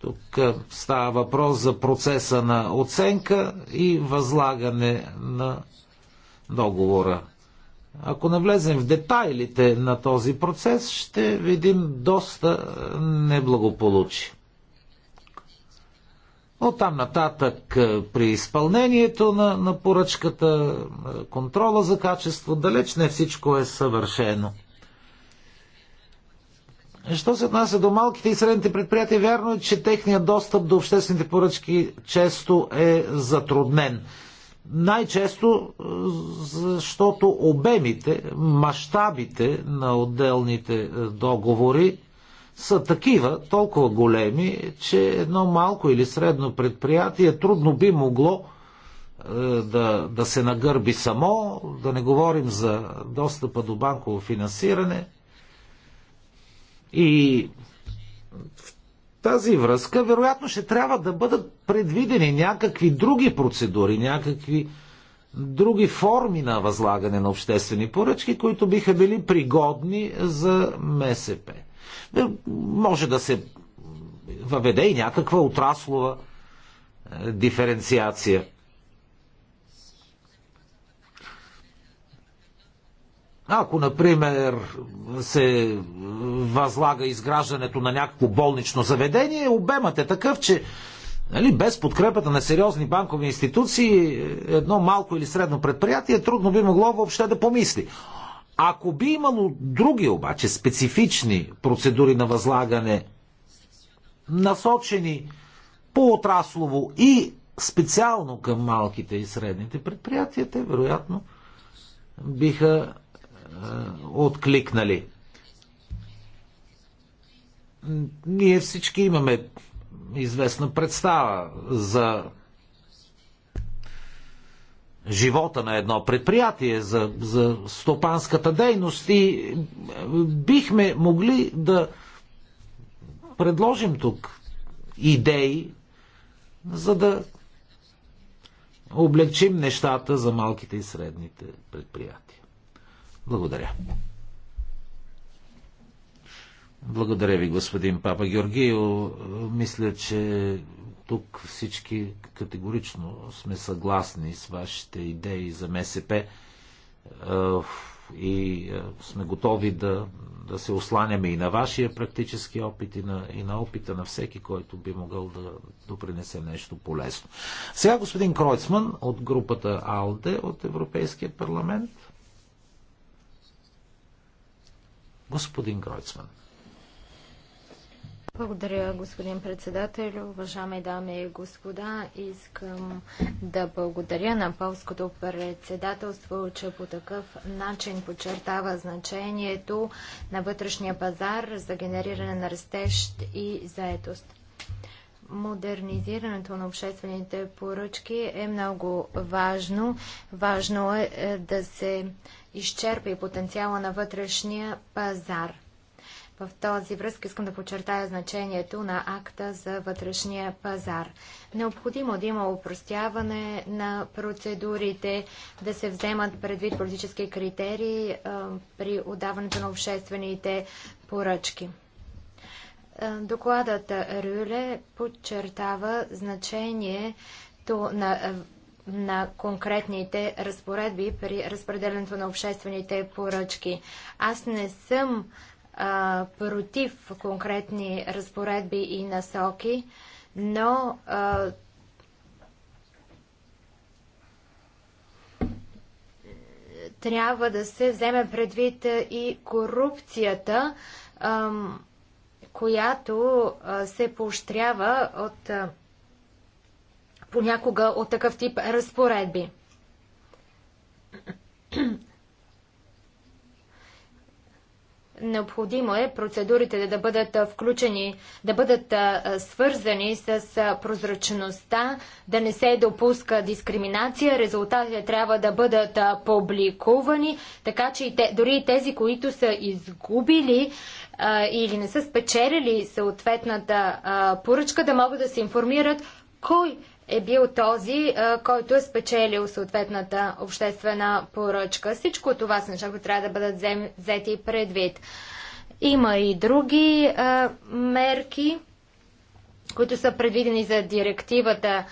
тук е, става въпрос за процеса на оценка и възлагане на договора. Ако не влезем в детайлите на този процес, ще видим доста е, неблагополучие. От там нататък е, при изпълнението на, на поръчката, контрола за качество, далеч не всичко е съвършено – Що се отнася до малките и средните предприятия, вярно е, че техният достъп до обществените поръчки често е затруднен. Най-често, е, защото обемите, мащабите на отделните е, договори са такива, толкова големи, че едно малко или средно предприятие трудно би могло е, да, да се нагърби само, да не говорим за достъпа до банково финансиране, и в тази връзка, вероятно, ще трябва да бъдат предвидени някакви други процедури, някакви други форми на възлагане на обществени поръчки, които биха били пригодни за МСП. Е, може да се въведе и някаква отраслова е, диференциация. Ако, например, се възлага изграждането на някакво болнично заведение, обемът е такъв, че нали, без подкрепата на сериозни банкови институции, едно малко или средно предприятие трудно би могло въобще да помисли. Ако би имало други обаче специфични процедури на възлагане, насочени по-отраслово и специално към малките и средните предприятия, те вероятно биха е, откликнали. Ние всички имаме известна представа за живота на едно предприятие, за, за стопанската дейност и е, бихме могли да предложим тук идеи, за да облегчим нещата за малките и средните предприятия. Благодаря. Благодаря ви, господин Папа Георгио. Мисля, че тук всички категорично сме съгласни с вашите идеи за МСП е, и е, сме готови да, да се осланяме и на вашия практически опит, и на, и на опита на всеки, който би могъл да допринесе нещо полезно. Сега господин Кройцман от групата АЛДЕ от Европейския парламент. Господин Гройцман. Благодаря, господин председател. Уважаеми дами и господа, искам да благодаря на полското председателство, че по такъв начин подчертава значението на вътрешния пазар за генериране на растеж и заетост. Модернизирането на обществените поръчки е много важно. Важно е, е да се изчерпа и потенциала на вътрешния пазар. В този връзка искам да подчертая значението на акта за вътрешния пазар. Необходимо да има упростяване на процедурите, да се вземат предвид политически критерии а, при отдаването на обществените поръчки. Докладът Рюле подчертава значението на на конкретните разпоредби при разпределенето на обществените поръчки. Аз не съм а, против конкретни разпоредби и насоки, но а, трябва да се вземе предвид и корупцията, а, която се поощрява от понякога от такъв тип разпоредби. Необходимо е процедурите да бъдат включени, да бъдат свързани с прозрачността, да не се допуска дискриминация. Резултатите трябва да бъдат публикувани, така че и те, дори и тези, които са изгубили а, или не са спечелили съответната а, поръчка, да могат да се информират кой е бил този, който е спечелил съответната обществена поръчка. Всичко това са неща, които трябва да бъдат взети предвид. Има и други а, мерки, които са предвидени за директивата,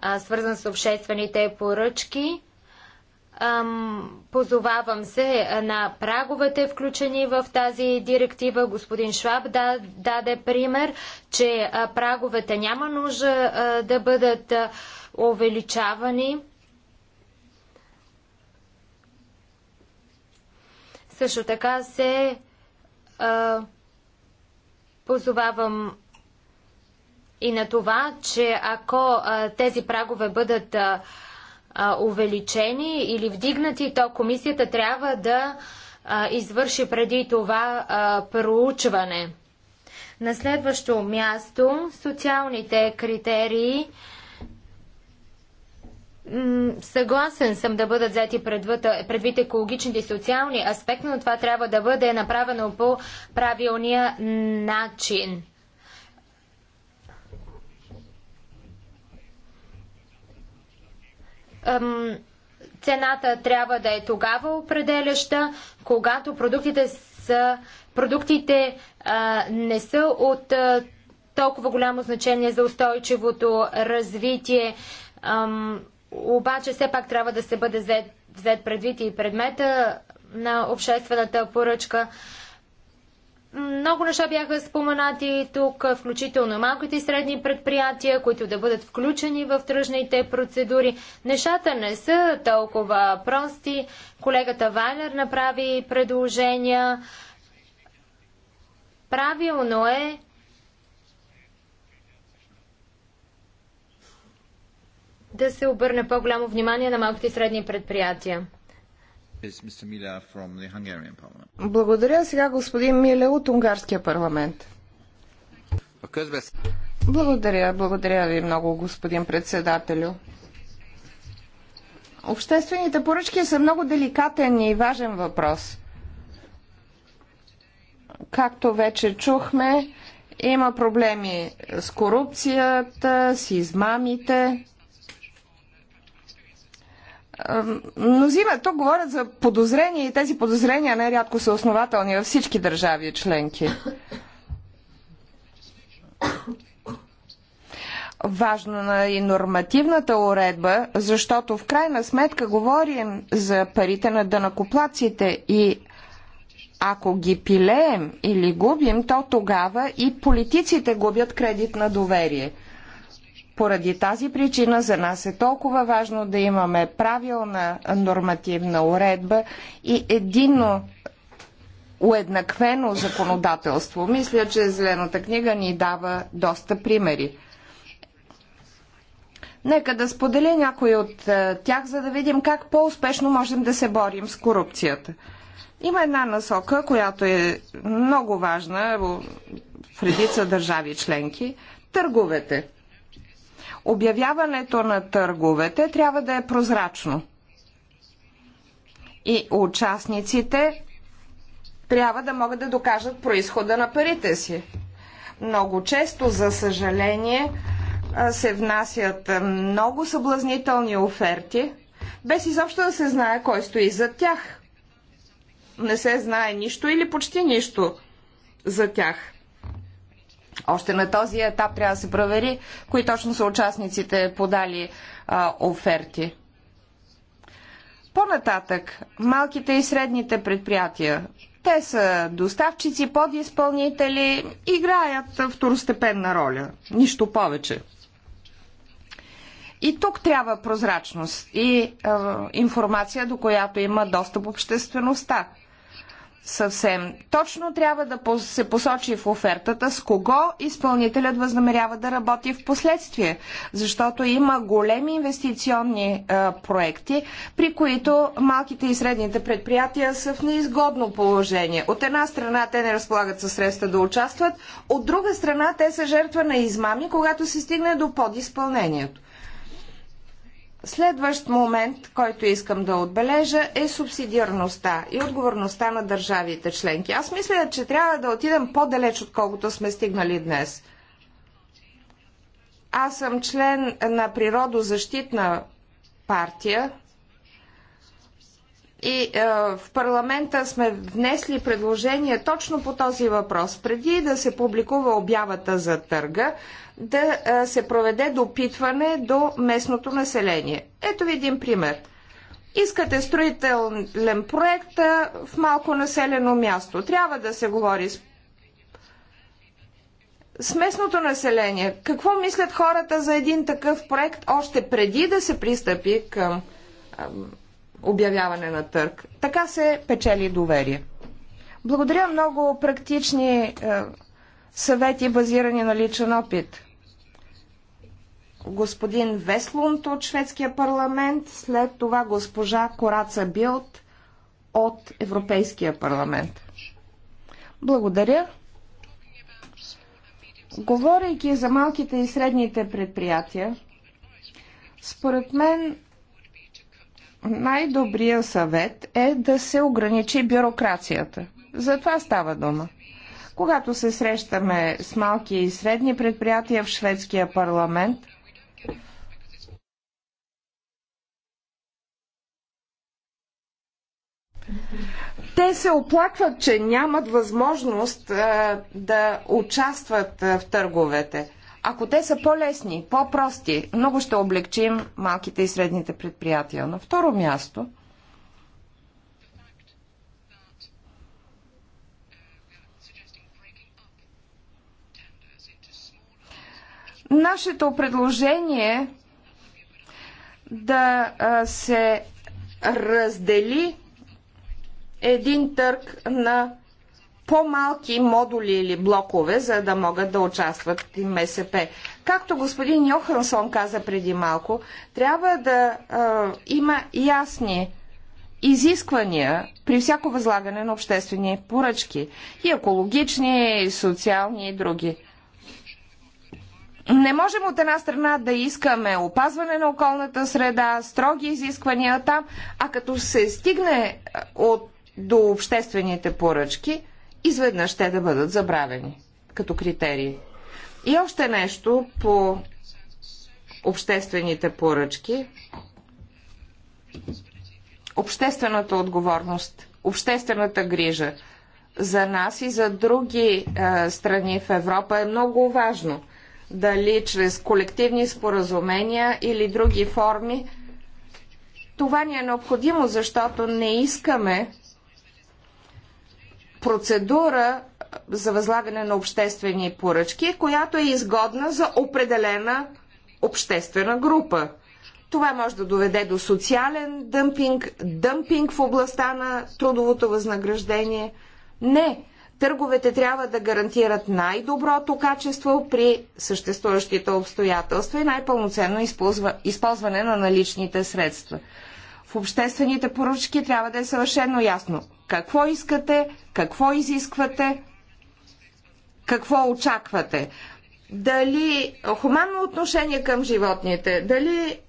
а, свързан с обществените поръчки. Позовавам се на праговете, включени в тази директива. Господин Шваб да, даде пример, че праговете няма нужда да бъдат увеличавани. Също така се а, позовавам и на това, че ако а, тези прагове бъдат а, а, увеличени или вдигнати, то комисията трябва да а, извърши преди това а, проучване. На следващо място социалните критерии. Съгласен съм да бъдат взети предвид, предвид екологичните и социални аспекти, но това трябва да бъде направено по правилния начин. цената трябва да е тогава определяща, когато продуктите, са, продуктите а, не са от а, толкова голямо значение за устойчивото развитие. Ам, обаче все пак трябва да се бъде взет, взет предвид и предмета на обществената поръчка. Много неща бяха споменати тук, включително малките и средни предприятия, които да бъдат включени в тръжните процедури. Нещата не са толкова прости. Колегата Вайлер направи предложения. Правилно е да се обърне по-голямо внимание на малките и средни предприятия. Благодаря. Сега господин Миле от Унгарския парламент. Благодаря. Благодаря ви много, господин председателю. Обществените поръчки са много деликатен и важен въпрос. Както вече чухме, има проблеми с корупцията, с измамите. Мнозина тук говорят за подозрения и тези подозрения най-рядко са основателни във всички държави членки. Важна е и нормативната уредба, защото в крайна сметка говорим за парите на дънакоплаците и ако ги пилеем или губим, то тогава и политиците губят кредит на доверие. Поради тази причина за нас е толкова важно да имаме правилна нормативна уредба и единно уеднаквено законодателство. Мисля, че Зелената книга ни дава доста примери. Нека да споделя някои от е, тях, за да видим как по-успешно можем да се борим с корупцията. Има една насока, която е много важна в редица държави членки търговете. Обявяването на търговете трябва да е прозрачно. И участниците трябва да могат да докажат происхода на парите си. Много често, за съжаление, се внасят много съблазнителни оферти, без изобщо да се знае кой стои за тях. Не се знае нищо или почти нищо за тях. Още на този етап трябва да се провери кои точно са участниците подали а, оферти. По-нататък, малките и средните предприятия. Те са доставчици, подиспълнители, играят второстепенна роля. Нищо повече. И тук трябва прозрачност и а, информация, до която има достъп обществеността съвсем точно трябва да се посочи в офертата с кого изпълнителят възнамерява да работи в последствие, защото има големи инвестиционни а, е, проекти, при които малките и средните предприятия са в неизгодно положение. От една страна те не разполагат със средства да участват, от друга страна те са жертва на измами, когато се стигне до подизпълнението. Следващ момент, който искам да отбележа, е субсидиарността и отговорността на държавите членки. Аз мисля, че трябва да отидем по-далеч, отколкото сме стигнали днес. Аз съм член на природозащитна партия и е, в парламента сме внесли предложение точно по този въпрос. Преди да се публикува обявата за търга, да е, се проведе допитване до местното население. Ето ви един пример. Искате строителен проект е, в малко населено място. Трябва да се говори с с местното население. Какво мислят хората за един такъв проект още преди да се пристъпи към обявяване на търг. Така се печели доверие. Благодаря много практични е, съвети, базирани на личен опит. Господин Веслунд от шведския парламент, след това госпожа Кораца Билт от Европейския парламент. Благодаря. Говорейки за малките и средните предприятия, според мен най-добрият съвет е да се ограничи бюрокрацията. За това става дума. Когато се срещаме с малки и средни предприятия в шведския парламент, те се оплакват, че нямат възможност а, да участват а, в търговете. Ако те са по-лесни, по-прости, много ще облегчим малките и средните предприятия. На второ място, нашето предложение да се раздели един търг на по-малки модули или блокове, за да могат да участват и МСП. Както господин Йохансон каза преди малко, трябва да е, има ясни изисквания при всяко възлагане на обществени поръчки. И екологични, и социални, и други. Не можем от една страна да искаме опазване на околната среда, строги изисквания там, а като се стигне от, до обществените поръчки – изведнъж те да бъдат забравени като критерии. И още нещо по обществените поръчки. Обществената отговорност, обществената грижа за нас и за други е, страни в Европа е много важно. Дали чрез колективни споразумения или други форми, това ни е необходимо, защото не искаме процедура за възлагане на обществени поръчки, която е изгодна за определена обществена група. Това може да доведе до социален дъмпинг, дъмпинг в областта на трудовото възнаграждение. Не, търговете трябва да гарантират най-доброто качество при съществуващите обстоятелства и най-пълноценно използва, използване на наличните средства. В обществените поръчки трябва да е съвършено ясно какво искате, какво изисквате, какво очаквате. Дали хуманно отношение към животните, дали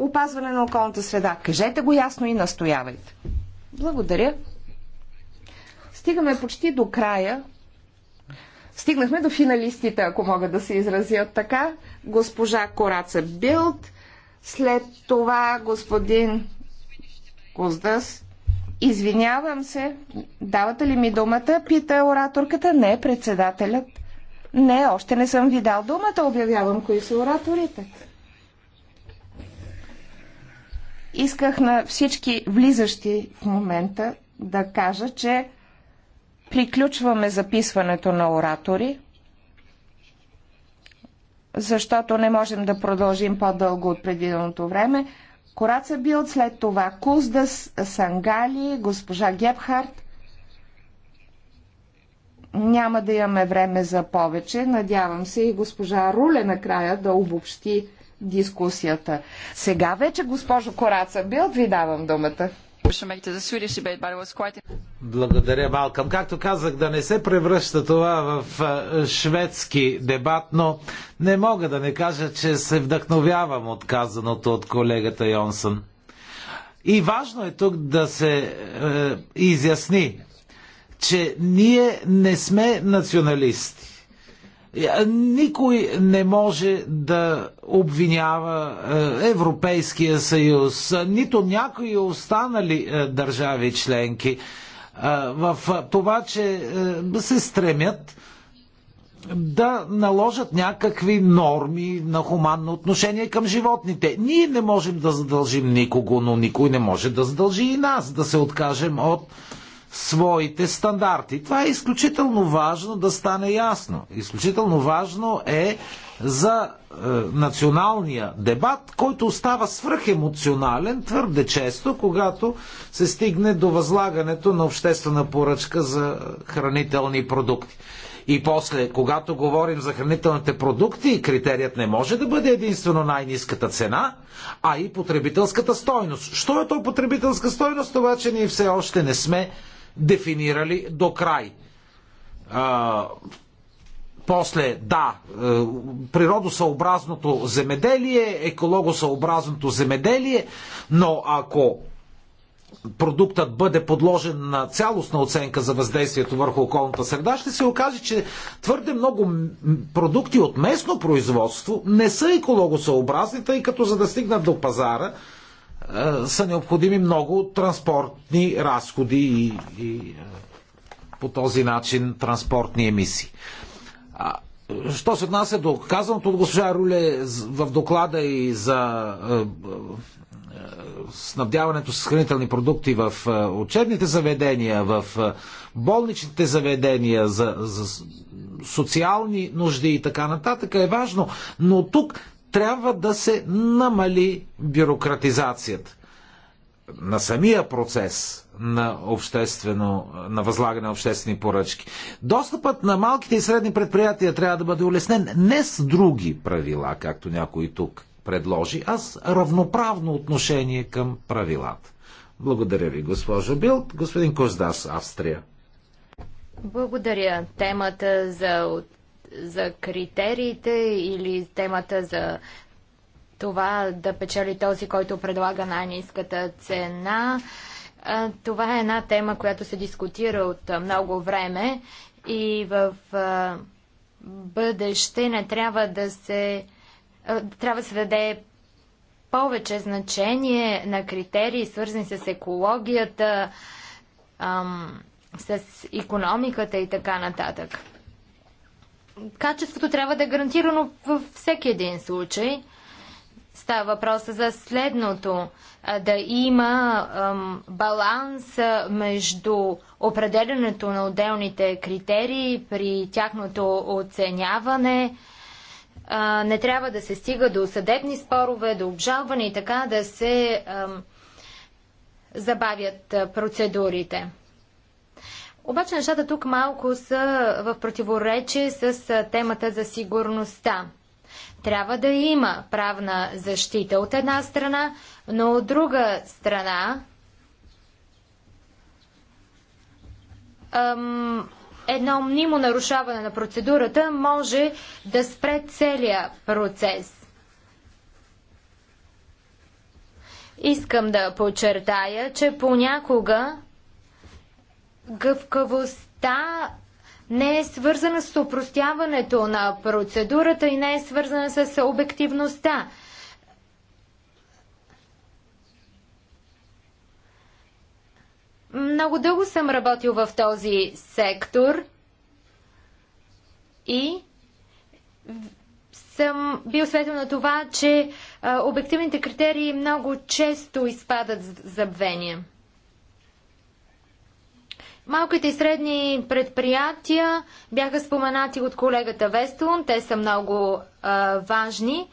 опазване на околната среда. Кажете го ясно и настоявайте. Благодаря. Стигаме почти до края. Стигнахме до финалистите, ако мога да се изразя така. Госпожа Кораца Билд, след това господин Коздъс Извинявам се, давате ли ми думата? Пита ораторката. Не, председателят. Не, още не съм ви дал думата. Обявявам кои са ораторите. Исках на всички влизащи в момента да кажа, че приключваме записването на оратори, защото не можем да продължим по-дълго от предвиденото време. Кораца бил след това Кузда Сангали, госпожа Гебхарт. Няма да имаме време за повече. Надявам се и госпожа Руле накрая да обобщи дискусията. Сега вече, госпожо Кораца бил, ви давам думата. Благодаря, Малкам. Както казах, да не се превръща това в шведски дебат, но не мога да не кажа, че се вдъхновявам от казаното от колегата Йонсън. И важно е тук да се е, изясни, че ние не сме националисти е, никой не може да обвинява е, Европейския съюз, нито някои останали е, държави членки в това, че се стремят да наложат някакви норми на хуманно отношение към животните. Ние не можем да задължим никого, но никой не може да задължи и нас да се откажем от своите стандарти. Това е изключително важно да стане ясно. Изключително важно е за е, националния дебат, който остава свръхемоционален твърде често, когато се стигне до възлагането на обществена поръчка за хранителни продукти. И после, когато говорим за хранителните продукти, критерият не може да бъде единствено най-низката цена, а и потребителската стойност. Що е то потребителска стойност, това, че ние все още не сме дефинирали до край. А, после, да, е, природосъобразното земеделие, екологосъобразното земеделие, но ако продуктът бъде подложен на цялостна оценка за въздействието върху околната среда, ще се окаже, че твърде много продукти от местно производство не са екологосъобразни, тъй като за да стигнат до пазара, е, са необходими много транспортни разходи и, и е, по този начин транспортни емисии. Що се отнася до казаното от госпожа Руле в доклада и за е, снабдяването с хранителни продукти в учебните заведения, в болничните заведения, за, за социални нужди и така нататък е важно, но тук трябва да се намали бюрократизацията на самия процес на, обществено, на възлагане на обществени поръчки. Достъпът на малките и средни предприятия трябва да бъде улеснен не с други правила, както някой тук предложи, а с равноправно отношение към правилата. Благодаря ви, госпожо Билт. Господин Коздас, Австрия. Благодаря. Темата за за критериите или темата за това да печели този, който предлага най-низката цена. Това е една тема, която се дискутира от много време и в бъдеще не трябва да се трябва да се даде повече значение на критерии, свързани с екологията, с економиката и така нататък качеството трябва да е гарантирано във всеки един случай. Става въпрос за следното. Да има ам, баланс между определенето на отделните критерии при тяхното оценяване. А, не трябва да се стига до съдебни спорове, до обжалване и така да се ам, забавят процедурите. Обаче нещата тук малко са в противоречие с темата за сигурността. Трябва да има правна защита от една страна, но от друга страна ем, едно мнимо нарушаване на процедурата може да спре целия процес. Искам да подчертая, че понякога гъвкавостта не е свързана с упростяването на процедурата и не е свързана с обективността. Много дълго съм работил в този сектор и съм бил свидетел на това, че обективните критерии много често изпадат забвение. Малките и средни предприятия бяха споменати от колегата Вестон. Те са много а, важни.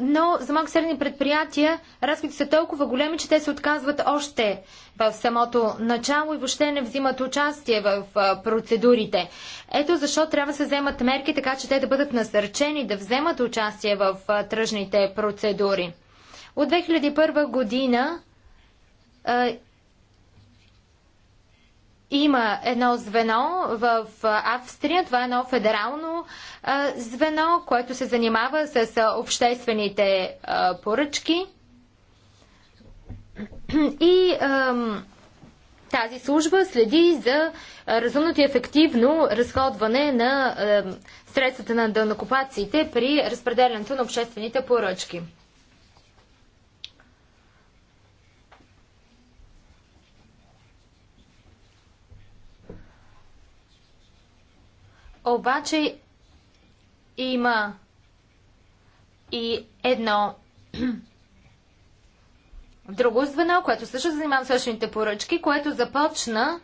но за малко средни предприятия разходите са толкова големи, че те се отказват още в самото начало и въобще не взимат участие в процедурите. Ето защо трябва да се вземат мерки, така че те да бъдат насърчени да вземат участие в тръжните процедури. От 2001 година има едно звено в Австрия, това е едно федерално звено, което се занимава с обществените поръчки. И тази служба следи за разумното и ефективно разходване на средствата на дънакопаците при разпределянето на обществените поръчки. Обаче има и едно друго звено, което също занимава същите поръчки, което започна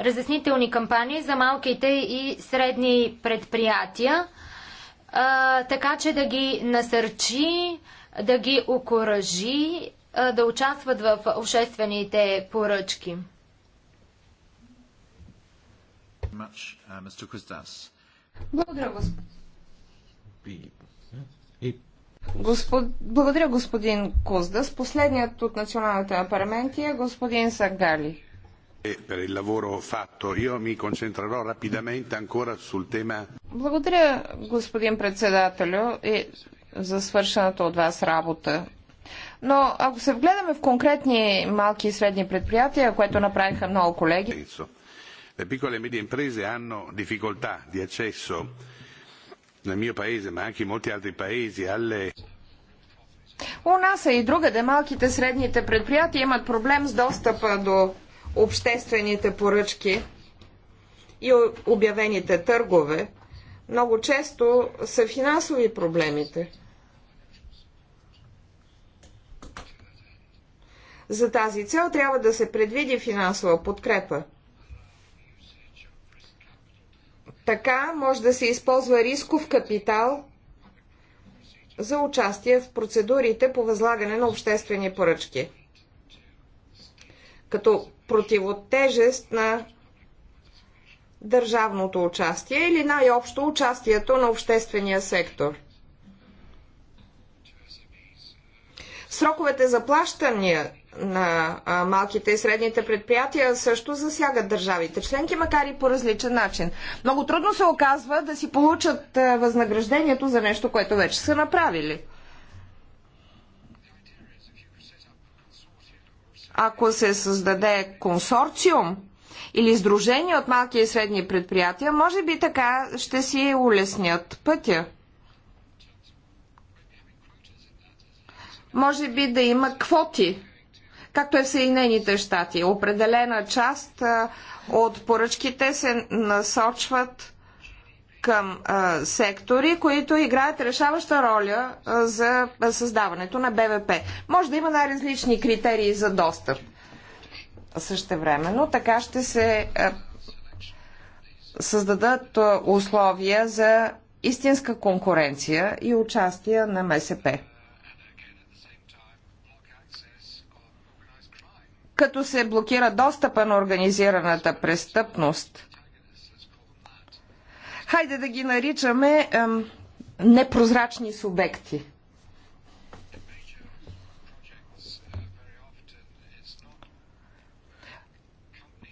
разяснителни кампании за малките и средни предприятия, а, така че да ги насърчи, да ги окоръжи, да участват в обществените поръчки. Much, uh, Mr. Благодаря, господин. Благодаря, господин Куздас. Последният от националните апарменти е господин Сагали. Е, благодаря, господин председателю, и за свършената от вас работа. Но ако се вгледаме в конкретни малки и средни предприятия, което направиха много колеги, Le piccole e medie imprese hanno difficoltà di accesso nel mio paese, ma anche in molti altri paesi, alle у нас е и другаде. Малките средните предприятия имат проблем с достъпа до обществените поръчки и обявените търгове. Много често са финансови проблемите. За тази цел трябва да се предвиди финансова подкрепа. Така може да се използва рисков капитал за участие в процедурите по възлагане на обществени поръчки. Като противотежест на държавното участие или най-общо участието на обществения сектор. Сроковете за плащания на малките и средните предприятия също засягат държавите членки, макар и по различен начин. Много трудно се оказва да си получат възнаграждението за нещо, което вече са направили. Ако се създаде консорциум или сдружение от малки и средни предприятия, може би така ще си улеснят пътя. Може би да има квоти както е в Съединените щати. Определена част от поръчките се насочват към а, сектори, които играят решаваща роля а, за създаването на БВП. Може да има най-различни критерии за достъп. Същевременно така ще се а, създадат условия за истинска конкуренция и участие на МСП. като се блокира достъпа на организираната престъпност. Хайде да ги наричаме ем, непрозрачни субекти.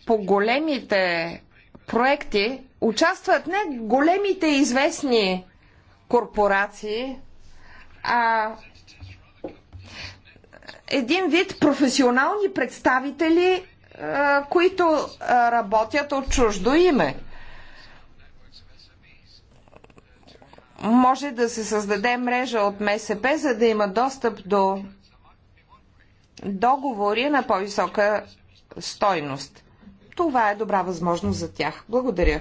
По големите проекти участват не големите известни корпорации, а един вид професионални представители, е, които е, работят от чуждо име. Може да се създаде мрежа от МСП, за да има достъп до договори на по-висока стойност. Това е добра възможност за тях. Благодаря.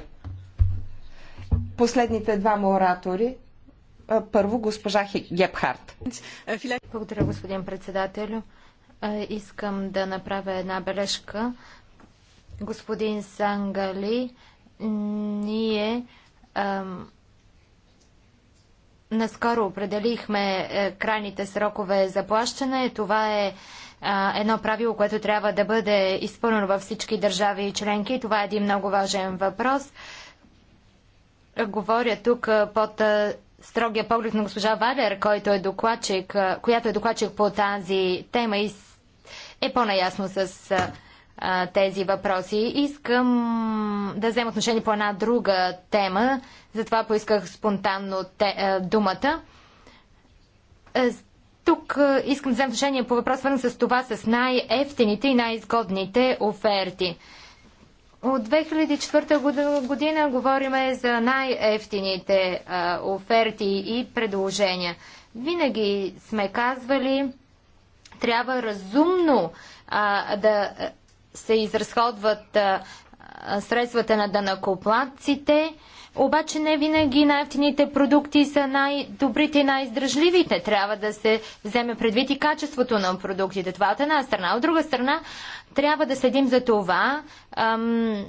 Последните два оратори първо госпожа Гепхарт. Благодаря, господин председател. Искам да направя една бележка. Господин Сангали, ние ам, наскоро определихме е, крайните срокове за плащане. Това е а, едно правило, което трябва да бъде изпълнено във всички държави и членки. Това е един много важен въпрос говоря тук под строгия поглед на госпожа Валер, който е докладчик, която е докладчик по тази тема и е по-наясно с а, тези въпроси. Искам да взема отношение по една друга тема, затова поисках спонтанно те, а, думата. Тук искам да взема отношение по въпрос, свързан с това, с най-ефтините и най-изгодните оферти. От 2004 година говориме за най-ефтините оферти и предложения. Винаги сме казвали, трябва разумно а, да се изразходват а, средствата на данакоплатците, обаче не винаги най-ефтините продукти са най-добрите и най-издръжливите. Трябва да се вземе предвид и качеството на продуктите. Това от една страна. От друга страна, трябва да следим за това ам,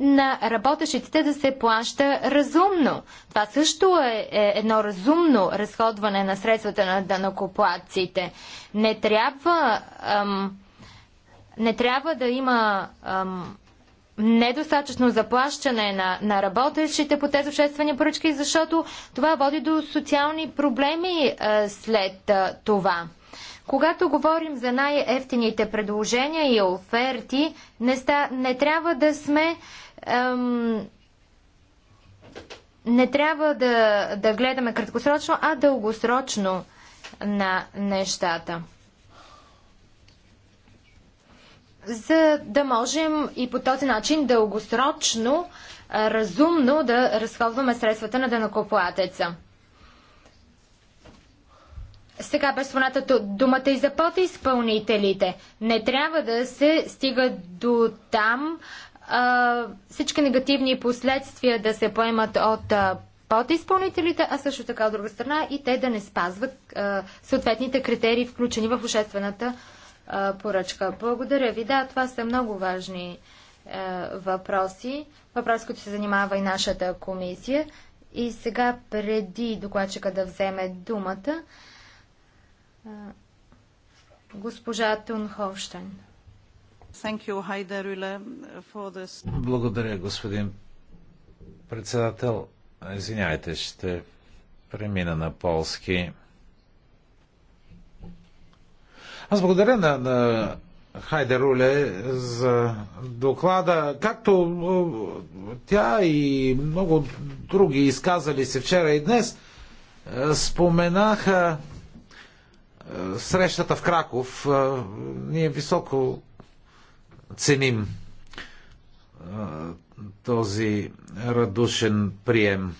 на работещите да се плаща разумно. Това също е, е едно разумно разходване на средствата на данокоплаците. Не трябва, ам, не трябва да има ам, недостатъчно заплащане на, на работещите по тези обществени поръчки, защото това води до социални проблеми а, след а, това. Когато говорим за най-ефтините предложения и оферти, не, ста, не трябва да сме. Ем, не трябва да, да гледаме краткосрочно, а дългосрочно на нещата. За да можем и по този начин дългосрочно, разумно да разходваме средствата на дънакоплатеца. Сега бе спомената думата и за подизпълнителите. Не трябва да се стига до там а, всички негативни последствия да се поемат от а, подизпълнителите, а също така от друга страна и те да не спазват а, съответните критерии, включени в обществената а, поръчка. Благодаря ви. Да, това са много важни а, въпроси. Въпрос, който се занимава и нашата комисия. И сега, преди докладчика да вземе думата, госпожа Тунхолштайн. Благодаря, господин председател. Извинявайте, ще премина на полски. Аз благодаря на, на Хайде Руле за доклада, както тя и много други изказали се вчера и днес, е, споменаха е, срещата в Краков е, ние високо ценим е, този радушен прием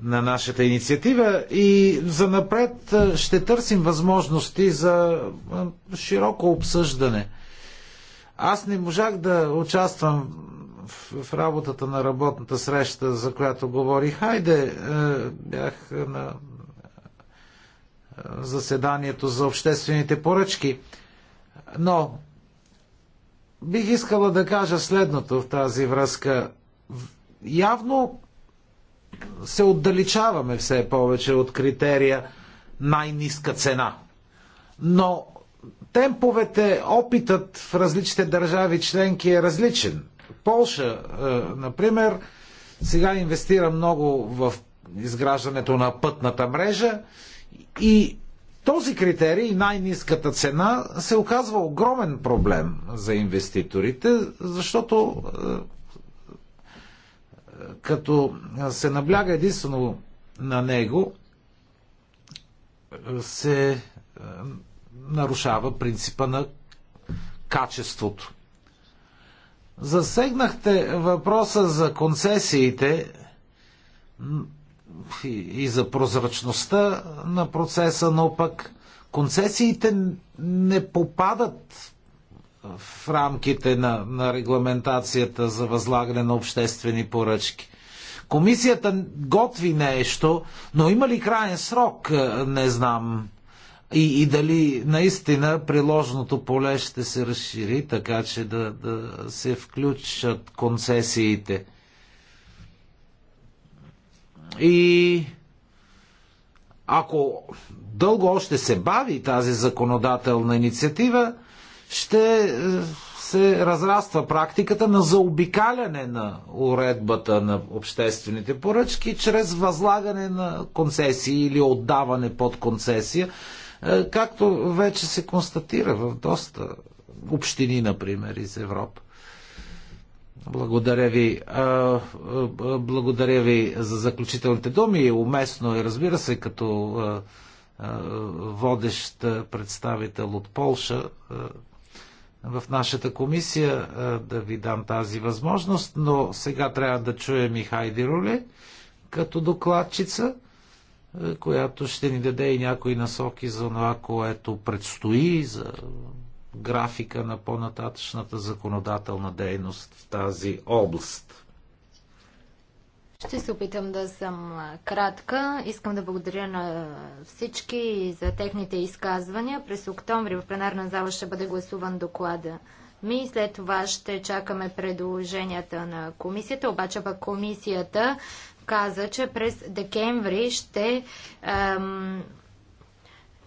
на нашата инициатива и за напред ще търсим възможности за широко обсъждане. Аз не можах да участвам в работата на работната среща, за която говорих. Хайде, бях на заседанието за обществените поръчки. Но бих искала да кажа следното в тази връзка. Явно се отдалечаваме все повече от критерия най-ниска цена. Но темповете, опитът в различните държави членки е различен. Полша, е, например, сега инвестира много в изграждането на пътната мрежа и този критерий, най-низката цена, се оказва огромен проблем за инвеститорите, защото е, като се набляга единствено на него, се е, нарушава принципа на качеството. Засегнахте въпроса за концесиите, и, и за прозрачността на процеса, но пък концесиите не попадат в рамките на, на регламентацията за възлагане на обществени поръчки. Комисията готви нещо, но има ли крайен срок, е, не знам. И, и дали наистина приложното поле ще се разшири, така че да, да се включат концесиите. И ако дълго още се бави тази законодателна инициатива, ще е, се разраства практиката на заобикаляне на уредбата на обществените поръчки чрез възлагане на концесии или отдаване под концесия, е, както вече се констатира в доста общини, например, из Европа. Благодаря ви. Благодаря ви за заключителните думи. Уместно е, разбира се, като водещ представител от Полша в нашата комисия да ви дам тази възможност, но сега трябва да чуем и Хайди Руле като докладчица, която ще ни даде и някои насоки за това, което предстои, за графика на по-нататъчната законодателна дейност в тази област. Ще се опитам да съм кратка. Искам да благодаря на всички за техните изказвания. През октомври в пленарна зала ще бъде гласуван доклада ми. След това ще чакаме предложенията на комисията. Обаче пък комисията каза, че през декември ще ем,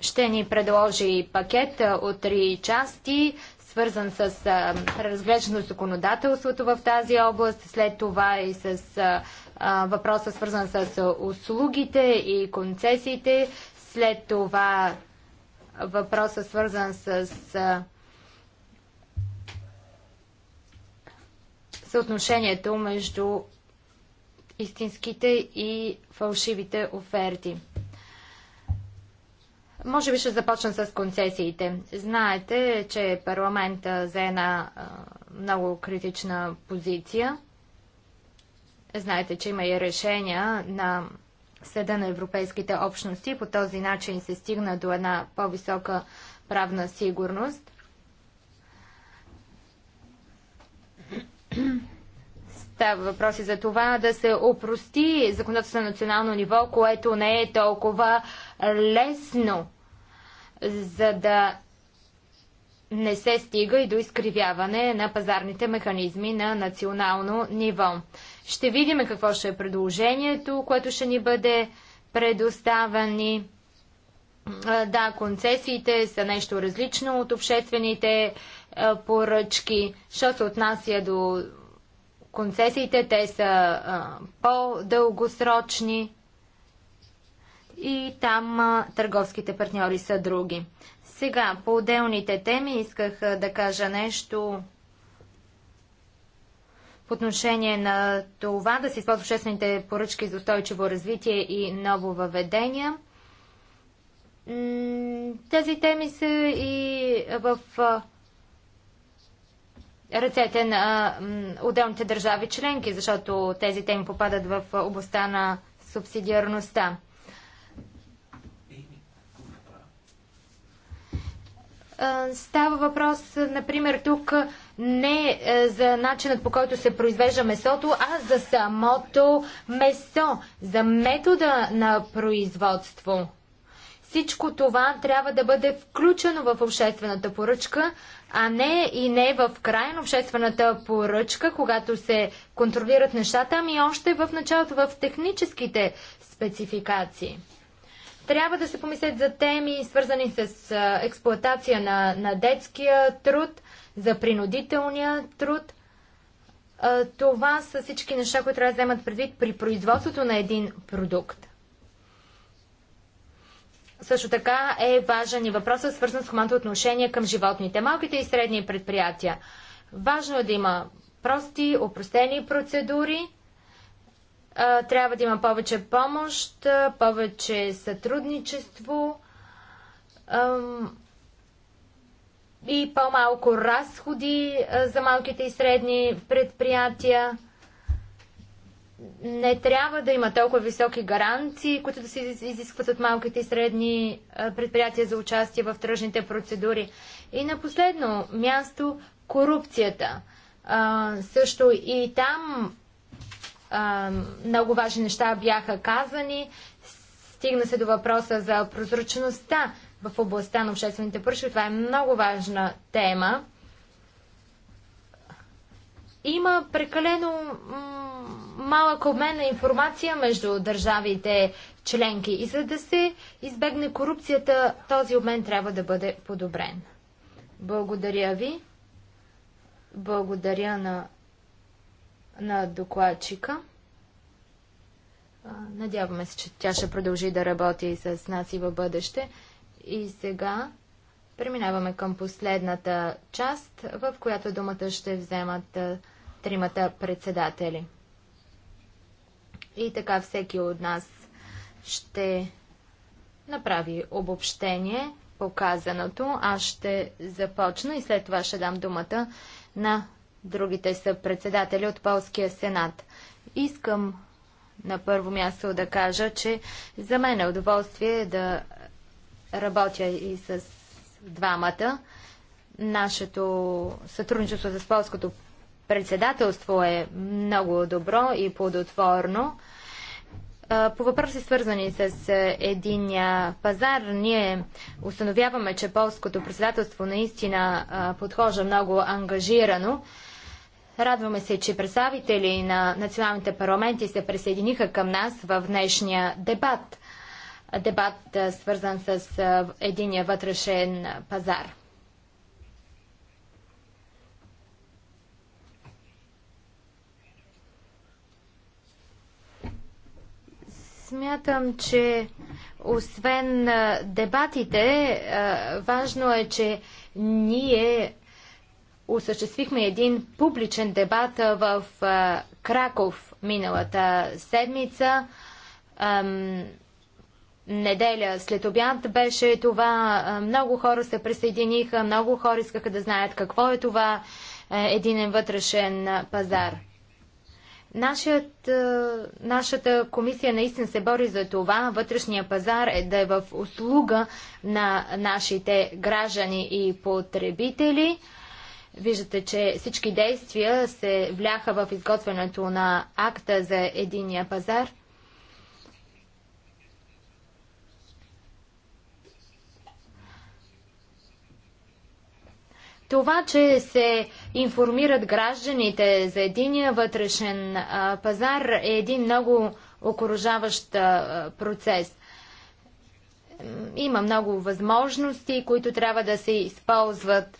ще ни предложи пакет от три части, свързан с разглеждано законодателството в тази област, след това и с въпроса свързан с услугите и концесиите, след това въпроса свързан с съотношението между истинските и фалшивите оферти. Може би ще започна с концесиите. Знаете, че парламента за една много критична позиция. Знаете, че има и решения на Съда на европейските общности. По този начин се стигна до една по-висока правна сигурност. Става въпроси за това да се опрости законодателство на национално ниво, което не е толкова лесно, за да не се стига и до изкривяване на пазарните механизми на национално ниво. Ще видим какво ще е предложението, което ще ни бъде предоставени. Да, концесиите са нещо различно от обществените поръчки. Що се отнася до концесиите, те са по-дългосрочни и там а, търговските партньори са други. Сега, по отделните теми исках а, да кажа нещо по отношение на това да се използват обществените поръчки за устойчиво развитие и ново въведение. Тези теми са и в а, ръцете на отделните държави членки, защото тези теми попадат в областта на субсидиарността. Става въпрос, например, тук не е, за начинът по който се произвежда месото, а за самото месо, за метода на производство. Всичко това трябва да бъде включено в обществената поръчка, а не и не в края на обществената поръчка, когато се контролират нещата, ами още в началото в техническите спецификации. Трябва да се помислят за теми, свързани с експлоатация на, на детския труд, за принудителния труд. Това са всички неща, които трябва да вземат предвид при производството на един продукт. Също така е важен и въпросът, свързан с хуманното отношение към животните. Малките и средни предприятия. Важно е да има прости, опростени процедури. Трябва да има повече помощ, повече сътрудничество и по-малко разходи за малките и средни предприятия не трябва да има толкова високи гаранции, които да се изискват от малките и средни предприятия за участие в тръжните процедури. И на последно място корупцията. А, също и там а, много важни неща бяха казани. Стигна се до въпроса за прозрачността в областта на обществените поръчки. Това е много важна тема има прекалено малък обмен на информация между държавите членки и за да се избегне корупцията, този обмен трябва да бъде подобрен. Благодаря ви. Благодаря на, на докладчика. Надяваме се, че тя ще продължи да работи с нас и в бъдеще. И сега Преминаваме към последната част, в която думата ще вземат тримата председатели. И така всеки от нас ще направи обобщение по казаното. Аз ще започна и след това ще дам думата на другите са председатели от Полския сенат. Искам на първо място да кажа, че за мен е удоволствие да работя и с двамата. Нашето сътрудничество с полското председателство е много добро и плодотворно. По въпроси свързани с единия пазар, ние установяваме, че полското председателство наистина подхожа много ангажирано. Радваме се, че представители на националните парламенти се присъединиха към нас в днешния дебат дебат, свързан с единия вътрешен пазар. Смятам, че освен дебатите, важно е, че ние осъществихме един публичен дебат в Краков миналата седмица неделя след обяд беше това. Много хора се присъединиха, много хора искаха да знаят какво е това единен вътрешен пазар. Нашият, нашата комисия наистина се бори за това вътрешния пазар е да е в услуга на нашите граждани и потребители. Виждате, че всички действия се вляха в изготвянето на акта за единия пазар – Това, че се информират гражданите за единия вътрешен а, пазар е един много окоръжаващ процес. Има много възможности, които трябва да се използват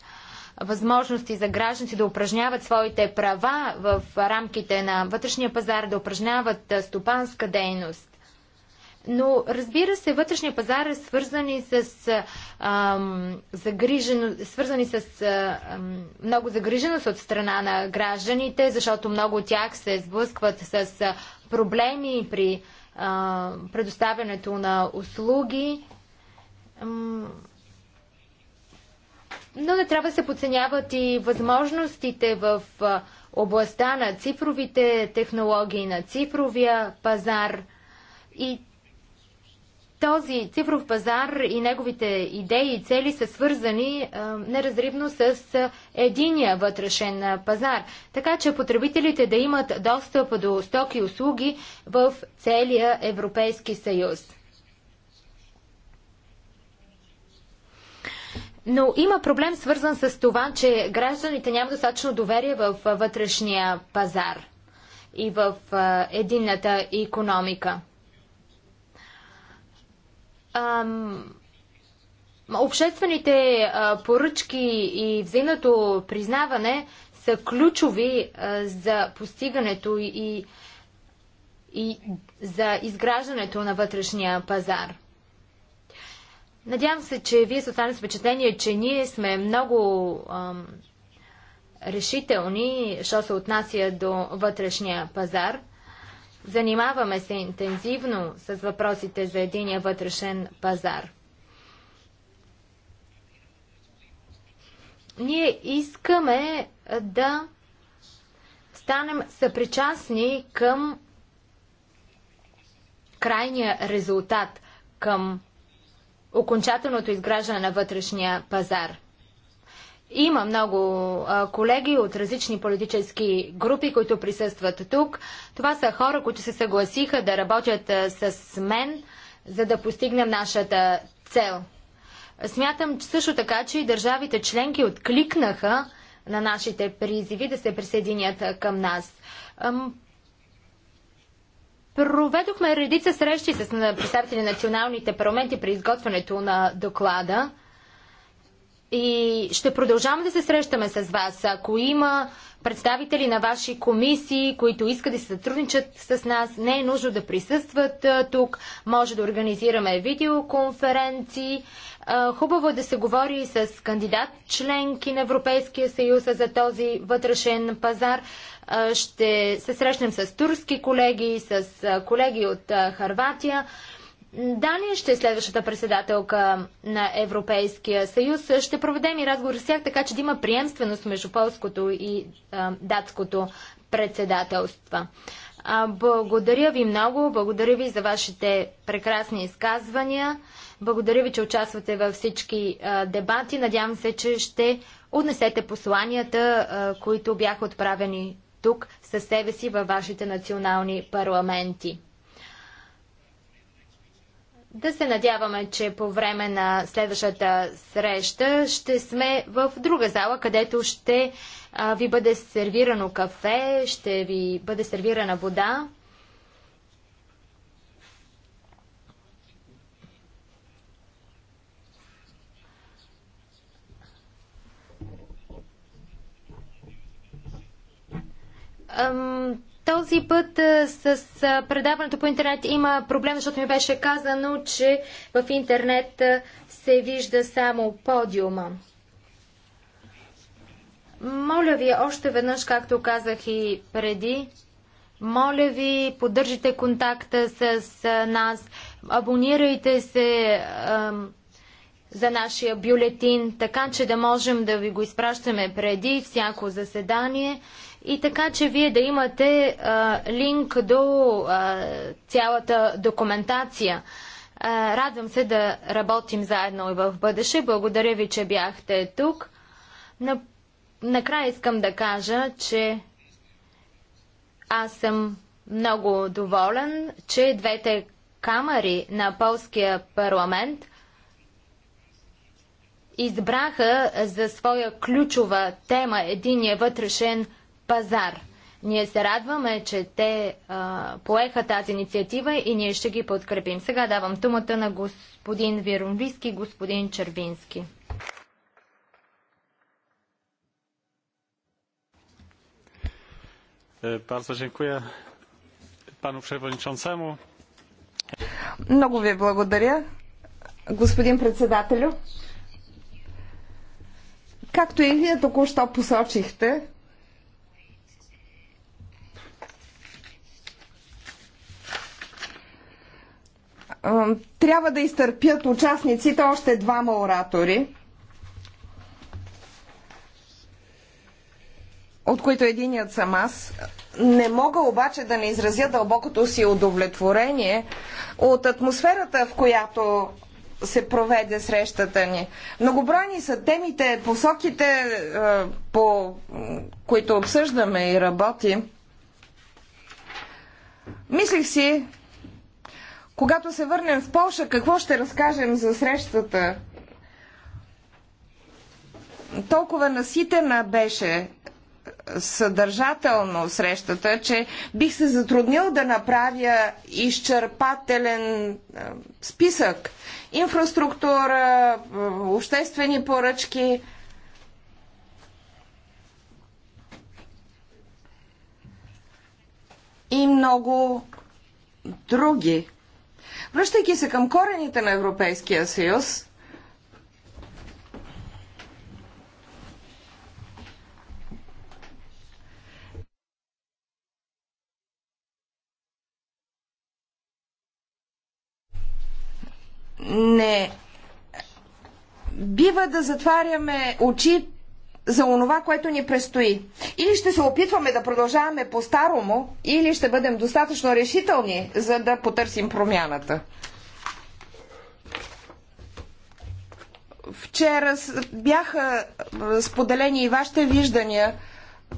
възможности за гражданите да упражняват своите права в рамките на вътрешния пазар, да упражняват стопанска дейност. Но разбира се, вътрешния пазар е свързани с ам, загрижено, свързани с ам, много загриженост от страна на гражданите, защото много от тях се сблъскват с проблеми при а, предоставянето на услуги. Ам, но не трябва да се подценяват и възможностите в областта на цифровите технологии, на цифровия пазар. И този цифров пазар и неговите идеи и цели са свързани е, неразривно с единия вътрешен е, пазар, така че потребителите да имат достъп до стоки и услуги в целия Европейски съюз. Но има проблем свързан с това, че гражданите нямат достатъчно доверие в е, вътрешния пазар и в е, единната економика ам, обществените а, поръчки и взаимното признаване са ключови а, за постигането и, и за изграждането на вътрешния пазар. Надявам се, че вие се останали с впечатление, че ние сме много ам, решителни, що се отнася до вътрешния пазар. Занимаваме се интензивно с въпросите за единия вътрешен пазар. Ние искаме да станем съпричастни към крайния резултат, към окончателното изграждане на вътрешния пазар. Има много а, колеги от различни политически групи, които присъстват тук. Това са хора, които се съгласиха да работят а, с мен, за да постигнем нашата цел. Смятам също така, че и държавите членки откликнаха на нашите призиви да се присъединят към нас. Проведохме редица срещи с представители на националните парламенти при изготвянето на доклада. И ще продължаваме да се срещаме с вас. Ако има представители на ваши комисии, които искат да се сътрудничат с нас, не е нужно да присъстват тук. Може да организираме видеоконференции. Хубаво е да се говори с кандидат членки на Европейския съюз за този вътрешен пазар. Ще се срещнем с турски колеги, с колеги от Харватия. Дания ще е следващата председателка на Европейския съюз. Ще проведем и разговор с тях, така че да има приемственост между полското и а, датското председателство. А, благодаря ви много, благодаря ви за вашите прекрасни изказвания, благодаря ви, че участвате във всички а, дебати. Надявам се, че ще отнесете посланията, а, които бяха отправени тук със себе си във вашите национални парламенти. Да се надяваме, че по време на следващата среща ще сме в друга зала, където ще а, ви бъде сервирано кафе, ще ви бъде сервирана вода. Ам, този път с предаването по интернет има проблем, защото ми беше казано, че в интернет се вижда само подиума. Моля ви още веднъж, както казах и преди, моля ви, поддържите контакта с нас, абонирайте се а, за нашия бюлетин, така че да можем да ви го изпращаме преди всяко заседание. И така, че вие да имате а, линк до а, цялата документация. А, радвам се да работим заедно и в бъдеще. Благодаря ви, че бяхте тук. На, накрая искам да кажа, че аз съм много доволен, че двете камари на полския парламент избраха за своя ключова тема единия вътрешен пазар. Ние се радваме, че те а, поеха тази инициатива и ние ще ги подкрепим. Сега давам думата на господин Вирунвиски и господин Червински. Е, Много ви благодаря, господин председателю. Както и вие току-що посочихте, трябва да изтърпят участниците още двама оратори, от които единият съм аз. Не мога обаче да не изразя дълбокото си удовлетворение от атмосферата, в която се проведе срещата ни. Многобройни са темите, посоките, по които обсъждаме и работим. Мислих си, когато се върнем в Польша, какво ще разкажем за срещата? Толкова наситена беше съдържателно срещата, че бих се затруднил да направя изчерпателен е, списък. Инфраструктура, е, обществени поръчки. И много други. Връщайки се към корените на Европейския съюз, не бива да затваряме очи за онова, което ни предстои. Или ще се опитваме да продължаваме по-старому, или ще бъдем достатъчно решителни, за да потърсим промяната. Вчера бяха споделени и вашите виждания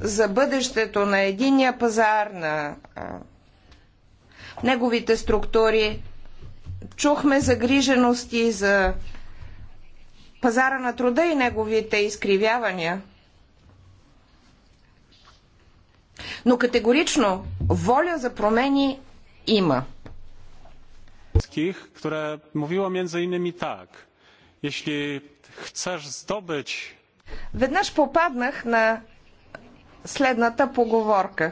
за бъдещето на единия пазар, на неговите структури. Чухме загрижености за пазара на труда и неговите изкривявания. Но категорично воля за промени има. między innymi tak. Jeśli chcesz zdobyć. Веднъж попаднах на следната поговорка.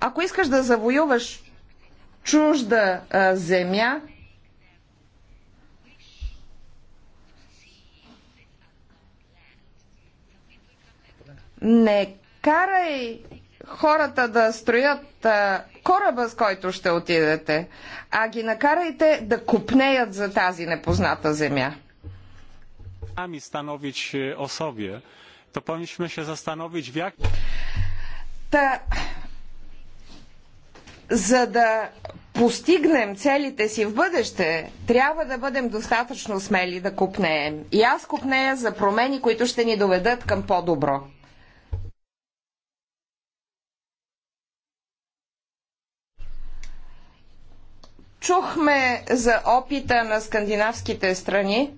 Ако искаш да завоюваш чужда а, земя, Не карай хората да строят а, кораба, с който ще отидете, а ги накарайте да купнеят за тази непозната земя. Ами становиш е, о себе, то powinniśmy се застановиш в як... Та, за да постигнем целите си в бъдеще, трябва да бъдем достатъчно смели да купнеем. И аз купнея за промени, които ще ни доведат към по-добро. Чухме за опита на скандинавските страни.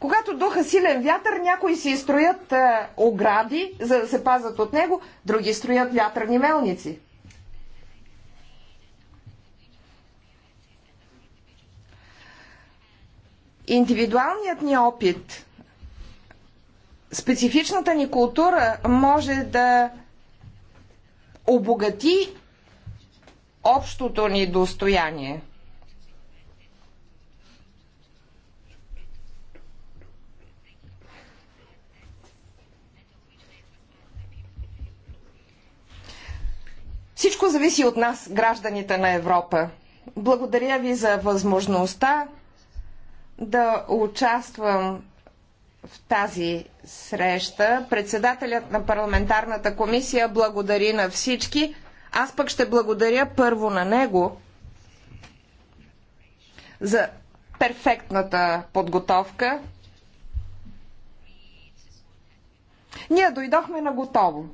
Когато духа силен вятър, някои си строят е, огради, за да се пазат от него, други строят вятърни мелници. Индивидуалният ни опит, специфичната ни култура може да обогати общото ни достояние. Всичко зависи от нас, гражданите на Европа. Благодаря ви за възможността да участвам в тази среща. Председателят на парламентарната комисия благодари на всички. Аз пък ще благодаря първо на него за перфектната подготовка. Ние дойдохме на готово.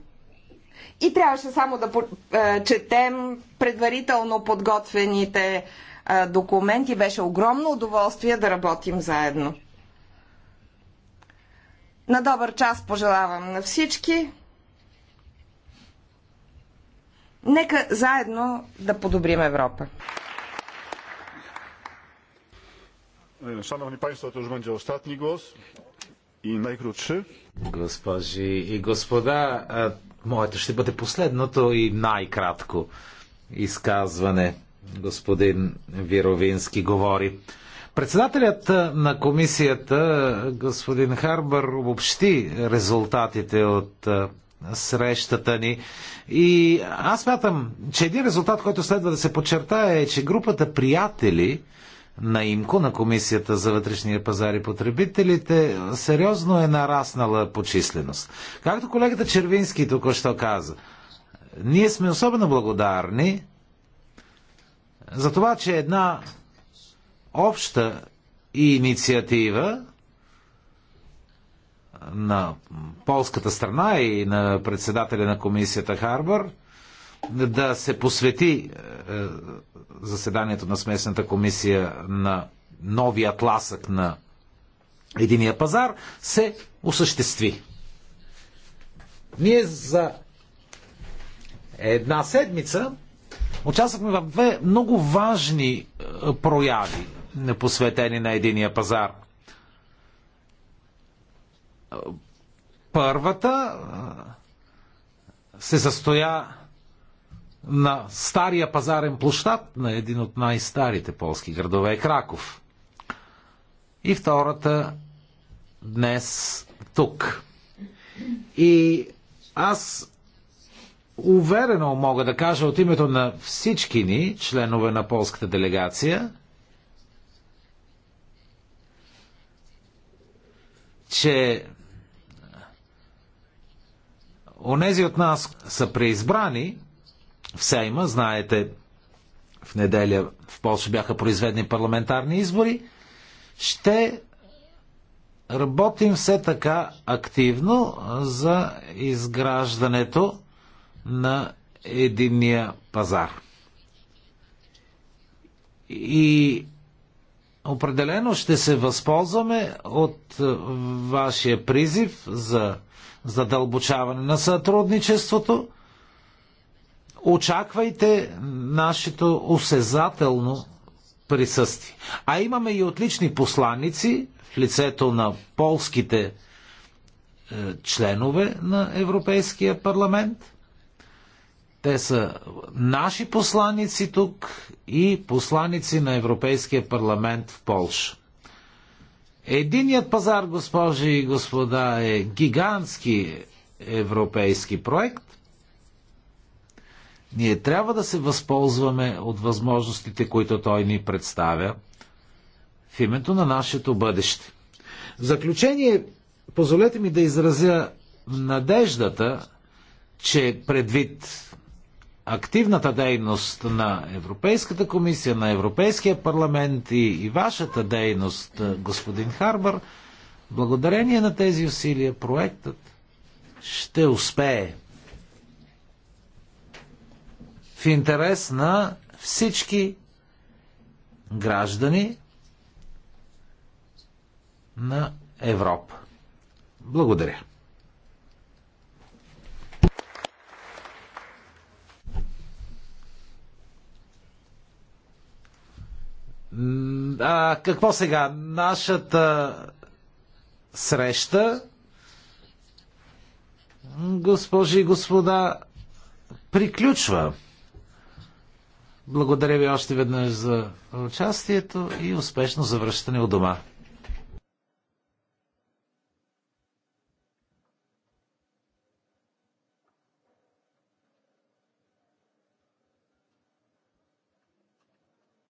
И трябваше само да е, четем предварително подготвените е, документи. Беше огромно удоволствие да работим заедно. На добър час пожелавам на всички. Нека заедно да подобрим Европа. Szanowni това ще бъде остатни глас и най najkrótszy. Госпожи и господа, моето ще бъде последното и най-кратко изказване. Господин Вировински говори. Председателят на комисията, господин Харбър, обобщи резултатите от срещата ни. И аз мятам, че един резултат, който следва да се подчертае е, че групата приятели на ИМКО, на Комисията за вътрешния пазар и потребителите, сериозно е нараснала по численост. Както колегата Червински току-що каза, ние сме особено благодарни за това, че една обща инициатива на полската страна и на председателя на комисията Харбър да се посвети е, заседанието на смесната комисия на новия тласък на единия пазар, се осъществи. Ние за една седмица участвахме в две много важни е, прояви посветени на единия пазар. Първата се състоя на стария пазарен площад на един от най-старите полски градове е Краков. И втората днес тук. И аз уверено мога да кажа от името на всички ни, членове на полската делегация, че онези от нас са преизбрани в Сейма, знаете, в неделя в Польша бяха произведени парламентарни избори, ще работим все така активно за изграждането на единния пазар. И Определено ще се възползваме от е, вашия призив за задълбочаване на сътрудничеството. Очаквайте нашето осезателно присъствие. А имаме и отлични посланици в лицето на полските е, членове на Европейския парламент. Те са наши посланици тук и посланици на Европейския парламент в Полша. Единият пазар, госпожи и господа, е гигантски европейски проект. Ние трябва да се възползваме от възможностите, които той ни представя в името на нашето бъдеще. В заключение, позволете ми да изразя надеждата, че предвид активната дейност на Европейската комисия, на Европейския парламент и, и вашата дейност, господин Харбър, благодарение на тези усилия проектът ще успее. В интерес на всички граждани на Европа. Благодаря. А, какво сега? Нашата среща, госпожи и господа, приключва. Благодаря ви още веднъж за участието и успешно завръщане от дома.